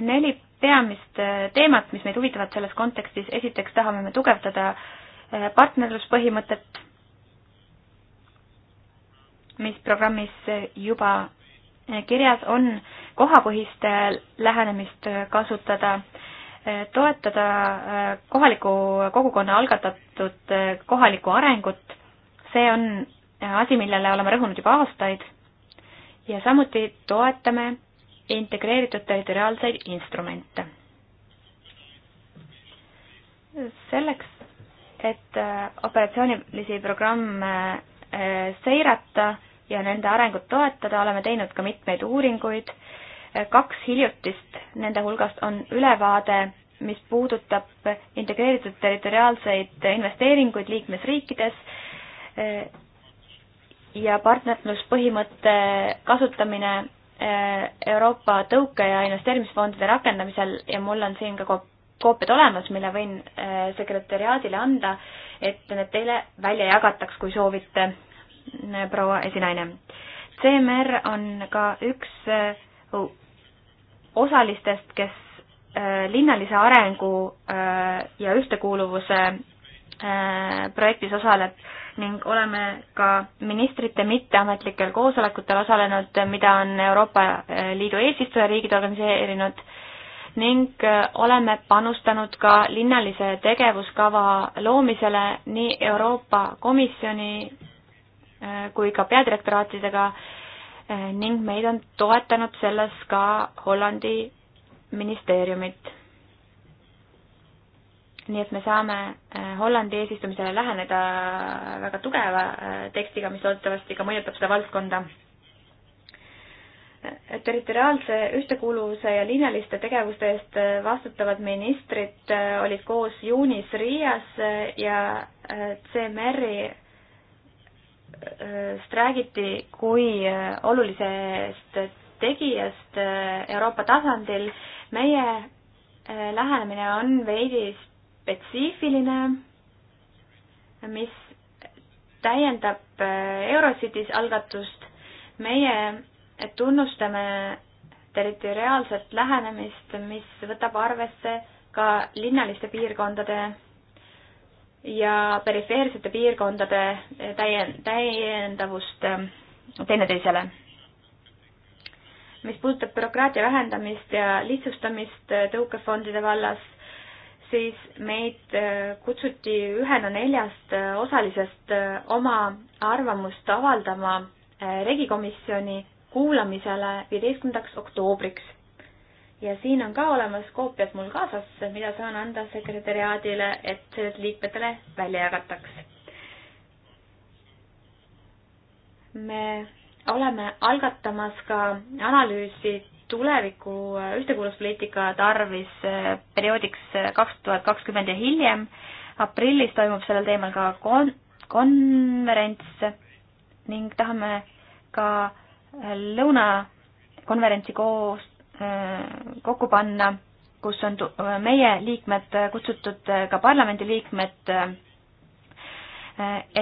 [SPEAKER 2] neli peamist äh, teemat, mis meid huvitavad selles kontekstis, esiteks tahame me tugevdada äh, partnerluspõhimõtet, mis programmis juba kirjas on, kohapõhist lähenemist kasutada äh, toetada äh, kohaliku kogukonna algatatud äh, kohalikku arengut. see on äh, asi, millele oleme rõhunud juba aastaid ja samuti toetame integreeritud territoriaalseid instrumente. selleks, et operatsioonilisi programme seirata ja nende arengut toetada, oleme teinud ka mitmeid uuringuid kaks hiljutist, nende hulgast on ülevaade, mis puudutab integreeritud territoriaalseid investeeringuid liikmesriikides eh, ja partnerluspõhimõtte kasutamine eh, Euroopa tõuke- ja investeerimisfondide rakendamisel ja mul on siin ka koopiad olemas, mille võin eh, sekretäriaadile anda, et need teile välja jagataks, kui soovite, proua esinaine. CMR on ka üks osalistest, kes äh, linnalise arengu äh, ja ühtekuuluvuse äh, projektis osaleb ning oleme ka ministrite mitteametlikel koosolekutel osalenud, mida on Euroopa Liidu eesistujariigid organiseerinud ning oleme panustanud ka linnalise tegevuskava loomisele nii Euroopa Komisjoni kui ka peadirektoraatidega äh, Eh, ning meid on toetanud selles ka Hollandi ministeeriumid. nii et me saame eh, Hollandi eesistumisele läheneda väga tugeva eh, tekstiga, mis loodetavasti ka mõjutab seda valdkonda. territoriaalse ühtekuuluvuse ja linnaliste tegevuste eest vastutavad ministrid olid koos juunis Riias ja CMR-i sest räägiti kui äh, olulisest tegijast äh, Euroopa tasandil. meie äh, lähenemine on veidi spetsiifiline, mis täiendab Eurocities algatust. meie tunnustame territoriaalset lähenemist, mis võtab arvesse ka linnaliste piirkondade ja perifeersete piirkondade täien-, täiendavust äh, teineteisele. mis puudutab bürokraatia vähendamist ja lihtsustamist äh, tõukefondide vallas, siis meid äh, kutsuti ühena neljast osalisest oma arvamust avaldama regikomisjoni kuulamisele viieteistkümnendaks oktoobriks ja siin on ka olemas koopiad mul kaasas, mida saan anda sekretäriaadile, et sellest liikmetele välja jagataks. me oleme algatamas ka analüüsi tuleviku ühtekuuluvuspoliitika tarvis perioodiks kaks tuhat kakskümmend ja hiljem. aprillis toimub sellel teemal ka kon-, konverents ning tahame ka lõunakonverentsi koos Äh, kokku panna, kus on meie liikmed kutsutud, äh, ka parlamendiliikmed, äh,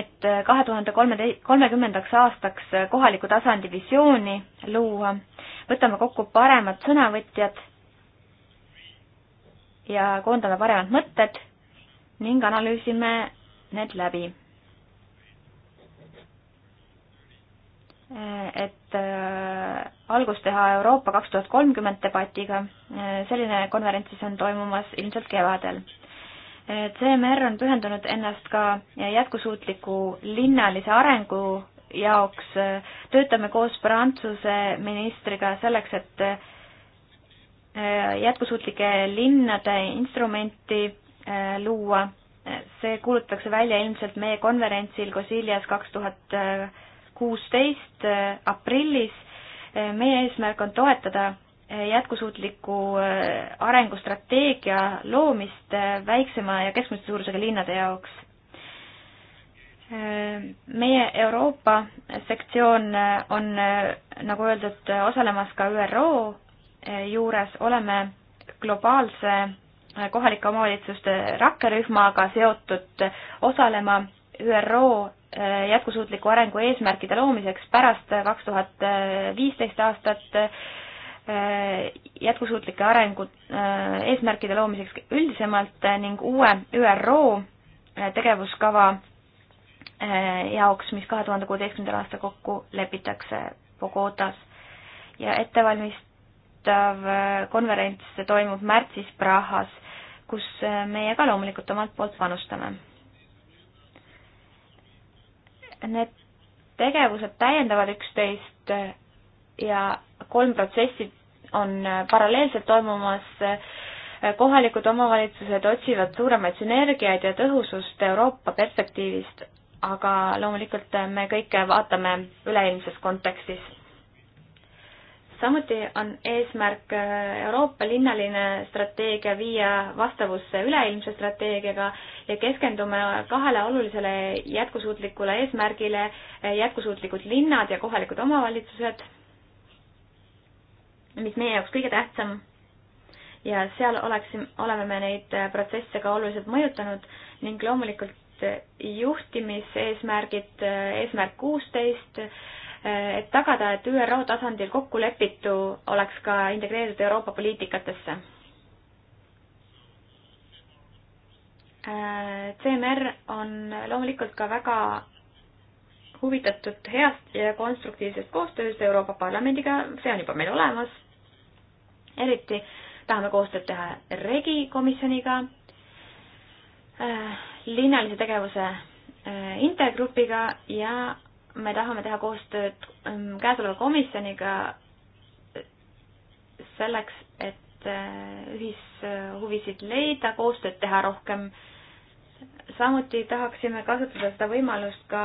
[SPEAKER 2] et kahe tuhande kolmete-, kolmekümnendaks aastaks kohaliku tasandi visiooni luua, võtame kokku paremad sõnavõtjad ja koondame paremad mõtted ning analüüsime need läbi et algust teha Euroopa kaks tuhat kolmkümmend debatiga. selline konverents siis on toimumas ilmselt kevadel. CMR on pühendunud ennast ka jätkusuutliku linnalise arengu jaoks. töötame koos Prantsuse ministriga selleks, et äh, jätkusuutlike linnade instrumenti äh, luua. see kuulutatakse välja ilmselt meie konverentsil Brasiilias kaks tuhat kuusteist äh, aprillis meie eesmärk on toetada jätkusuutliku äh, arengustrateegia loomist äh, väiksema ja keskmise suurusega linnade jaoks. Äh, meie Euroopa sektsioon on, nagu öeldud, osalemas ka ÜRO juures, oleme globaalse kohalike omavalitsuste rakkerühmaga seotud osalema ÜRO Äh, jätkusuutliku arengu eesmärkide loomiseks pärast äh, kaks tuhat viisteist aastat, äh, jätkusuutlike arengu eesmärkide loomiseks üldisemalt ning uue ÜRO tegevuskava jaoks, mis kahe tuhande kuueteistkümnendal aastal kokku lepitakse Bogotas. ja ettevalmistav konverents toimub märtsis Prahas, kus meie ka loomulikult omalt poolt panustame need tegevused täiendavad üksteist ja kolm protsessi on paralleelselt toimumas. kohalikud omavalitsused otsivad suuremaid sünergiaid ja tõhusust Euroopa perspektiivist, aga loomulikult me kõike vaatame üleilmses kontekstis samuti on eesmärk äh, Euroopa linnaline strateegia viia vastavusse üleilmse strateegiaga ja keskendume kahele olulisele jätkusuutlikule eesmärgile, äh, jätkusuutlikud linnad ja kohalikud omavalitsused, mis meie jaoks kõige tähtsam ja seal oleksime, oleme me neid äh, protsesse ka oluliselt mõjutanud ning loomulikult juhtimiseesmärgid, eesmärk kuusteist, et tagada, et ÜRO tasandil kokkulepitu oleks ka integreeritud Euroopa poliitikatesse. Äh, CMR on loomulikult ka väga huvitatud heast ja konstruktiivsest koostööst Euroopa Parlamendiga, see on juba meil olemas. eriti tahame koostööd teha REGI komisjoniga, äh, linnalise tegevuse äh, intergrupiga ja me tahame teha koostööd ähm, käesoleva komisjoniga selleks, et äh, ühishuvisid leida, koostööd teha rohkem. samuti tahaksime kasutada seda võimalust ka,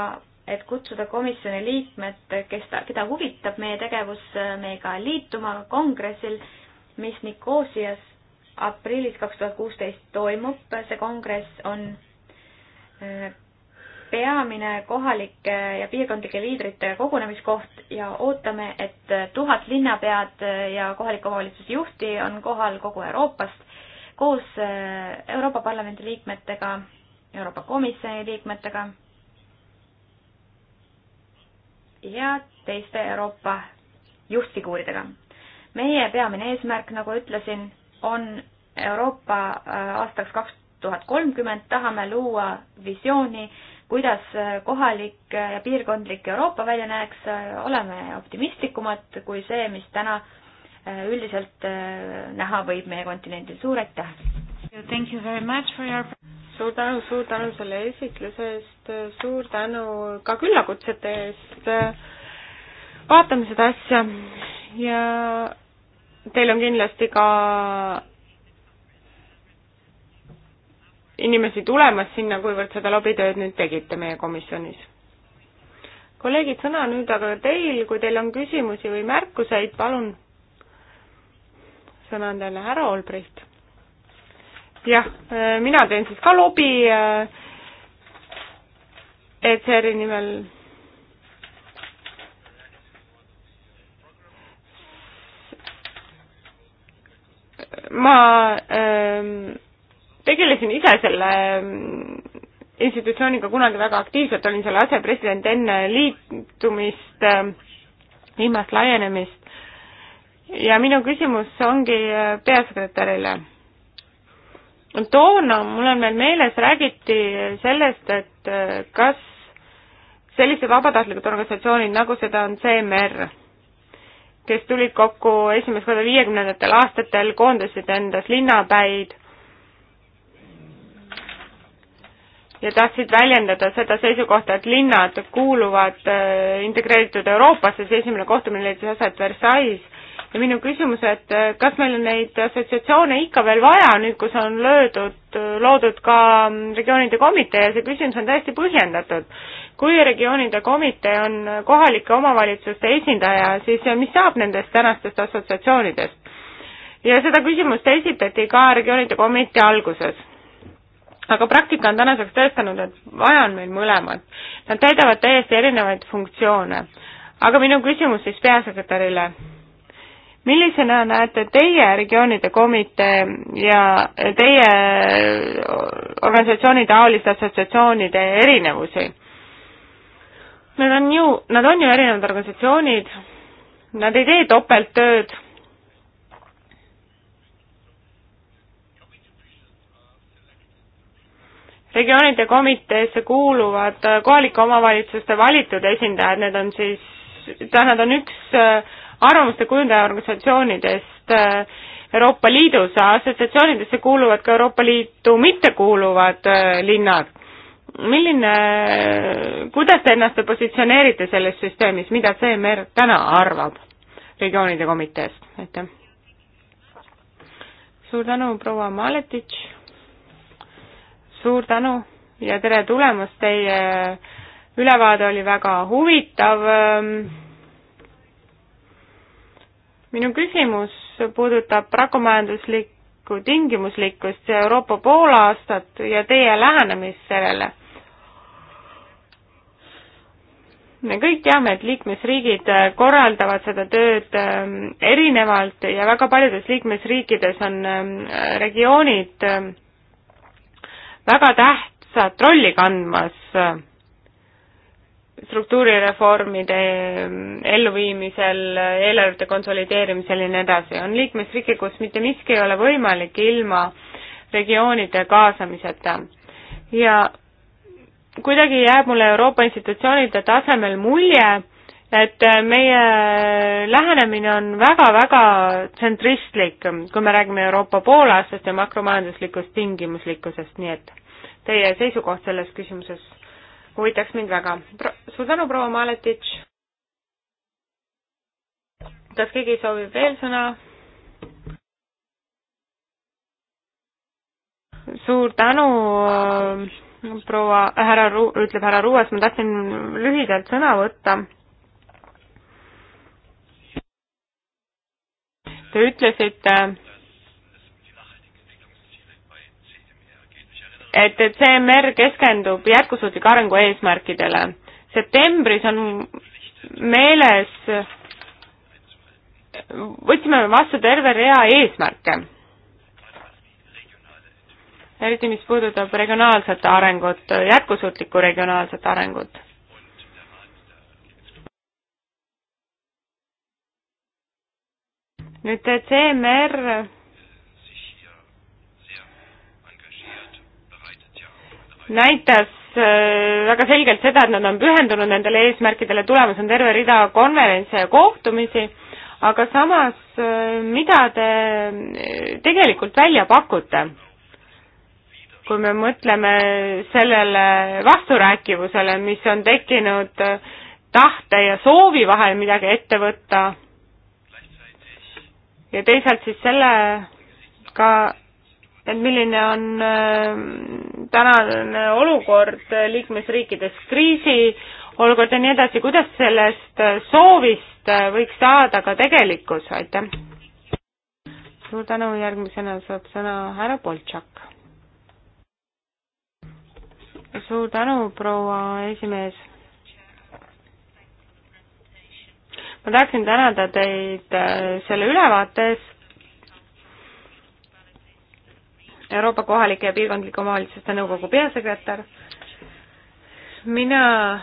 [SPEAKER 2] et kutsuda komisjoni liikmed, kes ta, keda huvitab meie tegevus, äh, meiega liituma kongressil, mis Nikosias aprillis kaks tuhat kuusteist toimub. see kongress on äh, peamine kohalike ja piirkondlike liidrite kogunemiskoht ja ootame, et tuhat linnapead ja kohaliku omavalitsuse juhti on kohal kogu Euroopast koos äh, Euroopa Parlamendi liikmetega, Euroopa Komisjoni liikmetega ja teiste Euroopa juhtfiguuridega. meie peamine eesmärk, nagu ütlesin, on Euroopa äh, aastaks kaks tuhat kolmkümmend tahame luua visiooni, kuidas äh, kohalik äh, ja piirkondlik Euroopa välja näeks, äh, oleme optimistlikumad kui see, mis täna üldiselt näha võib meie kontinendil. suur aitäh!
[SPEAKER 1] Your... suur
[SPEAKER 3] tänu, suur tänu selle esitluse eest, suur tänu
[SPEAKER 2] ka küllakutsete eest.
[SPEAKER 3] vaatame seda asja ja teil on kindlasti ka inimesi tulemas sinna, kuivõrd seda lobitööd nüüd tegite meie komisjonis. kolleegid, sõna nüüd aga teil, kui teil on küsimusi või märkuseid, palun. sõna on teile, härra Olbricht. jah, mina teen siis ka lobi ECR-i nimel. ma ähm, tegelesin ise selle mm, institutsiooniga kunagi väga aktiivselt, olin selle asepresident enne liitumist, mm, viimast laienemist. ja minu küsimus ongi mm, peasekretärile. toona, mul on veel meeles, räägiti sellest, et kas sellised vabatahtlikud organisatsioonid, nagu seda on CMR, kes tulid kokku esimest korda viiekümnendatel aastatel, koondasid endas linnapäid ja tahtsid väljendada seda seisukohta, et linnad kuuluvad äh, integreeritud Euroopasse, see esimene kohtumine leidis aset Versailles ja minu küsimus, et äh, kas meil on neid assotsiatsioone ikka veel vaja, nüüd kus on löödud, äh, loodud ka mm, regioonide komitee ja see küsimus on täiesti põhjendatud. kui regioonide komitee on kohalike omavalitsuste esindaja, siis mis saab nendest tänastest assotsiatsioonidest? ja seda küsimust esitati ka regioonide komitee alguses aga praktika on tänaseks tõestanud, et vaja on meil mõlemat. Nad täidavad täiesti erinevaid funktsioone. aga minu küsimus siis peasekretärile. millisena näete teie regioonide komitee ja teie organisatsiooni taoliste assotsiatsioonide erinevusi? Nad on ju, nad on ju erinevad organisatsioonid, nad ei tee topelttööd regioonide komiteesse kuuluvad äh, kohalike omavalitsuste valitud esindajad, need on siis, tähendab, nad on üks äh, arvamuste kujundaja organisatsioonidest äh, Euroopa Liidus, assotsiatsioonidesse kuuluvad ka Euroopa Liitu mittekuuluvad linnad. milline, kuidas te ennast positsioneerite selles süsteemis, mida CMR täna arvab regioonide komiteest, aitäh? suur tänu, proua Maletitš suur tänu ja tere tulemast, teie ülevaade oli väga huvitav. Ähm, minu küsimus puudutab rakumajanduslikku tingimuslikkust, Euroopa poolaastat ja teie lähenemist sellele. me kõik teame, et liikmesriigid korraldavad seda tööd ähm, erinevalt ja väga paljudes liikmesriikides on ähm, regioonid väga tähtsat rolli kandmas äh, struktuurireformide mm, elluviimisel, eelarvete konsolideerimisel ja nii edasi. on liikmesriike, kus mitte miski ei ole võimalik ilma regioonide kaasamiseta. ja kuidagi jääb mulle Euroopa institutsioonide tasemel mulje, et äh, meie lähenemine on väga-väga tsentristlik, kui me räägime Euroopa poolaastast ja makromajanduslikust tingimuslikkusest, nii et teie seisukoht selles küsimuses huvitaks mind väga. suur tänu, proua Maletitš! kas keegi soovib veel sõna? suur tänu, proua, härra Ru-, ütleb härra Ruuas, ma tahtsin lühidalt sõna võtta Te ütlesite, et, et CMR keskendub jätkusuutliku arengu eesmärkidele. septembris on meeles, võtsime vastu terve rea eesmärke, eriti mis puudutab regionaalset arengut, jätkusuutlikku regionaalset arengut. nüüd CMR näitas äh, väga selgelt seda, et nad on pühendunud nendele eesmärkidele, tulemas on terve rida konverentse ja kohtumisi, aga samas, äh, mida te äh, tegelikult välja pakute? kui me mõtleme sellele vasturääkivusele, mis on tekkinud tahte ja soovi vahel midagi ette võtta ja teisalt siis sellega, et milline on äh, tänane olukord liikmesriikides, kriisiolukord ja nii edasi, kuidas sellest äh, soovist äh, võiks saada ka tegelikkus, aitäh! suur tänu, järgmisena saab sõna härra Boltšak. suur tänu, proua esimees ma tahaksin tänada teid äh, selle ülevaate eest. Euroopa kohalike ja piirkondlike omavalitsuste nõukogu peasekretär. mina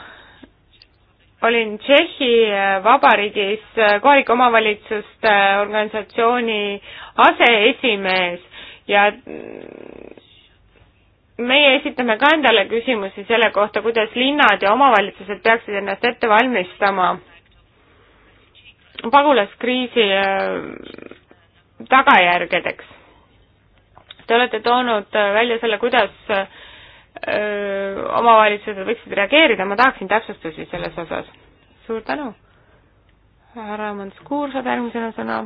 [SPEAKER 3] olin Tšehhi äh, Vabariigis äh, kohalike omavalitsuste organisatsiooni aseesimees ja mm, meie esitame ka endale küsimusi selle kohta, kuidas linnad ja omavalitsused peaksid ennast ette valmistama pagulaskriisi äh, tagajärgedeks. Te olete toonud äh, välja selle, kuidas äh, omavalitsused võiksid reageerida, ma tahaksin täpsustusi selles osas. suur tänu! härra Manskuur saab järgmisena sõna.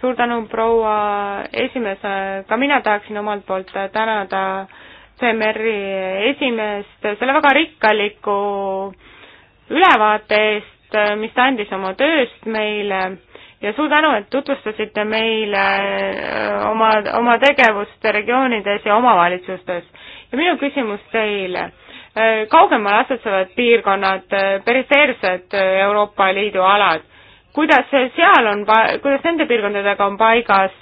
[SPEAKER 3] suur tänu, proua esimees, ka mina tahaksin omalt poolt tänada CMR-i esimeest selle väga rikkaliku ülevaate eest, panust, äh, mis ta andis oma tööst meile ja suur tänu, et tutvustasite meile äh, oma, oma tegevust regioonides ja omavalitsustes. ja minu küsimus teile, äh, kaugemal asetsevad piirkonnad, perifeersed Euroopa Liidu alad, kuidas seal on, kuidas nende piirkondadega on paigas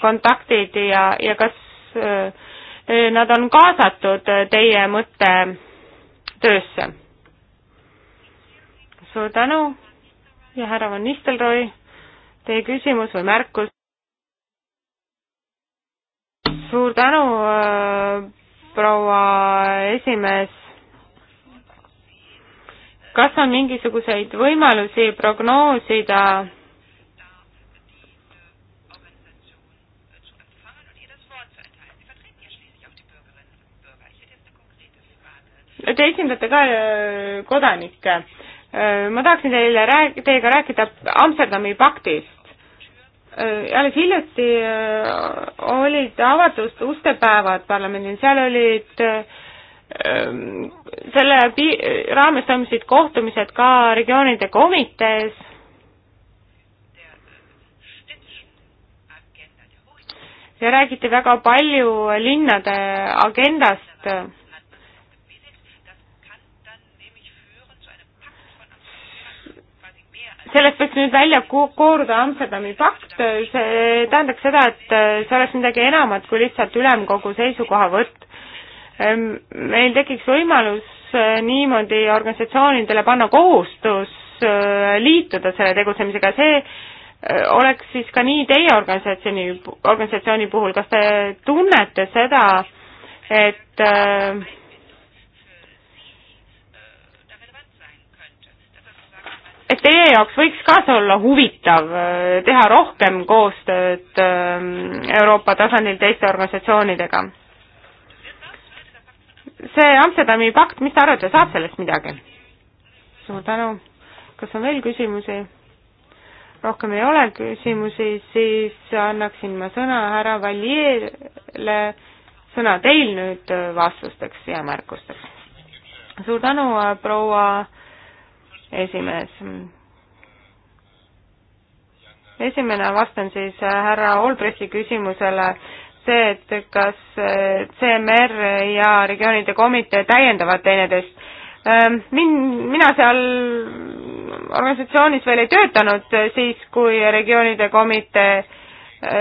[SPEAKER 3] kontaktid ja, ja kas nad on kaasatud teie mõttetöösse? suur tänu ja härra Van Nistelrooy, teie küsimus või märkus? suur tänu äh,, proua esimees. kas on mingisuguseid võimalusi prognoosida Te esindate ka äh, kodanikke Äh, ma tahaksin teile rääk-, teiega rääkida Amsterdami paktist. Äh, alles hiljuti äh, olid avatud ustepäevad parlamendil, seal olid selle pi-, raames toimusid kohtumised ka regioonide komitees, ja räägiti väga palju linnade agendast sellest võiks nüüd välja kooruda Amsterdami pakt, see tähendaks seda, et äh, see oleks midagi enamat kui lihtsalt ülemkogu seisukohavõtt. Ehm, meil tekiks võimalus äh, niimoodi organisatsioonidele panna kohustus äh, liituda selle tegutsemisega, see oleks siis ka nii teie organisatsiooni, organisatsiooni puhul, kas te tunnete seda, et äh, et teie jaoks võiks ka see olla huvitav, äh, teha rohkem koostööd ähm, Euroopa tasandil teiste organisatsioonidega? see Amsterdami pakt, mis te arvate, saab sellest midagi? suur tänu. kas on veel küsimusi? rohkem ei ole küsimusi, siis annaksin ma sõna härra Valjerile, sõna teil nüüd vastusteks ja märkusteks. suur tänu, äh, proua esimees. esimene vastan siis äh, härra Olbrechti küsimusele, see, et kas äh, CMR ja regioonide komitee täiendavad teineteist. Ähm, min-, mina seal organisatsioonis veel ei töötanud äh, siis, kui regioonide komitee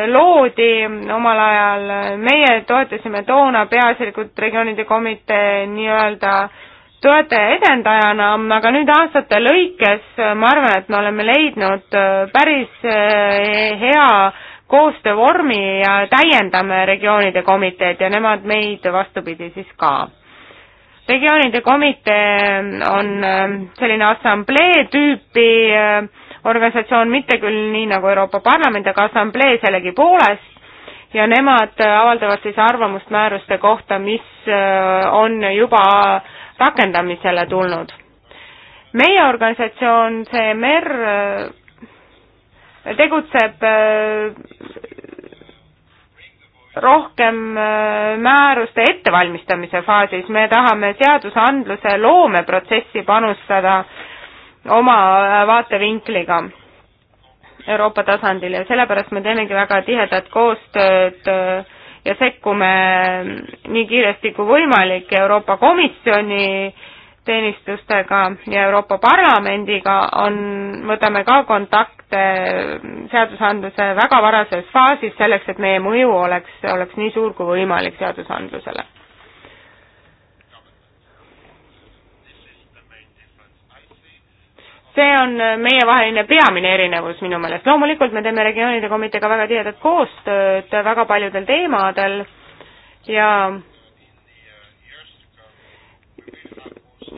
[SPEAKER 3] loodi omal ajal, meie toetasime toona peaasjalikult regioonide komitee nii-öelda äh, toetaja edendajana, aga nüüd aastate lõikes ma arvan, et me oleme leidnud äh, päris äh, hea koostöövormi ja täiendame regioonide komiteed ja nemad meid vastupidi siis ka. regioonide komitee on äh, selline assamblee tüüpi organisatsioon, mitte küll nii nagu Euroopa Parlament, aga assamblee sellegipoolest, ja nemad avaldavad siis arvamust määruste kohta, mis on juba äh, rakendamisele tulnud. meie organisatsioon, see MER, tegutseb äh, rohkem äh, määruste ettevalmistamise faasis, me tahame seadusandluse loomeprotsessi panustada oma äh, vaatevinkliga Euroopa tasandil ja sellepärast me teemegi väga tihedat koostööd äh, ja sekkume nii kiiresti kui võimalik Euroopa Komisjoni teenistustega ja Euroopa Parlamendiga on, võtame ka kontakte seadusandluse väga varases faasis selleks, et meie mõju oleks, oleks nii suur kui võimalik seadusandlusele. see on äh, meievaheline peamine erinevus minu meelest. loomulikult me teeme regioonide komiteega väga tihedat koostööd väga paljudel teemadel ja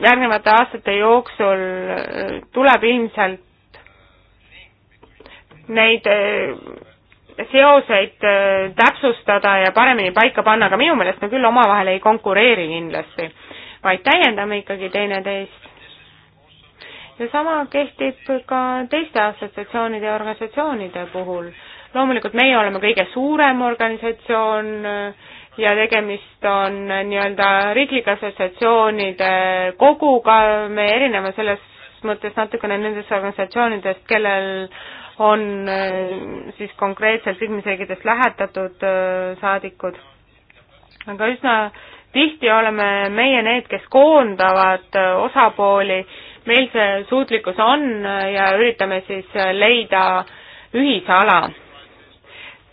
[SPEAKER 3] järgnevate aastate jooksul äh, tuleb ilmselt neid äh, seoseid täpsustada ja paremini paika panna, aga minu meelest me küll omavahel ei konkureeri kindlasti, vaid täiendame ikkagi teineteist ja sama kehtib ka teiste assotsiatsioonide ja organisatsioonide puhul. loomulikult meie oleme kõige suurem organisatsioon ja tegemist on nii-öelda riiklike assotsiatsioonide koguga, me erineme selles mõttes natukene nendest organisatsioonidest, kellel on eh, siis konkreetselt liikmesriikidest lähetatud eh, saadikud. aga üsna tihti oleme meie need, kes koondavad eh, osapooli meil see suutlikkus on ja üritame siis leida ühise ala.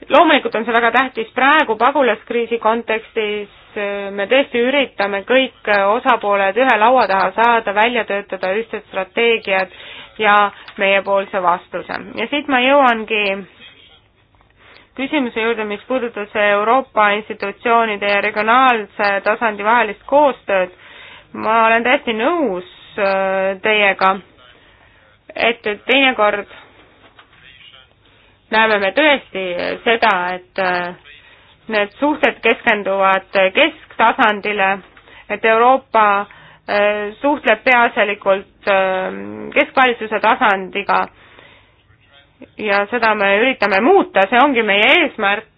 [SPEAKER 3] loomulikult on see väga tähtis praegu pagulaskriisi kontekstis, me tõesti üritame kõik osapooled ühe laua taha saada, välja töötada ühtsed strateegiad ja meiepoolse vastuse. ja siit ma jõuangi küsimuse juurde, mis puudutas Euroopa institutsioonide ja regionaalse tasandi vahelist koostööd. ma olen täiesti nõus Äh, teiega, et teinekord näeme me tõesti seda, et äh, need suhted keskenduvad kesktasandile, et Euroopa äh, suhtleb peaasjalikult keskvalitsuse tasandiga ja seda me üritame muuta, see ongi meie eesmärk,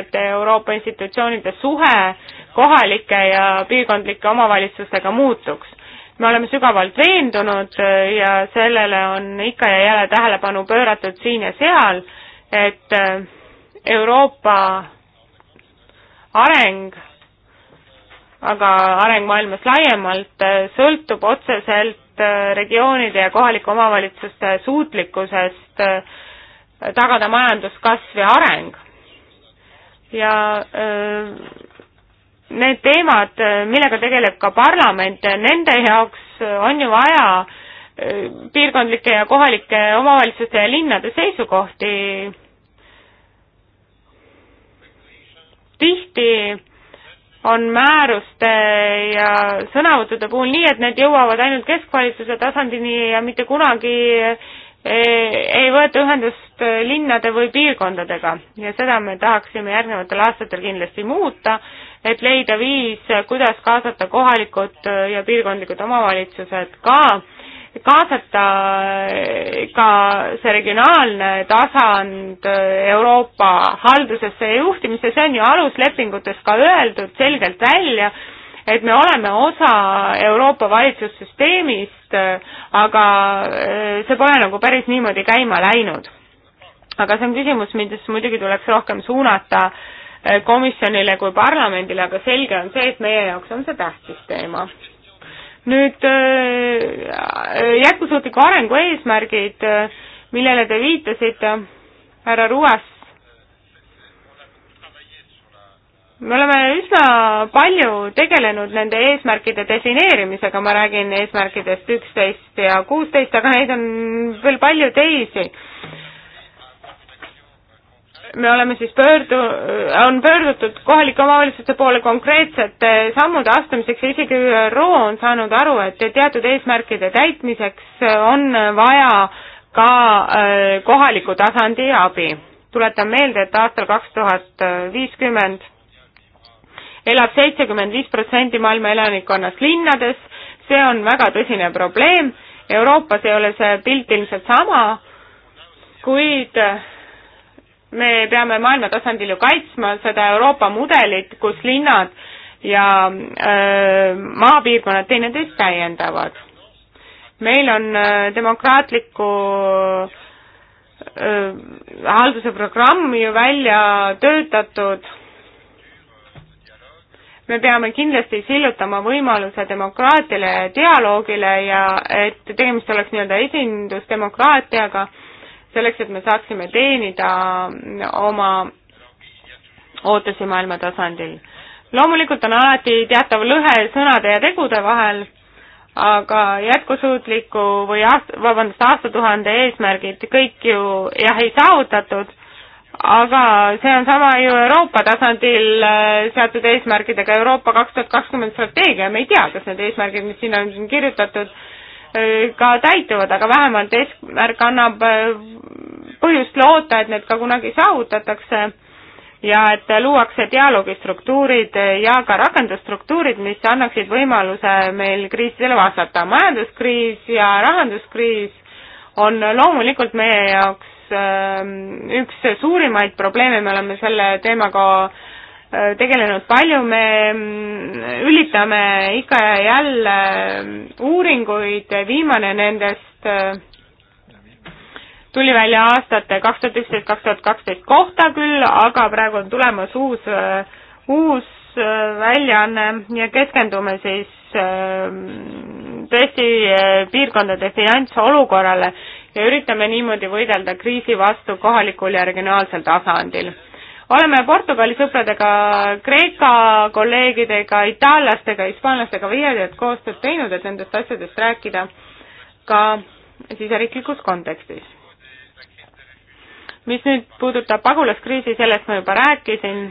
[SPEAKER 3] et Euroopa institutsioonide suhe kohalike ja piirkondlike omavalitsustega muutuks me oleme sügavalt veendunud äh, ja sellele on ikka ja jälle tähelepanu pööratud siin ja seal, et äh, Euroopa areng, aga areng maailmas laiemalt, äh, sõltub otseselt regioonide ja kohalike omavalitsuste suutlikkusest tagada majanduskasv ja areng. ja öö, need teemad, millega tegeleb ka parlament, nende jaoks on ju vaja eh, piirkondlike ja kohalike omavalitsuste ja linnade seisukohti. tihti on määruste ja sõnavõttude puhul nii, et need jõuavad ainult keskvalitsuse tasandini ja mitte kunagi eh, ei võeta ühendust linnade või piirkondadega ja seda me tahaksime järgnevatel aastatel kindlasti muuta et leida viis, kuidas kaasata kohalikud ja piirkondlikud omavalitsused ka, kaasata ka see regionaalne tasand Euroopa haldusesse ja juhtimisse, see on ju aluslepingutes ka öeldud selgelt välja, et me oleme osa Euroopa valitsussüsteemist, aga see pole nagu päris niimoodi käima läinud. aga see on küsimus, mis muidugi tuleks rohkem suunata äh, komisjonile kui parlamendile, aga selge on see, et meie jaoks on see tähtis teema. nüüd äh, jätkusuutliku arengu eesmärgid, äh, millele te viitasite, härra Ruas, me oleme üsna palju tegelenud nende eesmärkide defineerimisega, ma räägin eesmärkidest üksteist ja kuusteist, aga neid on veel palju teisi me oleme siis pöördu-, on pöördutud kohalike omavalitsuste poole konkreetsete sammude astumiseks ja isegi ÜRO on saanud aru, et teatud eesmärkide täitmiseks on vaja ka äh, kohaliku tasandi abi. tuletan meelde, et aastal kaks tuhat viiskümmend elab seitsekümmend viis protsenti maailma elanikkonnast linnades, see on väga tõsine probleem, Euroopas ei ole see pilt ilmselt sama, kuid me peame maailma tasandil ju kaitsma seda Euroopa mudelit, kus linnad ja öö, äh, maapiirkonnad teineteist täiendavad. meil on öö, äh, demokraatliku öö, äh, halduse programm ju välja töötatud, me peame kindlasti sillutama võimaluse demokraatiale ja dialoogile ja et tegemist oleks nii-öelda esindusdemokraatiaga selleks, et me saaksime teenida oma ootusi maailma tasandil. loomulikult on alati teatav lõhe sõnade ja tegude vahel, aga jätkusuutliku või aast-, vabandust, aastatuhande eesmärgid kõik ju jah, ei saavutatud, aga see on sama ju Euroopa tasandil äh, seatud eesmärkidega Euroopa kaks tuhat kakskümmend strateegia, me ei tea, kas need eesmärgid, mis sinna on kirjutatud, Äh, ka täituvad, aga vähemalt eesmärk annab äh, põhjust loota, et need ka kunagi saavutatakse ja et luuakse dialoogistruktuurid ja ka rakendusstruktuurid, mis annaksid võimaluse meil kriisidele vastata. majanduskriis ja rahanduskriis on loomulikult meie jaoks ähm, üks suurimaid probleeme, me oleme selle teemaga tegelenud palju, me mm, üllitame ikka ja jälle mm, uuringuid, viimane nendest mm, tuli välja aastate kaks tuhat üksteist, kaks tuhat kaksteist kohta küll, aga praegu on tulemas uus, uus väljaanne ja keskendume siis tõesti piirkondade finantsolukorrale ja üritame niimoodi võidelda kriisi vastu kohalikul ja regionaalsel tasandil oleme Portugali sõpradega, Kreeka kolleegidega, itaallastega, hispaanlastega viiendat koostööd teinud, et nendest asjadest rääkida ka siseriiklikus kontekstis. mis nüüd puudutab pagulaskriisi, sellest ma juba rääkisin,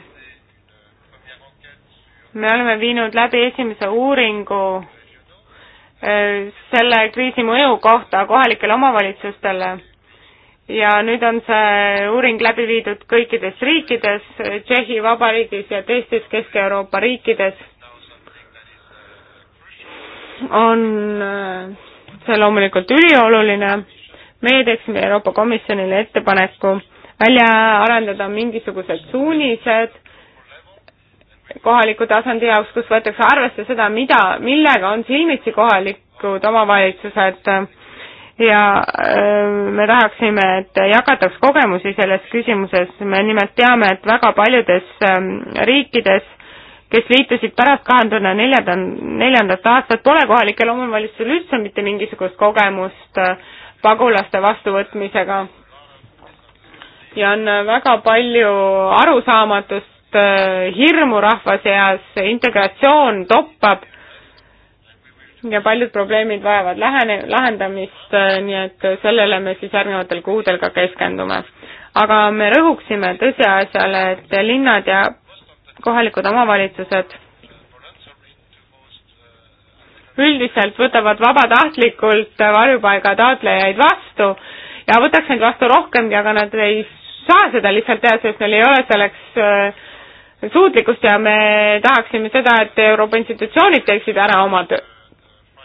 [SPEAKER 3] me oleme viinud läbi esimese uuringu äh, selle kriisi mõju kohta kohalikele omavalitsustele ja nüüd on see uuring läbi viidud kõikides riikides, Tšehhi Vabariigis ja teistes Kesk-Euroopa riikides on äh, see loomulikult ülioluline, meie teeksime Euroopa Komisjonile ettepaneku välja arendada mingisugused suunised kohaliku tasandi jaoks, kus võetakse arvesse seda, mida, millega on silmitsi kohalikud omavalitsused äh, ja äh, me tahaksime, et jagataks kogemusi selles küsimuses, me nimelt teame, et väga paljudes ähm, riikides, kes liitusid pärast kahe tuhande neljanda, neljandat aastat, pole kohalikel omavalitsustel üldse mitte mingisugust kogemust äh, pagulaste vastuvõtmisega. ja on äh, väga palju arusaamatust, hirmu rahva seas, integratsioon toppab ja paljud probleemid vajavad lähene-, lahendamist, äh, nii et sellele me siis järgnevatel kuudel ka keskendume. aga me rõhuksime tõsiasjale, et linnad ja kohalikud omavalitsused üldiselt võtavad vabatahtlikult varjupaiga taotlejaid vastu ja võtaks neid vastu rohkemgi, aga nad ei saa seda lihtsalt teha, sest neil ei ole selleks äh, suutlikkust ja me tahaksime seda, et Euroopa institutsioonid teeksid ära oma töö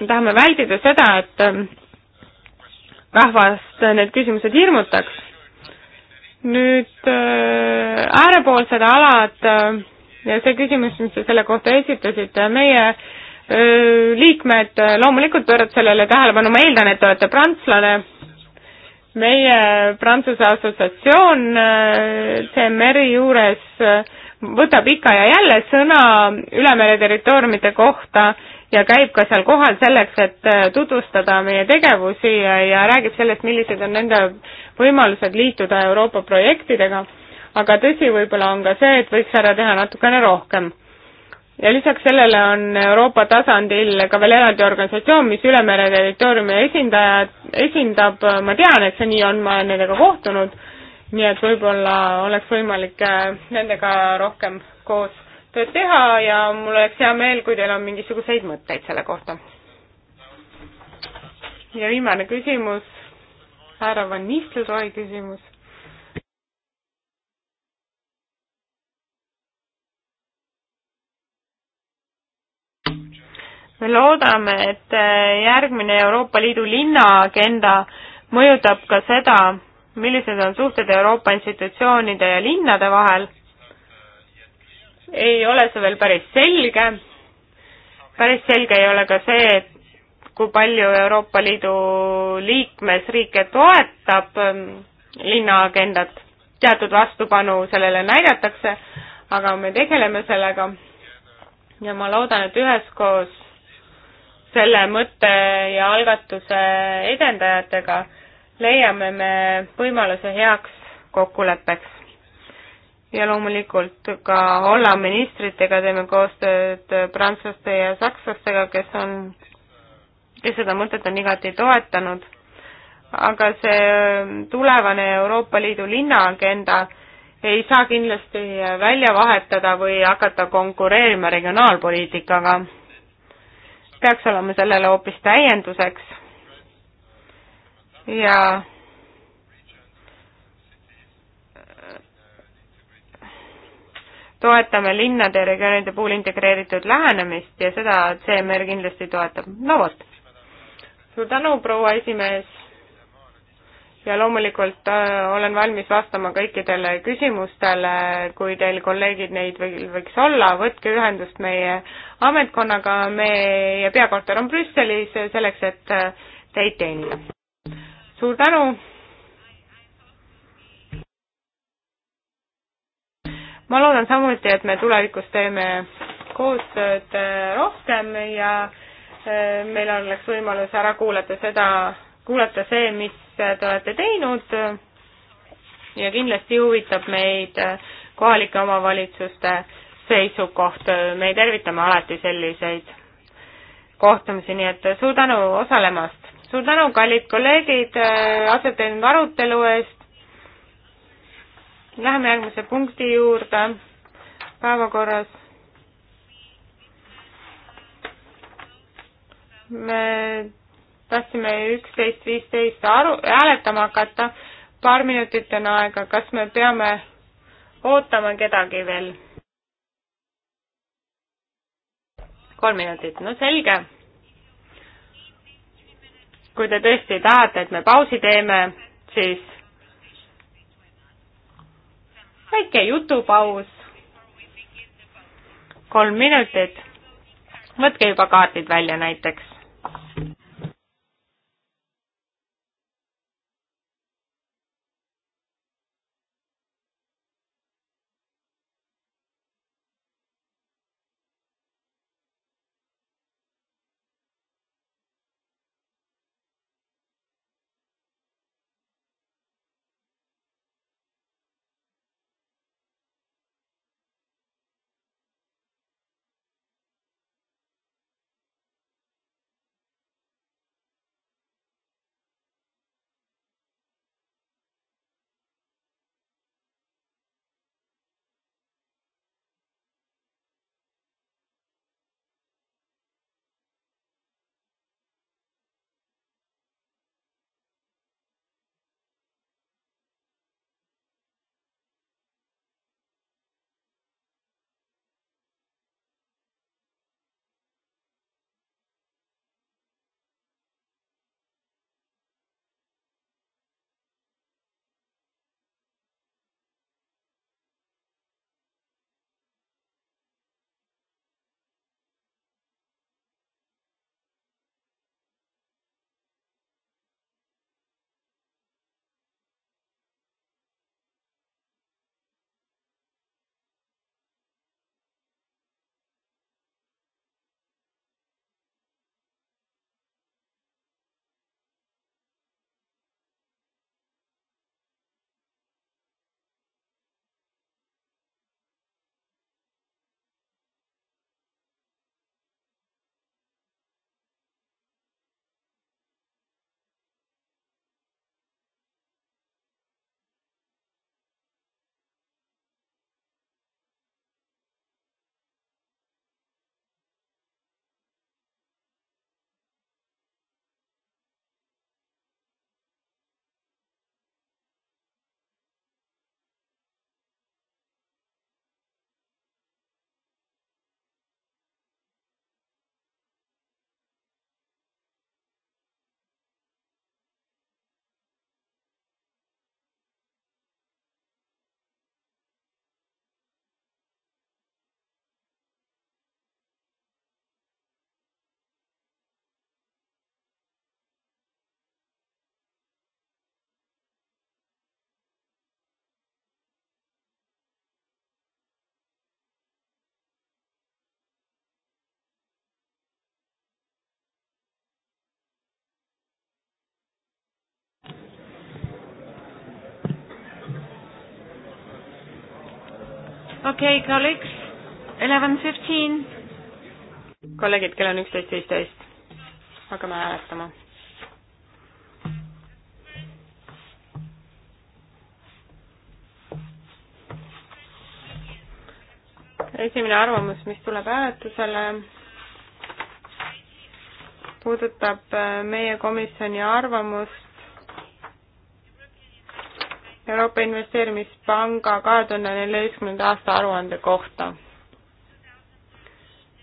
[SPEAKER 3] me tahame vältida seda, et ähm, rahvast need küsimused hirmutaks. nüüd äh, äärepoolsed alad äh, ja see küsimus, mis te selle kohta esitasite, meie äh, liikmed loomulikult pööravad sellele tähelepanu, ma eeldan, et te olete prantslane, meie Prantsuse assotsiatsioon CMR-i juures võtab ikka ja jälle sõna ülemere territooriumite kohta ja käib ka seal kohal selleks, et äh, tutvustada meie tegevusi ja, ja räägib sellest, millised on nende võimalused liituda Euroopa projektidega, aga tõsi võib-olla on ka see, et võiks ära teha natukene rohkem. ja lisaks sellele on Euroopa tasandil ka veel eraldi organisatsioon, mis Ülemere territooriumi esindajad, esindab, ma tean, et see nii on, ma olen nendega kohtunud, nii et võib-olla oleks võimalik äh, nendega rohkem koos tööd teha ja mul oleks hea meel, kui teil on mingisuguseid mõtteid selle kohta. ja viimane küsimus, härra Van Nistelrooy küsimus. me loodame, et järgmine Euroopa Liidu linnaagenda mõjutab ka seda, millised on suhted Euroopa institutsioonide ja linnade vahel ei ole see veel päris selge. päris selge ei ole ka see, et kui palju Euroopa Liidu liikmesriike toetab ähm, linnaagendat, teatud vastupanu sellele näidatakse, aga me tegeleme sellega ja ma loodan, et üheskoos selle mõtte ja algatuse edendajatega leiame me võimaluse heaks kokkuleppeks ja loomulikult ka Holla ministritega teeme koostööd prantslaste ja sakslastega, kes on, kes seda mõtet on igati toetanud. aga see tulevane Euroopa Liidu linnaagenda ei saa kindlasti välja vahetada või hakata konkureerima regionaalpoliitikaga. peaks olema sellele hoopis täienduseks ja toetame linnade ja regioonide puhul integreeritud lähenemist ja seda CMR kindlasti toetab. no vot. suur tänu, proua esimees. ja loomulikult äh, olen valmis vastama kõikidele küsimustele, kui teil kolleegid neid või, võiks olla, võtke ühendust meie ametkonnaga, meie peakorter on Brüsselis, selleks et äh, teid teenida. suur tänu ma loodan samuti, et me tulevikus teeme koostööd äh, rohkem ja äh, meil oleks võimalus ära kuulata seda, kuulata see, mis te olete teinud ja kindlasti huvitab meid äh, kohalike omavalitsuste seisukoht, me tervitame alati selliseid kohtumisi, nii et suur tänu osalemast! suur tänu, kallid kolleegid, aset leidnud arutelu eest, Läheme järgmise punkti juurde päevakorras. me tahtsime üksteist viisteist aru, hääletama hakata, paar minutit on aega, kas me peame ootama kedagi veel? kolm minutit, no selge. kui te tõesti tahate, et me pausi teeme, siis väike jutupaus, kolm minutit, võtke juba kaardid välja näiteks.
[SPEAKER 2] okei okay,, kolleegs,
[SPEAKER 1] eleven fifteen.
[SPEAKER 3] kolleegid, kell on üksteist viisteist. hakkame hääletama. esimene arvamus, mis tuleb hääletusele, puudutab äh, meie komisjoni arvamust Euroopa Investeerimispanga kahe tuhande neljateistkümnenda aasta aruande kohta.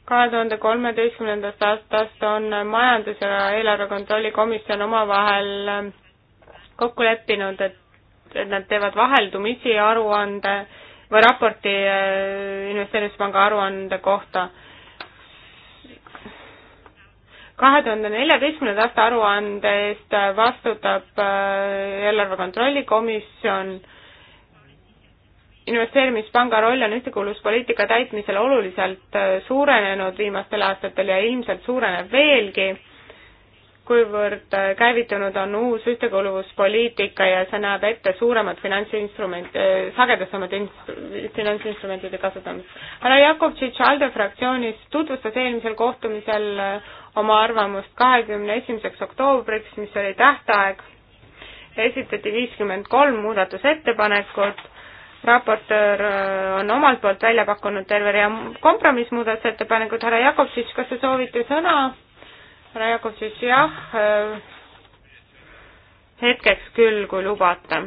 [SPEAKER 3] kahe tuhande kolmeteistkümnendast aastast on Majandus- ja Eelarvekontrolli Komisjon omavahel ähm, kokku leppinud, et, et nad teevad vaheldumisi aruande või raporti äh, investeerimispanga aruande kohta kahe tuhande neljateistkümnenda aasta aruande eest vastutab äh, eelarve kontrolli komisjon. investeerimispanga roll on ühtekuuluvuspoliitika täitmisel oluliselt äh, suurenenud viimastel aastatel ja ilmselt suureneb veelgi, kuivõrd äh, käivitunud on uus ühtekuuluvuspoliitika ja see näeb ette suuremat finantsinstrument, sagedasemat finantsinstrumentide kasutamist. härra Jakovtšitš ALDE fraktsioonist tutvustas eelmisel kohtumisel oma arvamust kahekümne esimeseks oktoobriks, mis oli tähtaeg. esitati viiskümmend kolm muudatusettepanekut, raportöör äh, on omalt poolt välja pakkunud terve rea kompromissmuudatusettepanekut, härra Jakobtšitš, kas te soovite sõna? härra Jakobtšitš, jah, äh, hetkeks küll, kui lubate.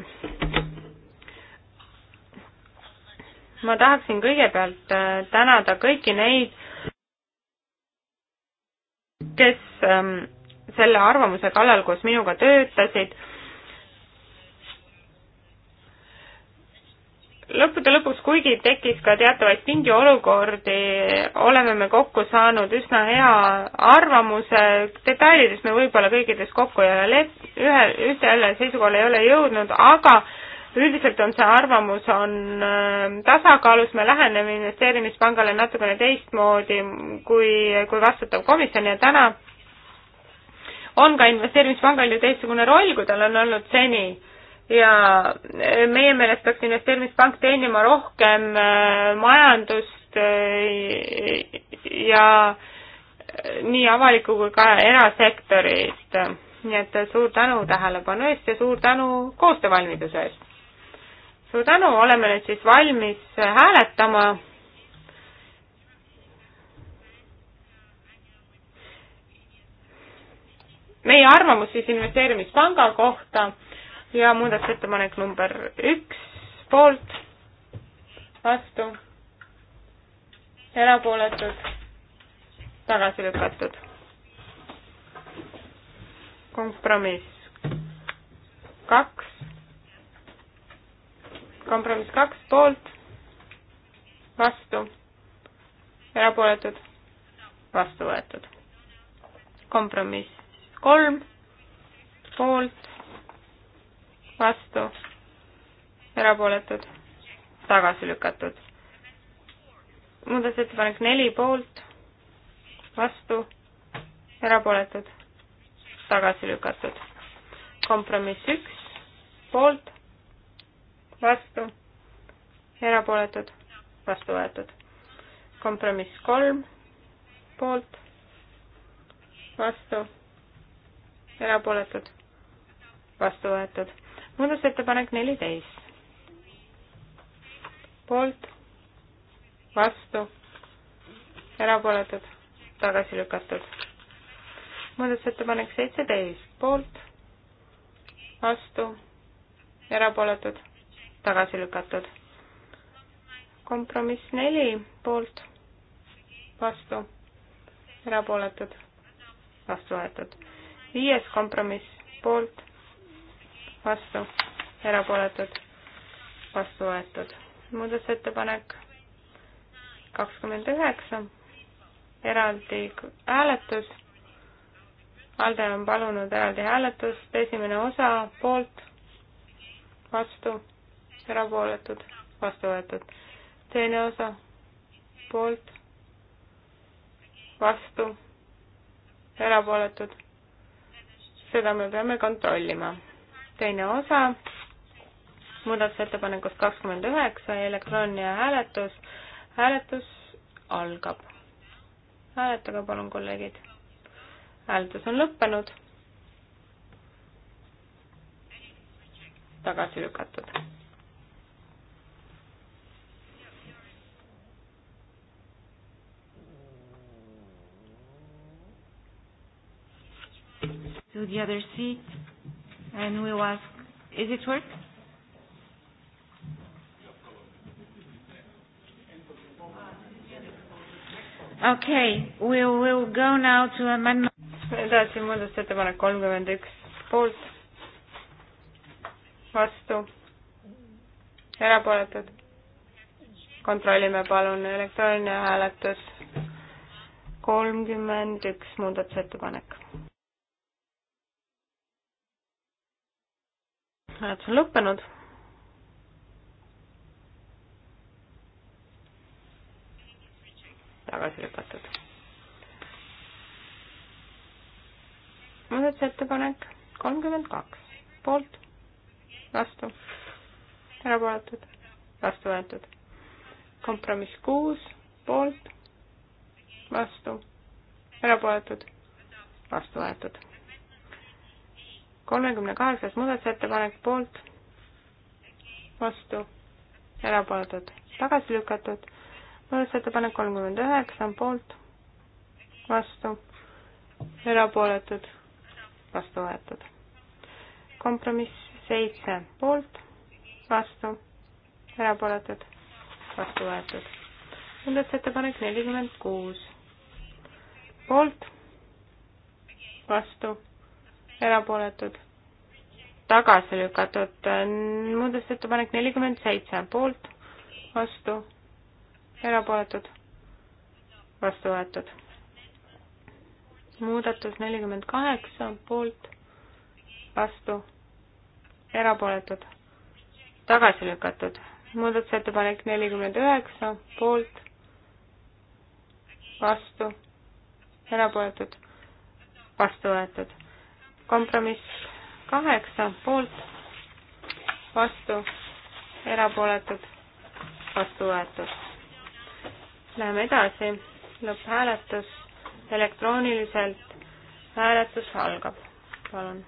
[SPEAKER 3] ma tahaksin kõigepealt äh, tänada kõiki neid, kes ähm, selle arvamuse kallal koos minuga töötasid. lõppude lõpuks, kuigi tekkis ka teatavaid pingiolukordi, oleme me kokku saanud üsna hea arvamuse, detailides me võib-olla kõikides kokku ei ole lep-, ühe, ühtele seisukohale ei ole jõudnud, aga üldiselt on see arvamus, on ähm, tasakaalus, me läheneme investeerimispangale natukene teistmoodi kui, kui vastutav komisjon ja täna on ka investeerimispangal ju teistsugune roll, kui tal on olnud seni. ja äh, meie meelest peaks investeerimispank teenima rohkem äh, majandust äh, ja nii avalikku kui ka erasektorit. nii et suur tänu tähelepanu eest ja suur tänu koostöövalmiduse eest! suur tänu, oleme nüüd siis valmis äh, hääletama. meie arvamus siis investeerimispanga kohta ja muudatusettepanek number üks poolt, vastu, erapooletud, tagasi lükatud. kompromiss kaks kompromiss kaks poolt, vastu, erapooletud, vastu võetud. kompromiss kolm poolt, vastu, erapooletud, tagasi lükatud. muudatusettepanek neli poolt, vastu, erapooletud, tagasi lükatud. kompromiss üks poolt, vastu, erapooletud, vastu võetud. kompromiss kolm, poolt, vastu, erapooletud, vastu võetud. muudatusettepanek neliteist, poolt, vastu, erapooletud, tagasi lükatud. muudatusettepanek seitseteist, poolt, vastu, erapooletud tagasi lükatud. kompromiss neli poolt, vastu, erapooletud, vastu võetud. viies kompromiss poolt, vastu, erapooletud, vastu võetud. muudatusettepanek kakskümmend üheksa, eraldi hääletus. Alde on palunud eraldi hääletust, esimene osa poolt, vastu erapooletud, vastu võetud. teine osa poolt, vastu, erapooletud. seda me peame kontrollima. teine osa muudatusettepanekust kakskümmend üheksa, elektrooniline hääletus. hääletus algab. hääletage palun, kolleegid. hääletus on lõppenud. tagasi lükatud
[SPEAKER 1] to the other seat and we'll ask, is it work? Okay,
[SPEAKER 3] we will go now to amendment. edasi muudatusettepanek kolmkümmend üks poolt, vastu, erapooletud. kontrollime palun elektrooniline hääletus. kolmkümmend üks muudatusettepanek. hääletus on lõppenud. tagasi lükatud. muudatusettepanek kolmkümmend kaks, poolt, vastu, erapooletud, vastu võetud. kompromiss kuus, poolt, vastu, erapooletud, vastu võetud kolmekümne kaheksas muudatusettepanek poolt, vastu, erapooletud, tagasi lükatud. muudatusettepanek kolmkümmend üheksa on poolt, vastu, erapooletud, vastu võetud. kompromiss seitse poolt, vastu, erapooletud, vastu võetud. muudatusettepanek nelikümmend kuus poolt, vastu erapooletud, tagasi lükatud. muudatusettepanek nelikümmend seitse, poolt, vastu, erapooletud, vastu võetud. muudatus nelikümmend kaheksa, poolt, vastu, erapooletud, tagasi lükatud. muudatusettepanek nelikümmend üheksa, poolt, vastu, erapooletud, vastu võetud kompromiss kaheksa poolt, vastu, erapooletud, vastu võetud. Läheme edasi, lõpphääletus elektrooniliselt, hääletus algab, palun.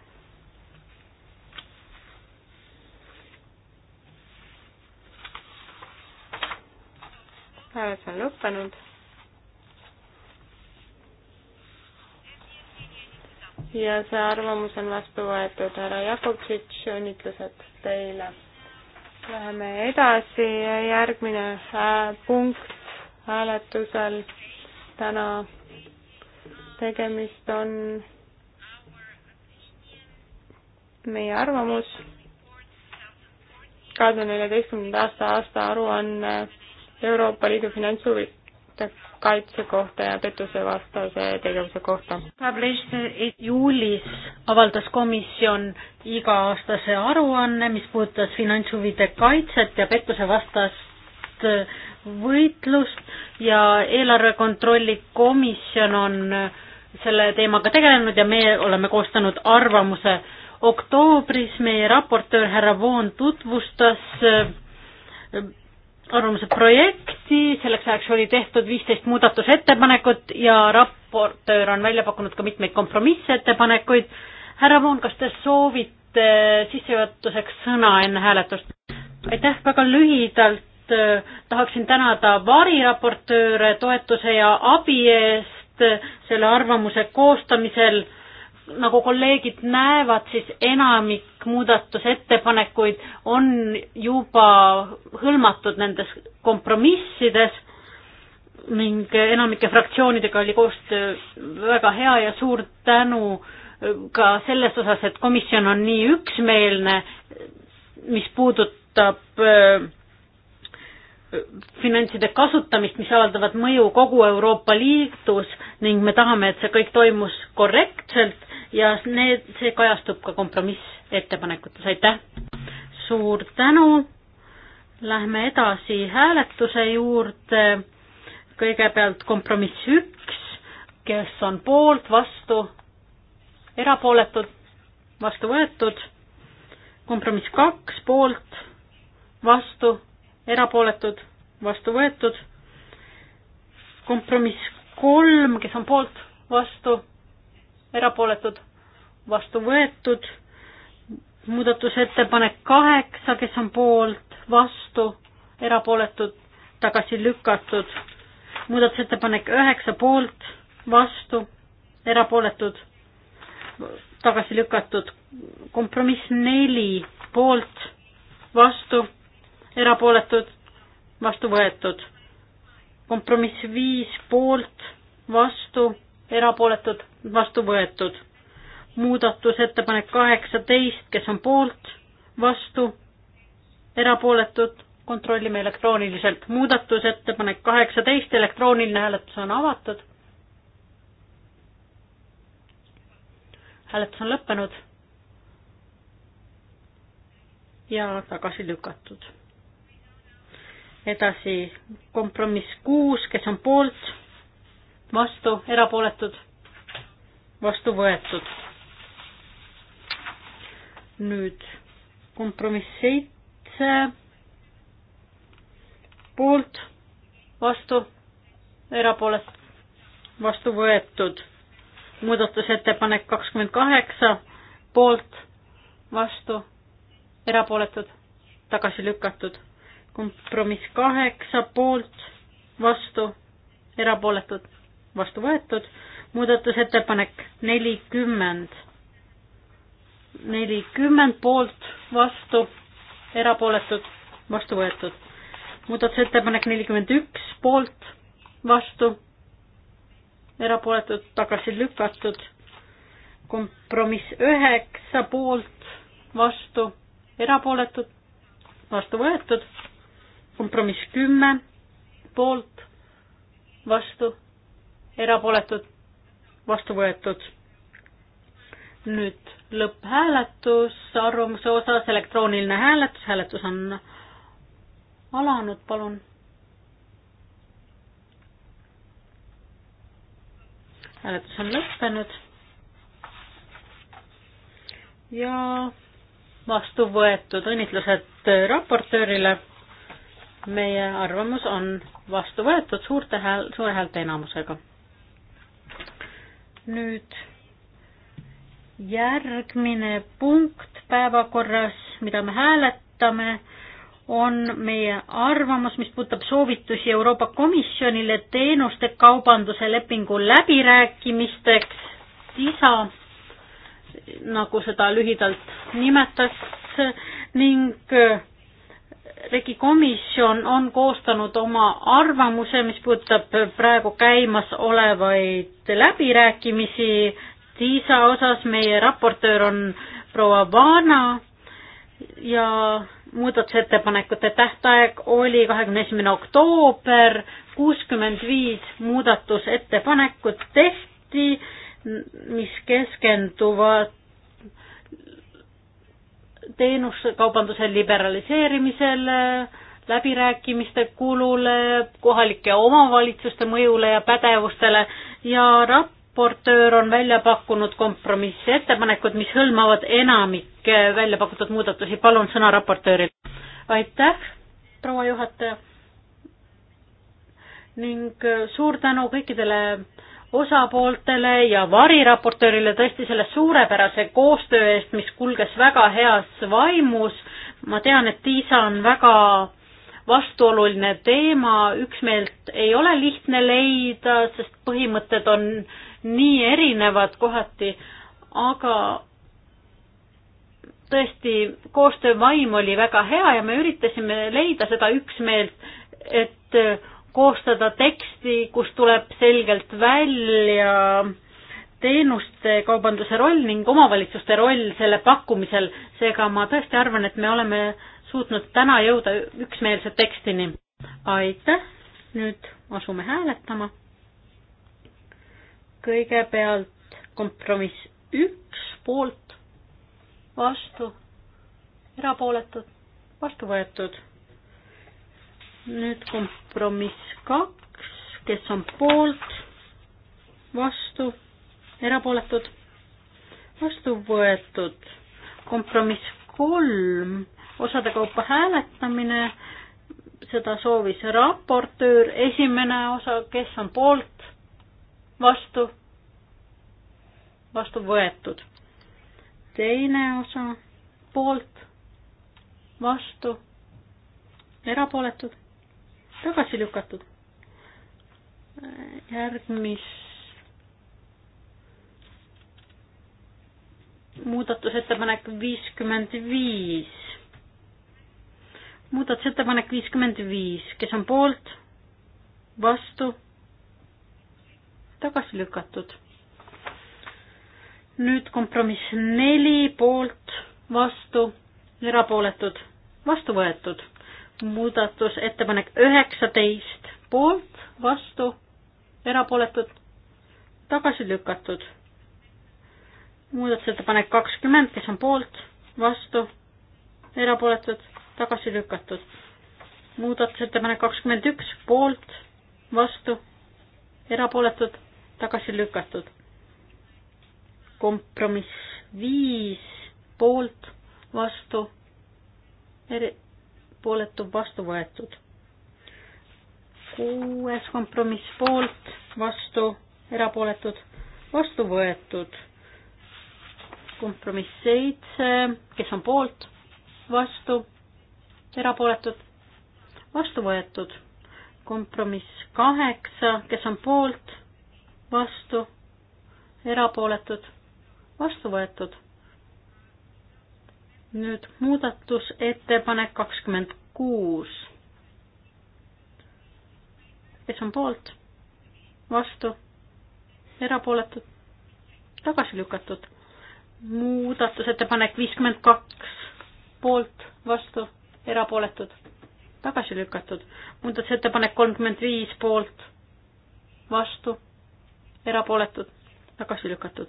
[SPEAKER 3] hääletus on lõppenud ja see arvamus on vastu võetud. härra Jakobtšitš, õnnitlused teile. Läheme edasi, järgmine äh, punkt hääletusel täna. tegemist on meie arvamus kahe tuhande neljateistkümnenda aasta aastaaruanne Euroopa Liidu finantshuvid kaitse kohta ja
[SPEAKER 1] pettusevastase tegevuse kohta. juulis avaldas komisjon iga-aastase aruanne, mis puudutas finantshuvide kaitset ja pettusevastast võitlust ja eelarve kontrolli komisjon on selle teemaga tegelenud ja meie oleme koostanud arvamuse. oktoobris meie raportöör härra Voon tutvustas arvamuse projekti, selleks ajaks oli tehtud viisteist muudatusettepanekut ja raportöör on välja pakkunud ka mitmeid kompromissettepanekuid. härra Voon, kas te soovite sissejuhatuseks sõna enne hääletust? aitäh, väga lühidalt tahaksin tänada variraportööre toetuse ja abi eest selle arvamuse koostamisel nagu kolleegid näevad, siis enamik muudatusettepanekuid on juba hõlmatud nendes kompromissides ning enamike fraktsioonidega oli koostöö väga hea ja suur tänu ka selles osas, et komisjon on nii üksmeelne, mis puudutab äh, finantside kasutamist, mis avaldavad mõju kogu Euroopa Liidus ning me tahame, et see kõik toimus korrektselt ja need, see kajastub ka kompromissettepanekutes, aitäh! suur tänu, lähme edasi hääletuse juurde, kõigepealt kompromiss üks, kes on poolt, vastu, erapooletud, vastu võetud, kompromiss kaks, poolt, vastu, erapooletud, vastu võetud, kompromiss kolm, kes on poolt, vastu erapooletud, vastu võetud. muudatusettepanek kaheksa, kes on poolt, vastu, erapooletud, tagasi lükatud. muudatusettepanek üheksa poolt, vastu, erapooletud, tagasi lükatud. kompromiss neli poolt, vastu, erapooletud, vastu võetud. kompromiss viis poolt, vastu erapooletud, vastu võetud. muudatusettepanek kaheksateist, kes on poolt, vastu, erapooletud, kontrollime elektrooniliselt. muudatusettepanek kaheksateist, elektrooniline hääletus on avatud. hääletus on lõppenud ja tagasi lükatud. edasi kompromiss kuus, kes on poolt vastu, erapooletud, vastu võetud. nüüd kompromiss seitse, poolt, vastu, erapoolet, vastu võetud. muudatusettepanek kakskümmend kaheksa, poolt, vastu, erapooletud, tagasi lükatud. kompromiss kaheksa, poolt, vastu, erapooletud vastu võetud, muudatusettepanek nelikümmend, nelikümmend poolt, vastu, erapooletud, vastu võetud. muudatusettepanek nelikümmend üks poolt, vastu, erapooletud, tagasi lükatud, kompromiss üheksa poolt, vastu, erapooletud, vastu võetud, kompromiss kümme poolt, vastu erapooletud, vastu võetud. nüüd lõpphääletus arvamuse osas, elektrooniline hääletus, hääletus on alanud, palun. hääletus on lõppenud. ja vastu võetud, õnnitlused raportöörile. meie arvamus on vastu võetud suurte hääl, suure häälte enamusega nüüd järgmine punkt päevakorras, mida me hääletame, on meie arvamus, mis puudutab soovitusi Euroopa Komisjonile teenuste kaubanduse lepingu läbirääkimisteks, TISA, nagu seda lühidalt nimetatakse, ning regikomisjon on koostanud oma arvamuse, mis puudutab praegu käimasolevaid läbirääkimisi TISA osas, meie raportöör on proua Vana ja muudatusettepanekute tähtaeg oli kahekümne esimene oktoober, kuuskümmend viis muudatusettepanekut tehti, mis keskenduvad teenuskaubanduse liberaliseerimisele, läbirääkimiste kulule, kohalike omavalitsuste mõjule ja pädevustele ja raportöör on välja pakkunud kompromissettepanekud, mis hõlmavad enamikke välja pakutud muudatusi. palun sõna raportöörile. aitäh, proua juhataja ning suur tänu kõikidele osapooltele ja variraportöörile tõesti selle suurepärase koostöö eest, mis kulges väga heas vaimus. ma tean, et Tiisa on väga vastuoluline teema, üksmeelt ei ole lihtne leida, sest põhimõtted on nii erinevad kohati, aga tõesti, koostöövaim oli väga hea ja me üritasime leida seda üksmeelt, et koostada teksti, kus tuleb selgelt välja teenuste kaubanduse roll ning omavalitsuste roll selle pakkumisel, seega ma tõesti arvan, et me oleme suutnud täna jõuda üksmeelse tekstini. aitäh, nüüd asume hääletama. kõigepealt kompromiss üks poolt, vastu, erapooletud, vastu võetud nüüd kompromiss kaks, kes on poolt, vastu, erapooletud, vastu võetud. kompromiss kolm, osade kaupa hääletamine, seda soovis raportöör, esimene osa, kes on poolt, vastu, vastu võetud. teine osa, poolt, vastu, erapooletud tagasi lükatud. järgmis muudatusettepanek viiskümmend viis. muudatusettepanek viiskümmend viis, kes on poolt, vastu, tagasi lükatud nüüd kompromiss neli poolt, vastu, erapooletud, vastu võetud muudatusettepanek üheksateist poolt, vastu, erapooletud, tagasi lükatud. muudatusettepanek kakskümmend, kes on poolt, vastu, erapooletud, tagasi lükatud. muudatusettepanek kakskümmend üks, poolt, vastu, erapooletud, tagasi lükatud. kompromiss viis, poolt, vastu, eri-, erapooletu, vastu võetud. kuues kompromiss poolt, vastu, erapooletud, vastu võetud. kompromiss seitse, kes on poolt, vastu, erapooletud, vastu võetud. kompromiss kaheksa, kes on poolt, vastu, erapooletud, vastu võetud nüüd muudatusettepanek kakskümmend kuus. kes on poolt, vastu, erapooletud, tagasi lükatud. muudatusettepanek viiskümmend kaks, poolt, vastu, erapooletud, tagasi lükatud. muudatusettepanek kolmkümmend viis, poolt, vastu, erapooletud, tagasi lükatud.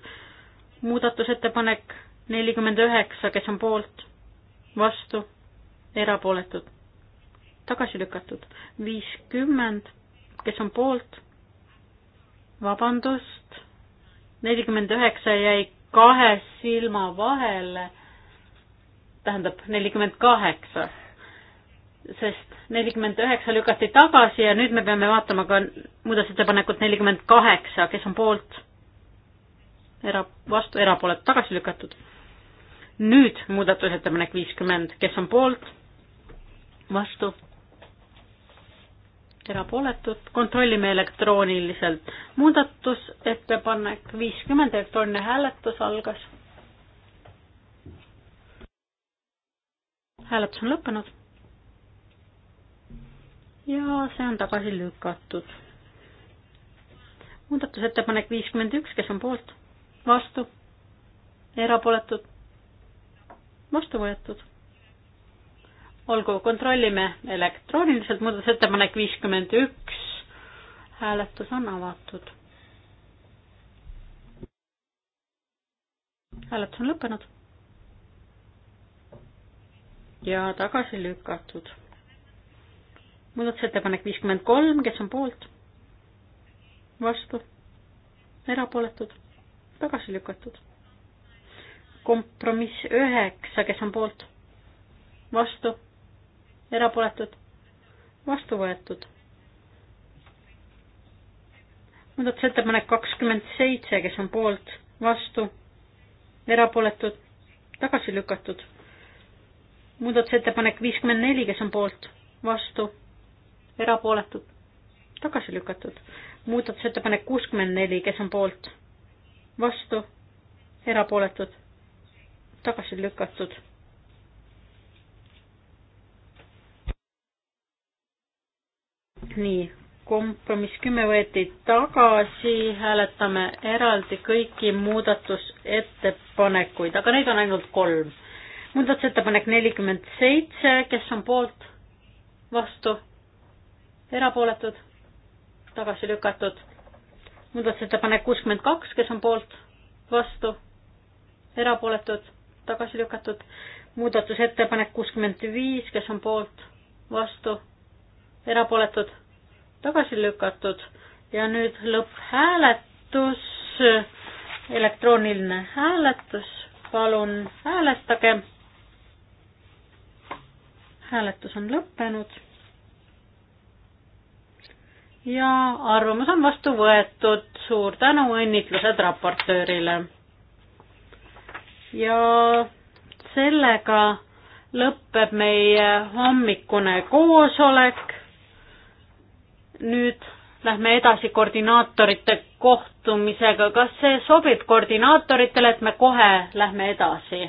[SPEAKER 1] muudatusettepanek nelikümmend üheksa, kes on poolt, vastu, erapooletud, tagasi lükatud. viiskümmend, kes on poolt, vabandust, nelikümmend üheksa jäi kahe silma vahele, tähendab nelikümmend kaheksa, sest nelikümmend üheksa lükati tagasi ja nüüd me peame vaatama ka muudatusettepanekut nelikümmend kaheksa, kes on poolt, era-, vastu, erapooletu, tagasi lükatud nüüd muudatusettepanek viiskümmend, kes on poolt, vastu, erapooletud, kontrollime elektrooniliselt. muudatusettepanek viiskümmend, elektrooniline hääletus algas. hääletus on lõppenud. ja see on tagasi lükatud. muudatusettepanek viiskümmend üks, kes on poolt, vastu, erapooletud vastu võetud. olgu, kontrollime elektrooniliselt, muudatusettepanek viiskümmend üks, hääletus on avatud. hääletus on lõppenud. ja tagasi lükatud. muudatusettepanek viiskümmend kolm, kes on poolt? vastu? erapooletud? tagasi lükatud kompromiss üheksa, kes on poolt, vastu, erapooletud, vastu võetud. muudatusettepanek kakskümmend seitse, kes on poolt, vastu, erapooletud, tagasi lükatud. muudatusettepanek viiskümmend neli, kes on poolt, vastu, erapooletud, tagasi lükatud. muudatusettepanek kuuskümmend neli, kes on poolt, vastu, erapooletud tagasi lükatud. nii, kompromiss kümme võeti tagasi, hääletame eraldi kõiki muudatusettepanekuid, aga neid on ainult kolm. muudatusettepanek nelikümmend seitse, kes on poolt, vastu, erapooletud, tagasi lükatud. muudatusettepanek kuuskümmend kaks, kes on poolt, vastu, erapooletud, tagasi lükatud. muudatusettepanek kuuskümmend viis, kes on poolt, vastu, erapooletud, tagasi lükatud ja nüüd lõpphääletus, elektrooniline hääletus, palun hääletage. hääletus on lõppenud. ja arvamus on vastu võetud, suur tänu, õnnitlused raportöörile ja sellega lõpeb meie hommikune koosolek. nüüd lähme edasi koordinaatorite kohtumisega. kas see sobib koordinaatoritele, et me kohe lähme edasi?